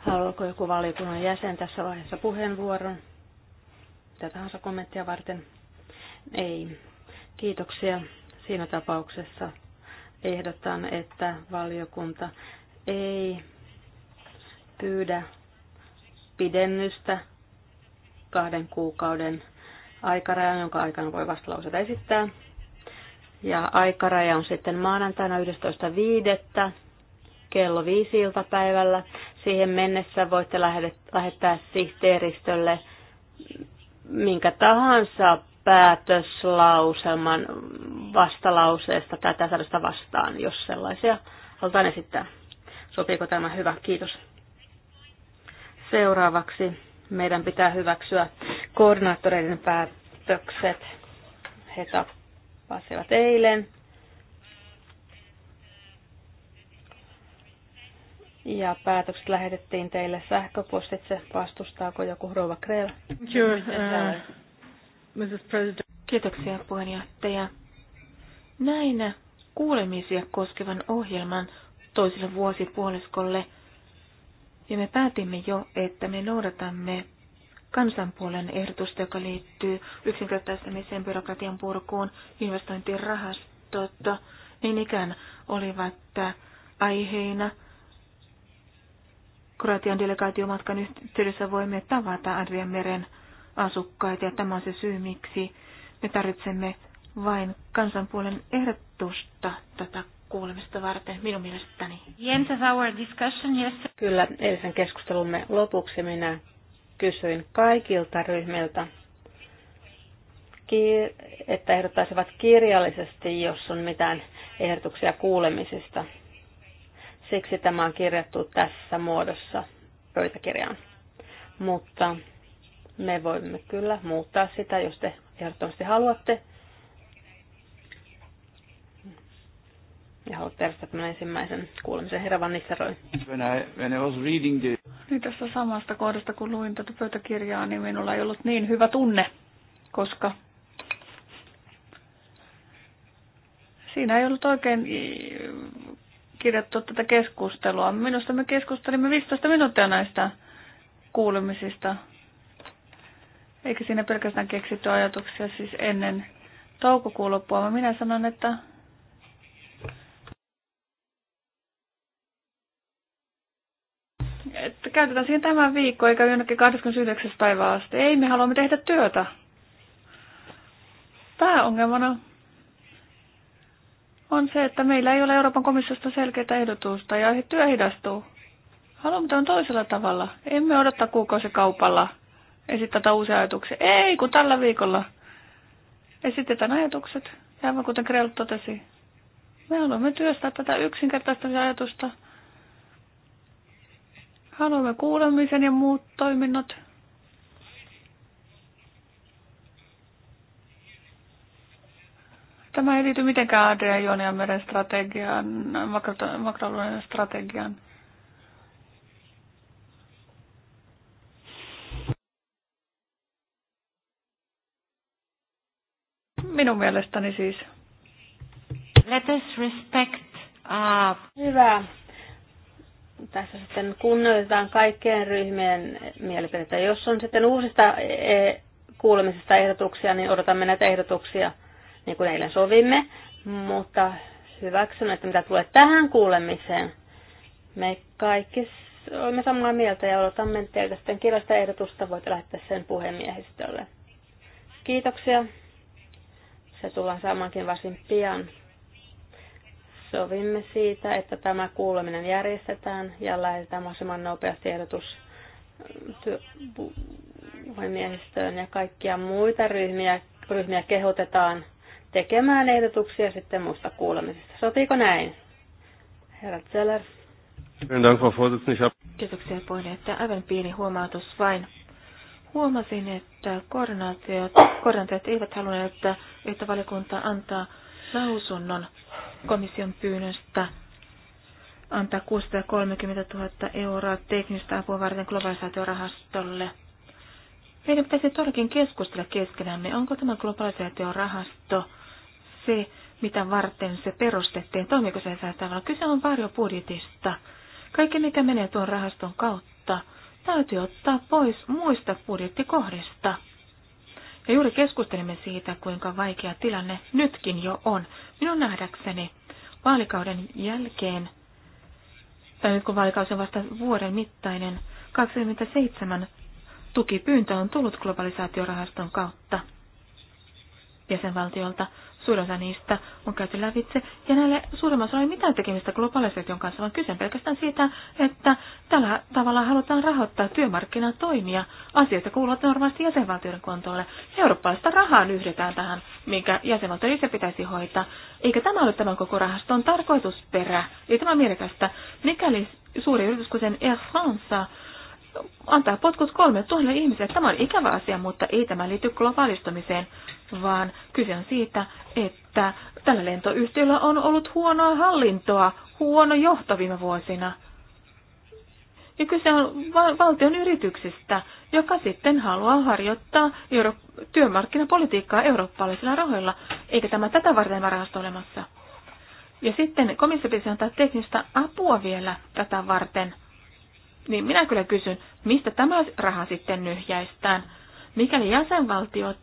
Haluatko joku valiokunnan jäsen tässä vaiheessa puheenvuoron? Mitä tahansa kommenttia varten? Ei. Kiitoksia. Siinä tapauksessa ehdotan, että valiokunta ei pyydä pidennystä kahden kuukauden aikarajan, jonka aikana voi vastalauseita esittää. Ja aikaraja on sitten maanantaina 11.5. kello 5 iltapäivällä. Siihen mennessä voitte lähettää sihteeristölle minkä tahansa päätöslauselman vastalauseesta tätä täsäädöstä vastaan, jos sellaisia halutaan esittää. Sopiiko tämä? Hyvä, kiitos. Seuraavaksi meidän pitää hyväksyä koordinaattoreiden päätökset. He tapasivat eilen. Ja päätökset lähetettiin teille sähköpostitse. Vastustaako joku Rova Krell? Uh, Kiitoksia puheenjohtaja. Näinä kuulemisia koskevan ohjelman toiselle vuosipuoliskolle – ja me päätimme jo, että me noudatamme kansanpuolen ehdotusta, joka liittyy yksinkertaistamiseen, byrokratian purkuun, investointirahastot, niin ikään olivat aiheina. Kroatian delegaatiomatkan yhteydessä voimme tavata Adrian meren asukkaita ja tämä on se syy, miksi me tarvitsemme vain kansanpuolen ehdotusta tätä kuulemista varten minun mielestäni. Jens, our discussion, yes. Kyllä, eilisen keskustelumme lopuksi minä kysyin kaikilta ryhmiltä, että ehdottaisivat kirjallisesti, jos on mitään ehdotuksia kuulemisista. Siksi tämä on kirjattu tässä muodossa pöytäkirjaan. Mutta me voimme kyllä muuttaa sitä, jos te ehdottomasti haluatte. ja haluat perustaa tämän ensimmäisen kuulemisen. Herra Van Nistelrooy. When I, when I was reading the... Niin tässä samasta kohdasta, kun luin tätä pöytäkirjaa, niin minulla ei ollut niin hyvä tunne, koska siinä ei ollut oikein kirjattu tätä keskustelua. Minusta me keskustelimme 15 minuuttia näistä kuulemisista. Eikä siinä pelkästään keksitty ajatuksia siis ennen toukokuun loppua, vaan minä sanon, että että käytetään siihen tämän viikko eikä jonnekin 29. päivää asti. Ei, me haluamme tehdä työtä. Pääongelmana on se, että meillä ei ole Euroopan komissiosta selkeää ehdotusta ja työ hidastuu. Haluamme tämän toisella tavalla. Emme odottaa kuukausikaupalla esittää uusia ajatuksia. Ei, kun tällä viikolla esitetään ajatukset. Ja aivan kuten Krell totesi, me haluamme työstää tätä yksinkertaista ajatusta – Haluamme kuulemisen ja muut toiminnot. Tämä ei liity mitenkään Adrian Joonian meren strategiaan, makroalueen strategiaan. Minun mielestäni siis. Let us respect. Uh... Hyvä tässä sitten kunnioitetaan kaikkien ryhmien mielipiteitä. Jos on sitten uusista e, kuulemisista ehdotuksia, niin odotamme näitä ehdotuksia, niin kuin eilen sovimme, mutta hyväksymme, että mitä tulee tähän kuulemiseen, me kaikki olemme samaa mieltä ja odotamme teiltä sitten kirjasta ehdotusta, voit lähettää sen puhemiehistölle. Kiitoksia. Se tullaan saamankin varsin pian sovimme siitä, että tämä kuuleminen järjestetään ja lähetetään mahdollisimman nopeasti ehdotus äh, puhemiehistöön ja kaikkia muita ryhmiä, ryhmiä kehotetaan tekemään ehdotuksia sitten muusta kuulemisesta. Sopiiko näin? Herra Zeller. Kiitoksia puheenjohtaja. Aivan pieni huomautus vain. Huomasin, että koordinaatiot, koordinaatiot eivät halunneet, että, että valiokunta antaa lausunnon komission pyynnöstä antaa 630 000 euroa teknistä apua varten globalisaatiorahastolle. Meidän pitäisi todellakin keskustella keskenämme, onko tämä globalisaatiorahasto se, mitä varten se perustettiin, toimiko se tavalla. Kyse on varjobudjetista. Kaikki, mikä menee tuon rahaston kautta, täytyy ottaa pois muista budjettikohdista. Ja juuri keskustelimme siitä, kuinka vaikea tilanne nytkin jo on. Minun nähdäkseni vaalikauden jälkeen, tai nyt kun vaalikausi on vasta vuoden mittainen, 27 tukipyyntö on tullut globalisaatiorahaston kautta jäsenvaltiolta. Suurin osa niistä on käyty lävitse, ja näille suurimmassa osalla ei mitään tekemistä globalisaation kanssa, vaan kyse pelkästään siitä, että tällä tavalla halutaan rahoittaa työmarkkinatoimia. Asioita kuuluvat normaalisti jäsenvaltioiden kontolle. Eurooppalaista rahaa yhdetään tähän, minkä jäsenvaltio itse pitäisi hoitaa. Eikä tämä ole tämän koko rahaston tarkoitusperä. Ei tämä mielekästä. Mikäli suuri yritys, kuten Air France, antaa potkut kolme tuhannelle ihmiselle. Tämä on ikävä asia, mutta ei tämä liity globaalistumiseen vaan kyse on siitä, että tällä lentoyhtiöllä on ollut huonoa hallintoa, huono johto viime vuosina. Ja kyse on val- valtion yrityksistä, joka sitten haluaa harjoittaa euro- työmarkkinapolitiikkaa eurooppalaisilla rahoilla, eikä tämä tätä varten tämä olemassa. Ja sitten komissio pitäisi antaa teknistä apua vielä tätä varten. Niin minä kyllä kysyn, mistä tämä raha sitten nyhjäistään, mikäli jäsenvaltiot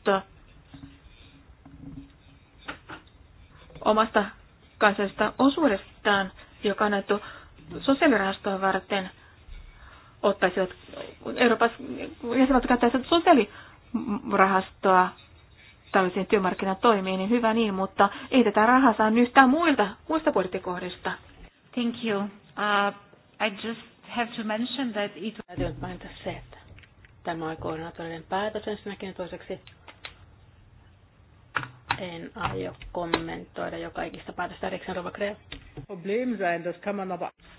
omasta kansallisesta osuudestaan, joka on annettu sosiaalirahastoa varten, ottaisivat Euroopan jäsenvaltiot käyttäisivät sosiaalirahastoa tällaisiin työmarkkinatoimiin, niin hyvä niin, mutta ei tätä rahaa saa yhtään muilta, muista budjettikohdista. Thank you. Uh, I just have to mention that it... Täytyy mainita se, että tämä on koordinaattorinen päätös ensinnäkin toiseksi en aio kommentoida joka ikistä päätöstä erikseen Rovakrea.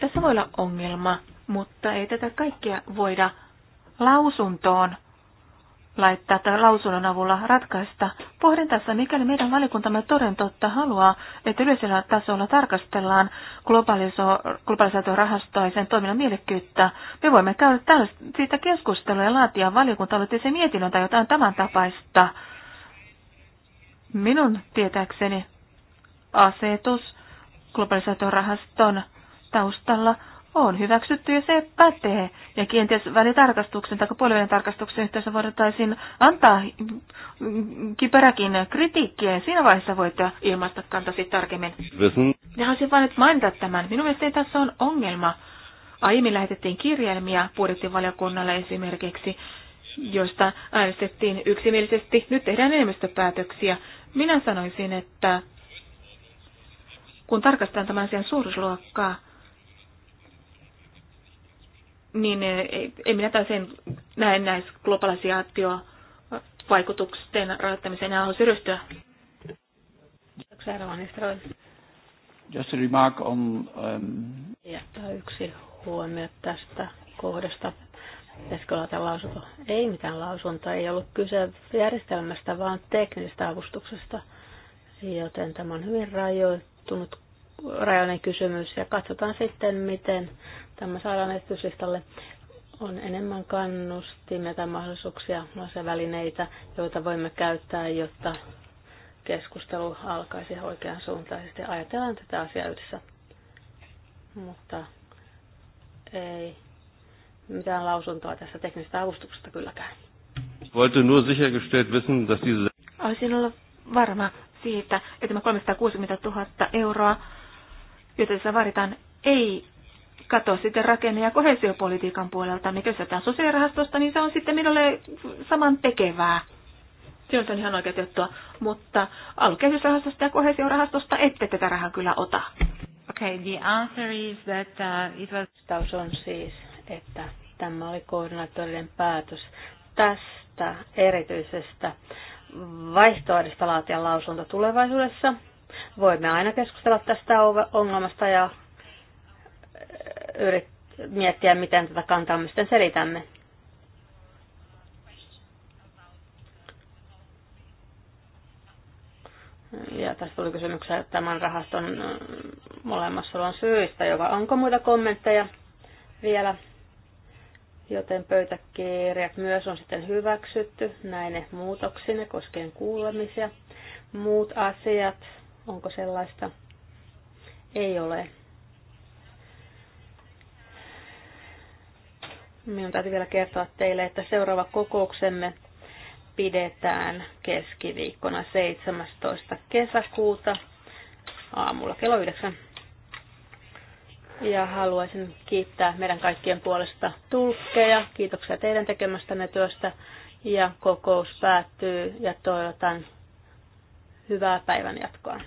Tässä voi olla ongelma, mutta ei tätä kaikkea voida lausuntoon laittaa tai lausunnon avulla ratkaista. Pohdin tässä, mikäli meidän valikuntamme toden totta haluaa, että yleisellä tasolla tarkastellaan globalisaatiorahastoa ja sen toiminnan mielekkyyttä. Me voimme käydä siitä keskustelua ja laatia valiokunta mietinnön tai jotain tämän tapaista. Minun tietääkseni asetus globalisaatiorahaston taustalla on hyväksytty ja se pätee. Ja kenties välitarkastuksen tai puolivälin tarkastuksen yhteydessä voitaisiin antaa kiperäkin kritiikkiä ja siinä vaiheessa voit ilmaista kantasi tarkemmin. Ja haluaisin vain nyt mainita tämän. Minun mielestäni tässä on ongelma. Aiemmin lähetettiin kirjelmiä budjettivaliokunnalle esimerkiksi josta äänestettiin yksimielisesti. Nyt tehdään enemmistöpäätöksiä. Minä sanoisin, että kun tarkastetaan tämän asian suuruusluokkaa, niin en minä täysin näe näissä globalisaatio vaikutusten rajoittamiseen ja haluaisin ryhtyä. Just a remark on... Um... Ja yksi huomio tästä kohdasta Pitäisikö laittaa lausunto? Ei mitään lausuntoa, ei ollut kyse järjestelmästä, vaan teknisestä avustuksesta. Joten tämä on hyvin rajoittunut, rajallinen kysymys ja katsotaan sitten, miten tämä saadaan esityslistalle. On enemmän kannustimia tai mahdollisuuksia, välineitä, joita voimme käyttää, jotta keskustelu alkaisi oikean suuntaisesti. Ajatellaan tätä asiaa yhdessä, mutta ei mitään lausuntoa tässä teknisestä avustuksesta kylläkään. Wollte nur sichergestellt wissen, dass diese... Olisin olla varma siitä, että tämä 360 000 euroa, jota tässä vaaditaan, ei kato sitten rakenne- ja kohesiopolitiikan puolelta, mikä tämä sosiaalirahastosta, niin se on sitten minulle saman tekevää. Se on ihan oikea juttua, mutta alukehysrahastosta ja kohesiorahastosta ette tätä rahaa kyllä ota. Okay, the answer is that uh, it was... Vastaus on siis että tämä oli koordinaattorien päätös tästä erityisestä vaihtoehdosta laatia lausunto tulevaisuudessa. Voimme aina keskustella tästä ongelmasta ja eh, yrittää miettiä, miten tätä kantaa sitten selitämme. Ja tässä tuli kysymyksiä tämän rahaston molemmassa eh, on syistä, joka onko muita kommentteja vielä? joten pöytäkirjat myös on sitten hyväksytty näine muutoksine koskien kuulemisia. Muut asiat, onko sellaista? Ei ole. Minun täytyy vielä kertoa teille, että seuraava kokouksemme pidetään keskiviikkona 17. kesäkuuta aamulla kello 9. Ja haluaisin kiittää meidän kaikkien puolesta tulkkeja. Kiitoksia teidän tekemästänne työstä. Ja kokous päättyy ja toivotan hyvää päivän jatkoa.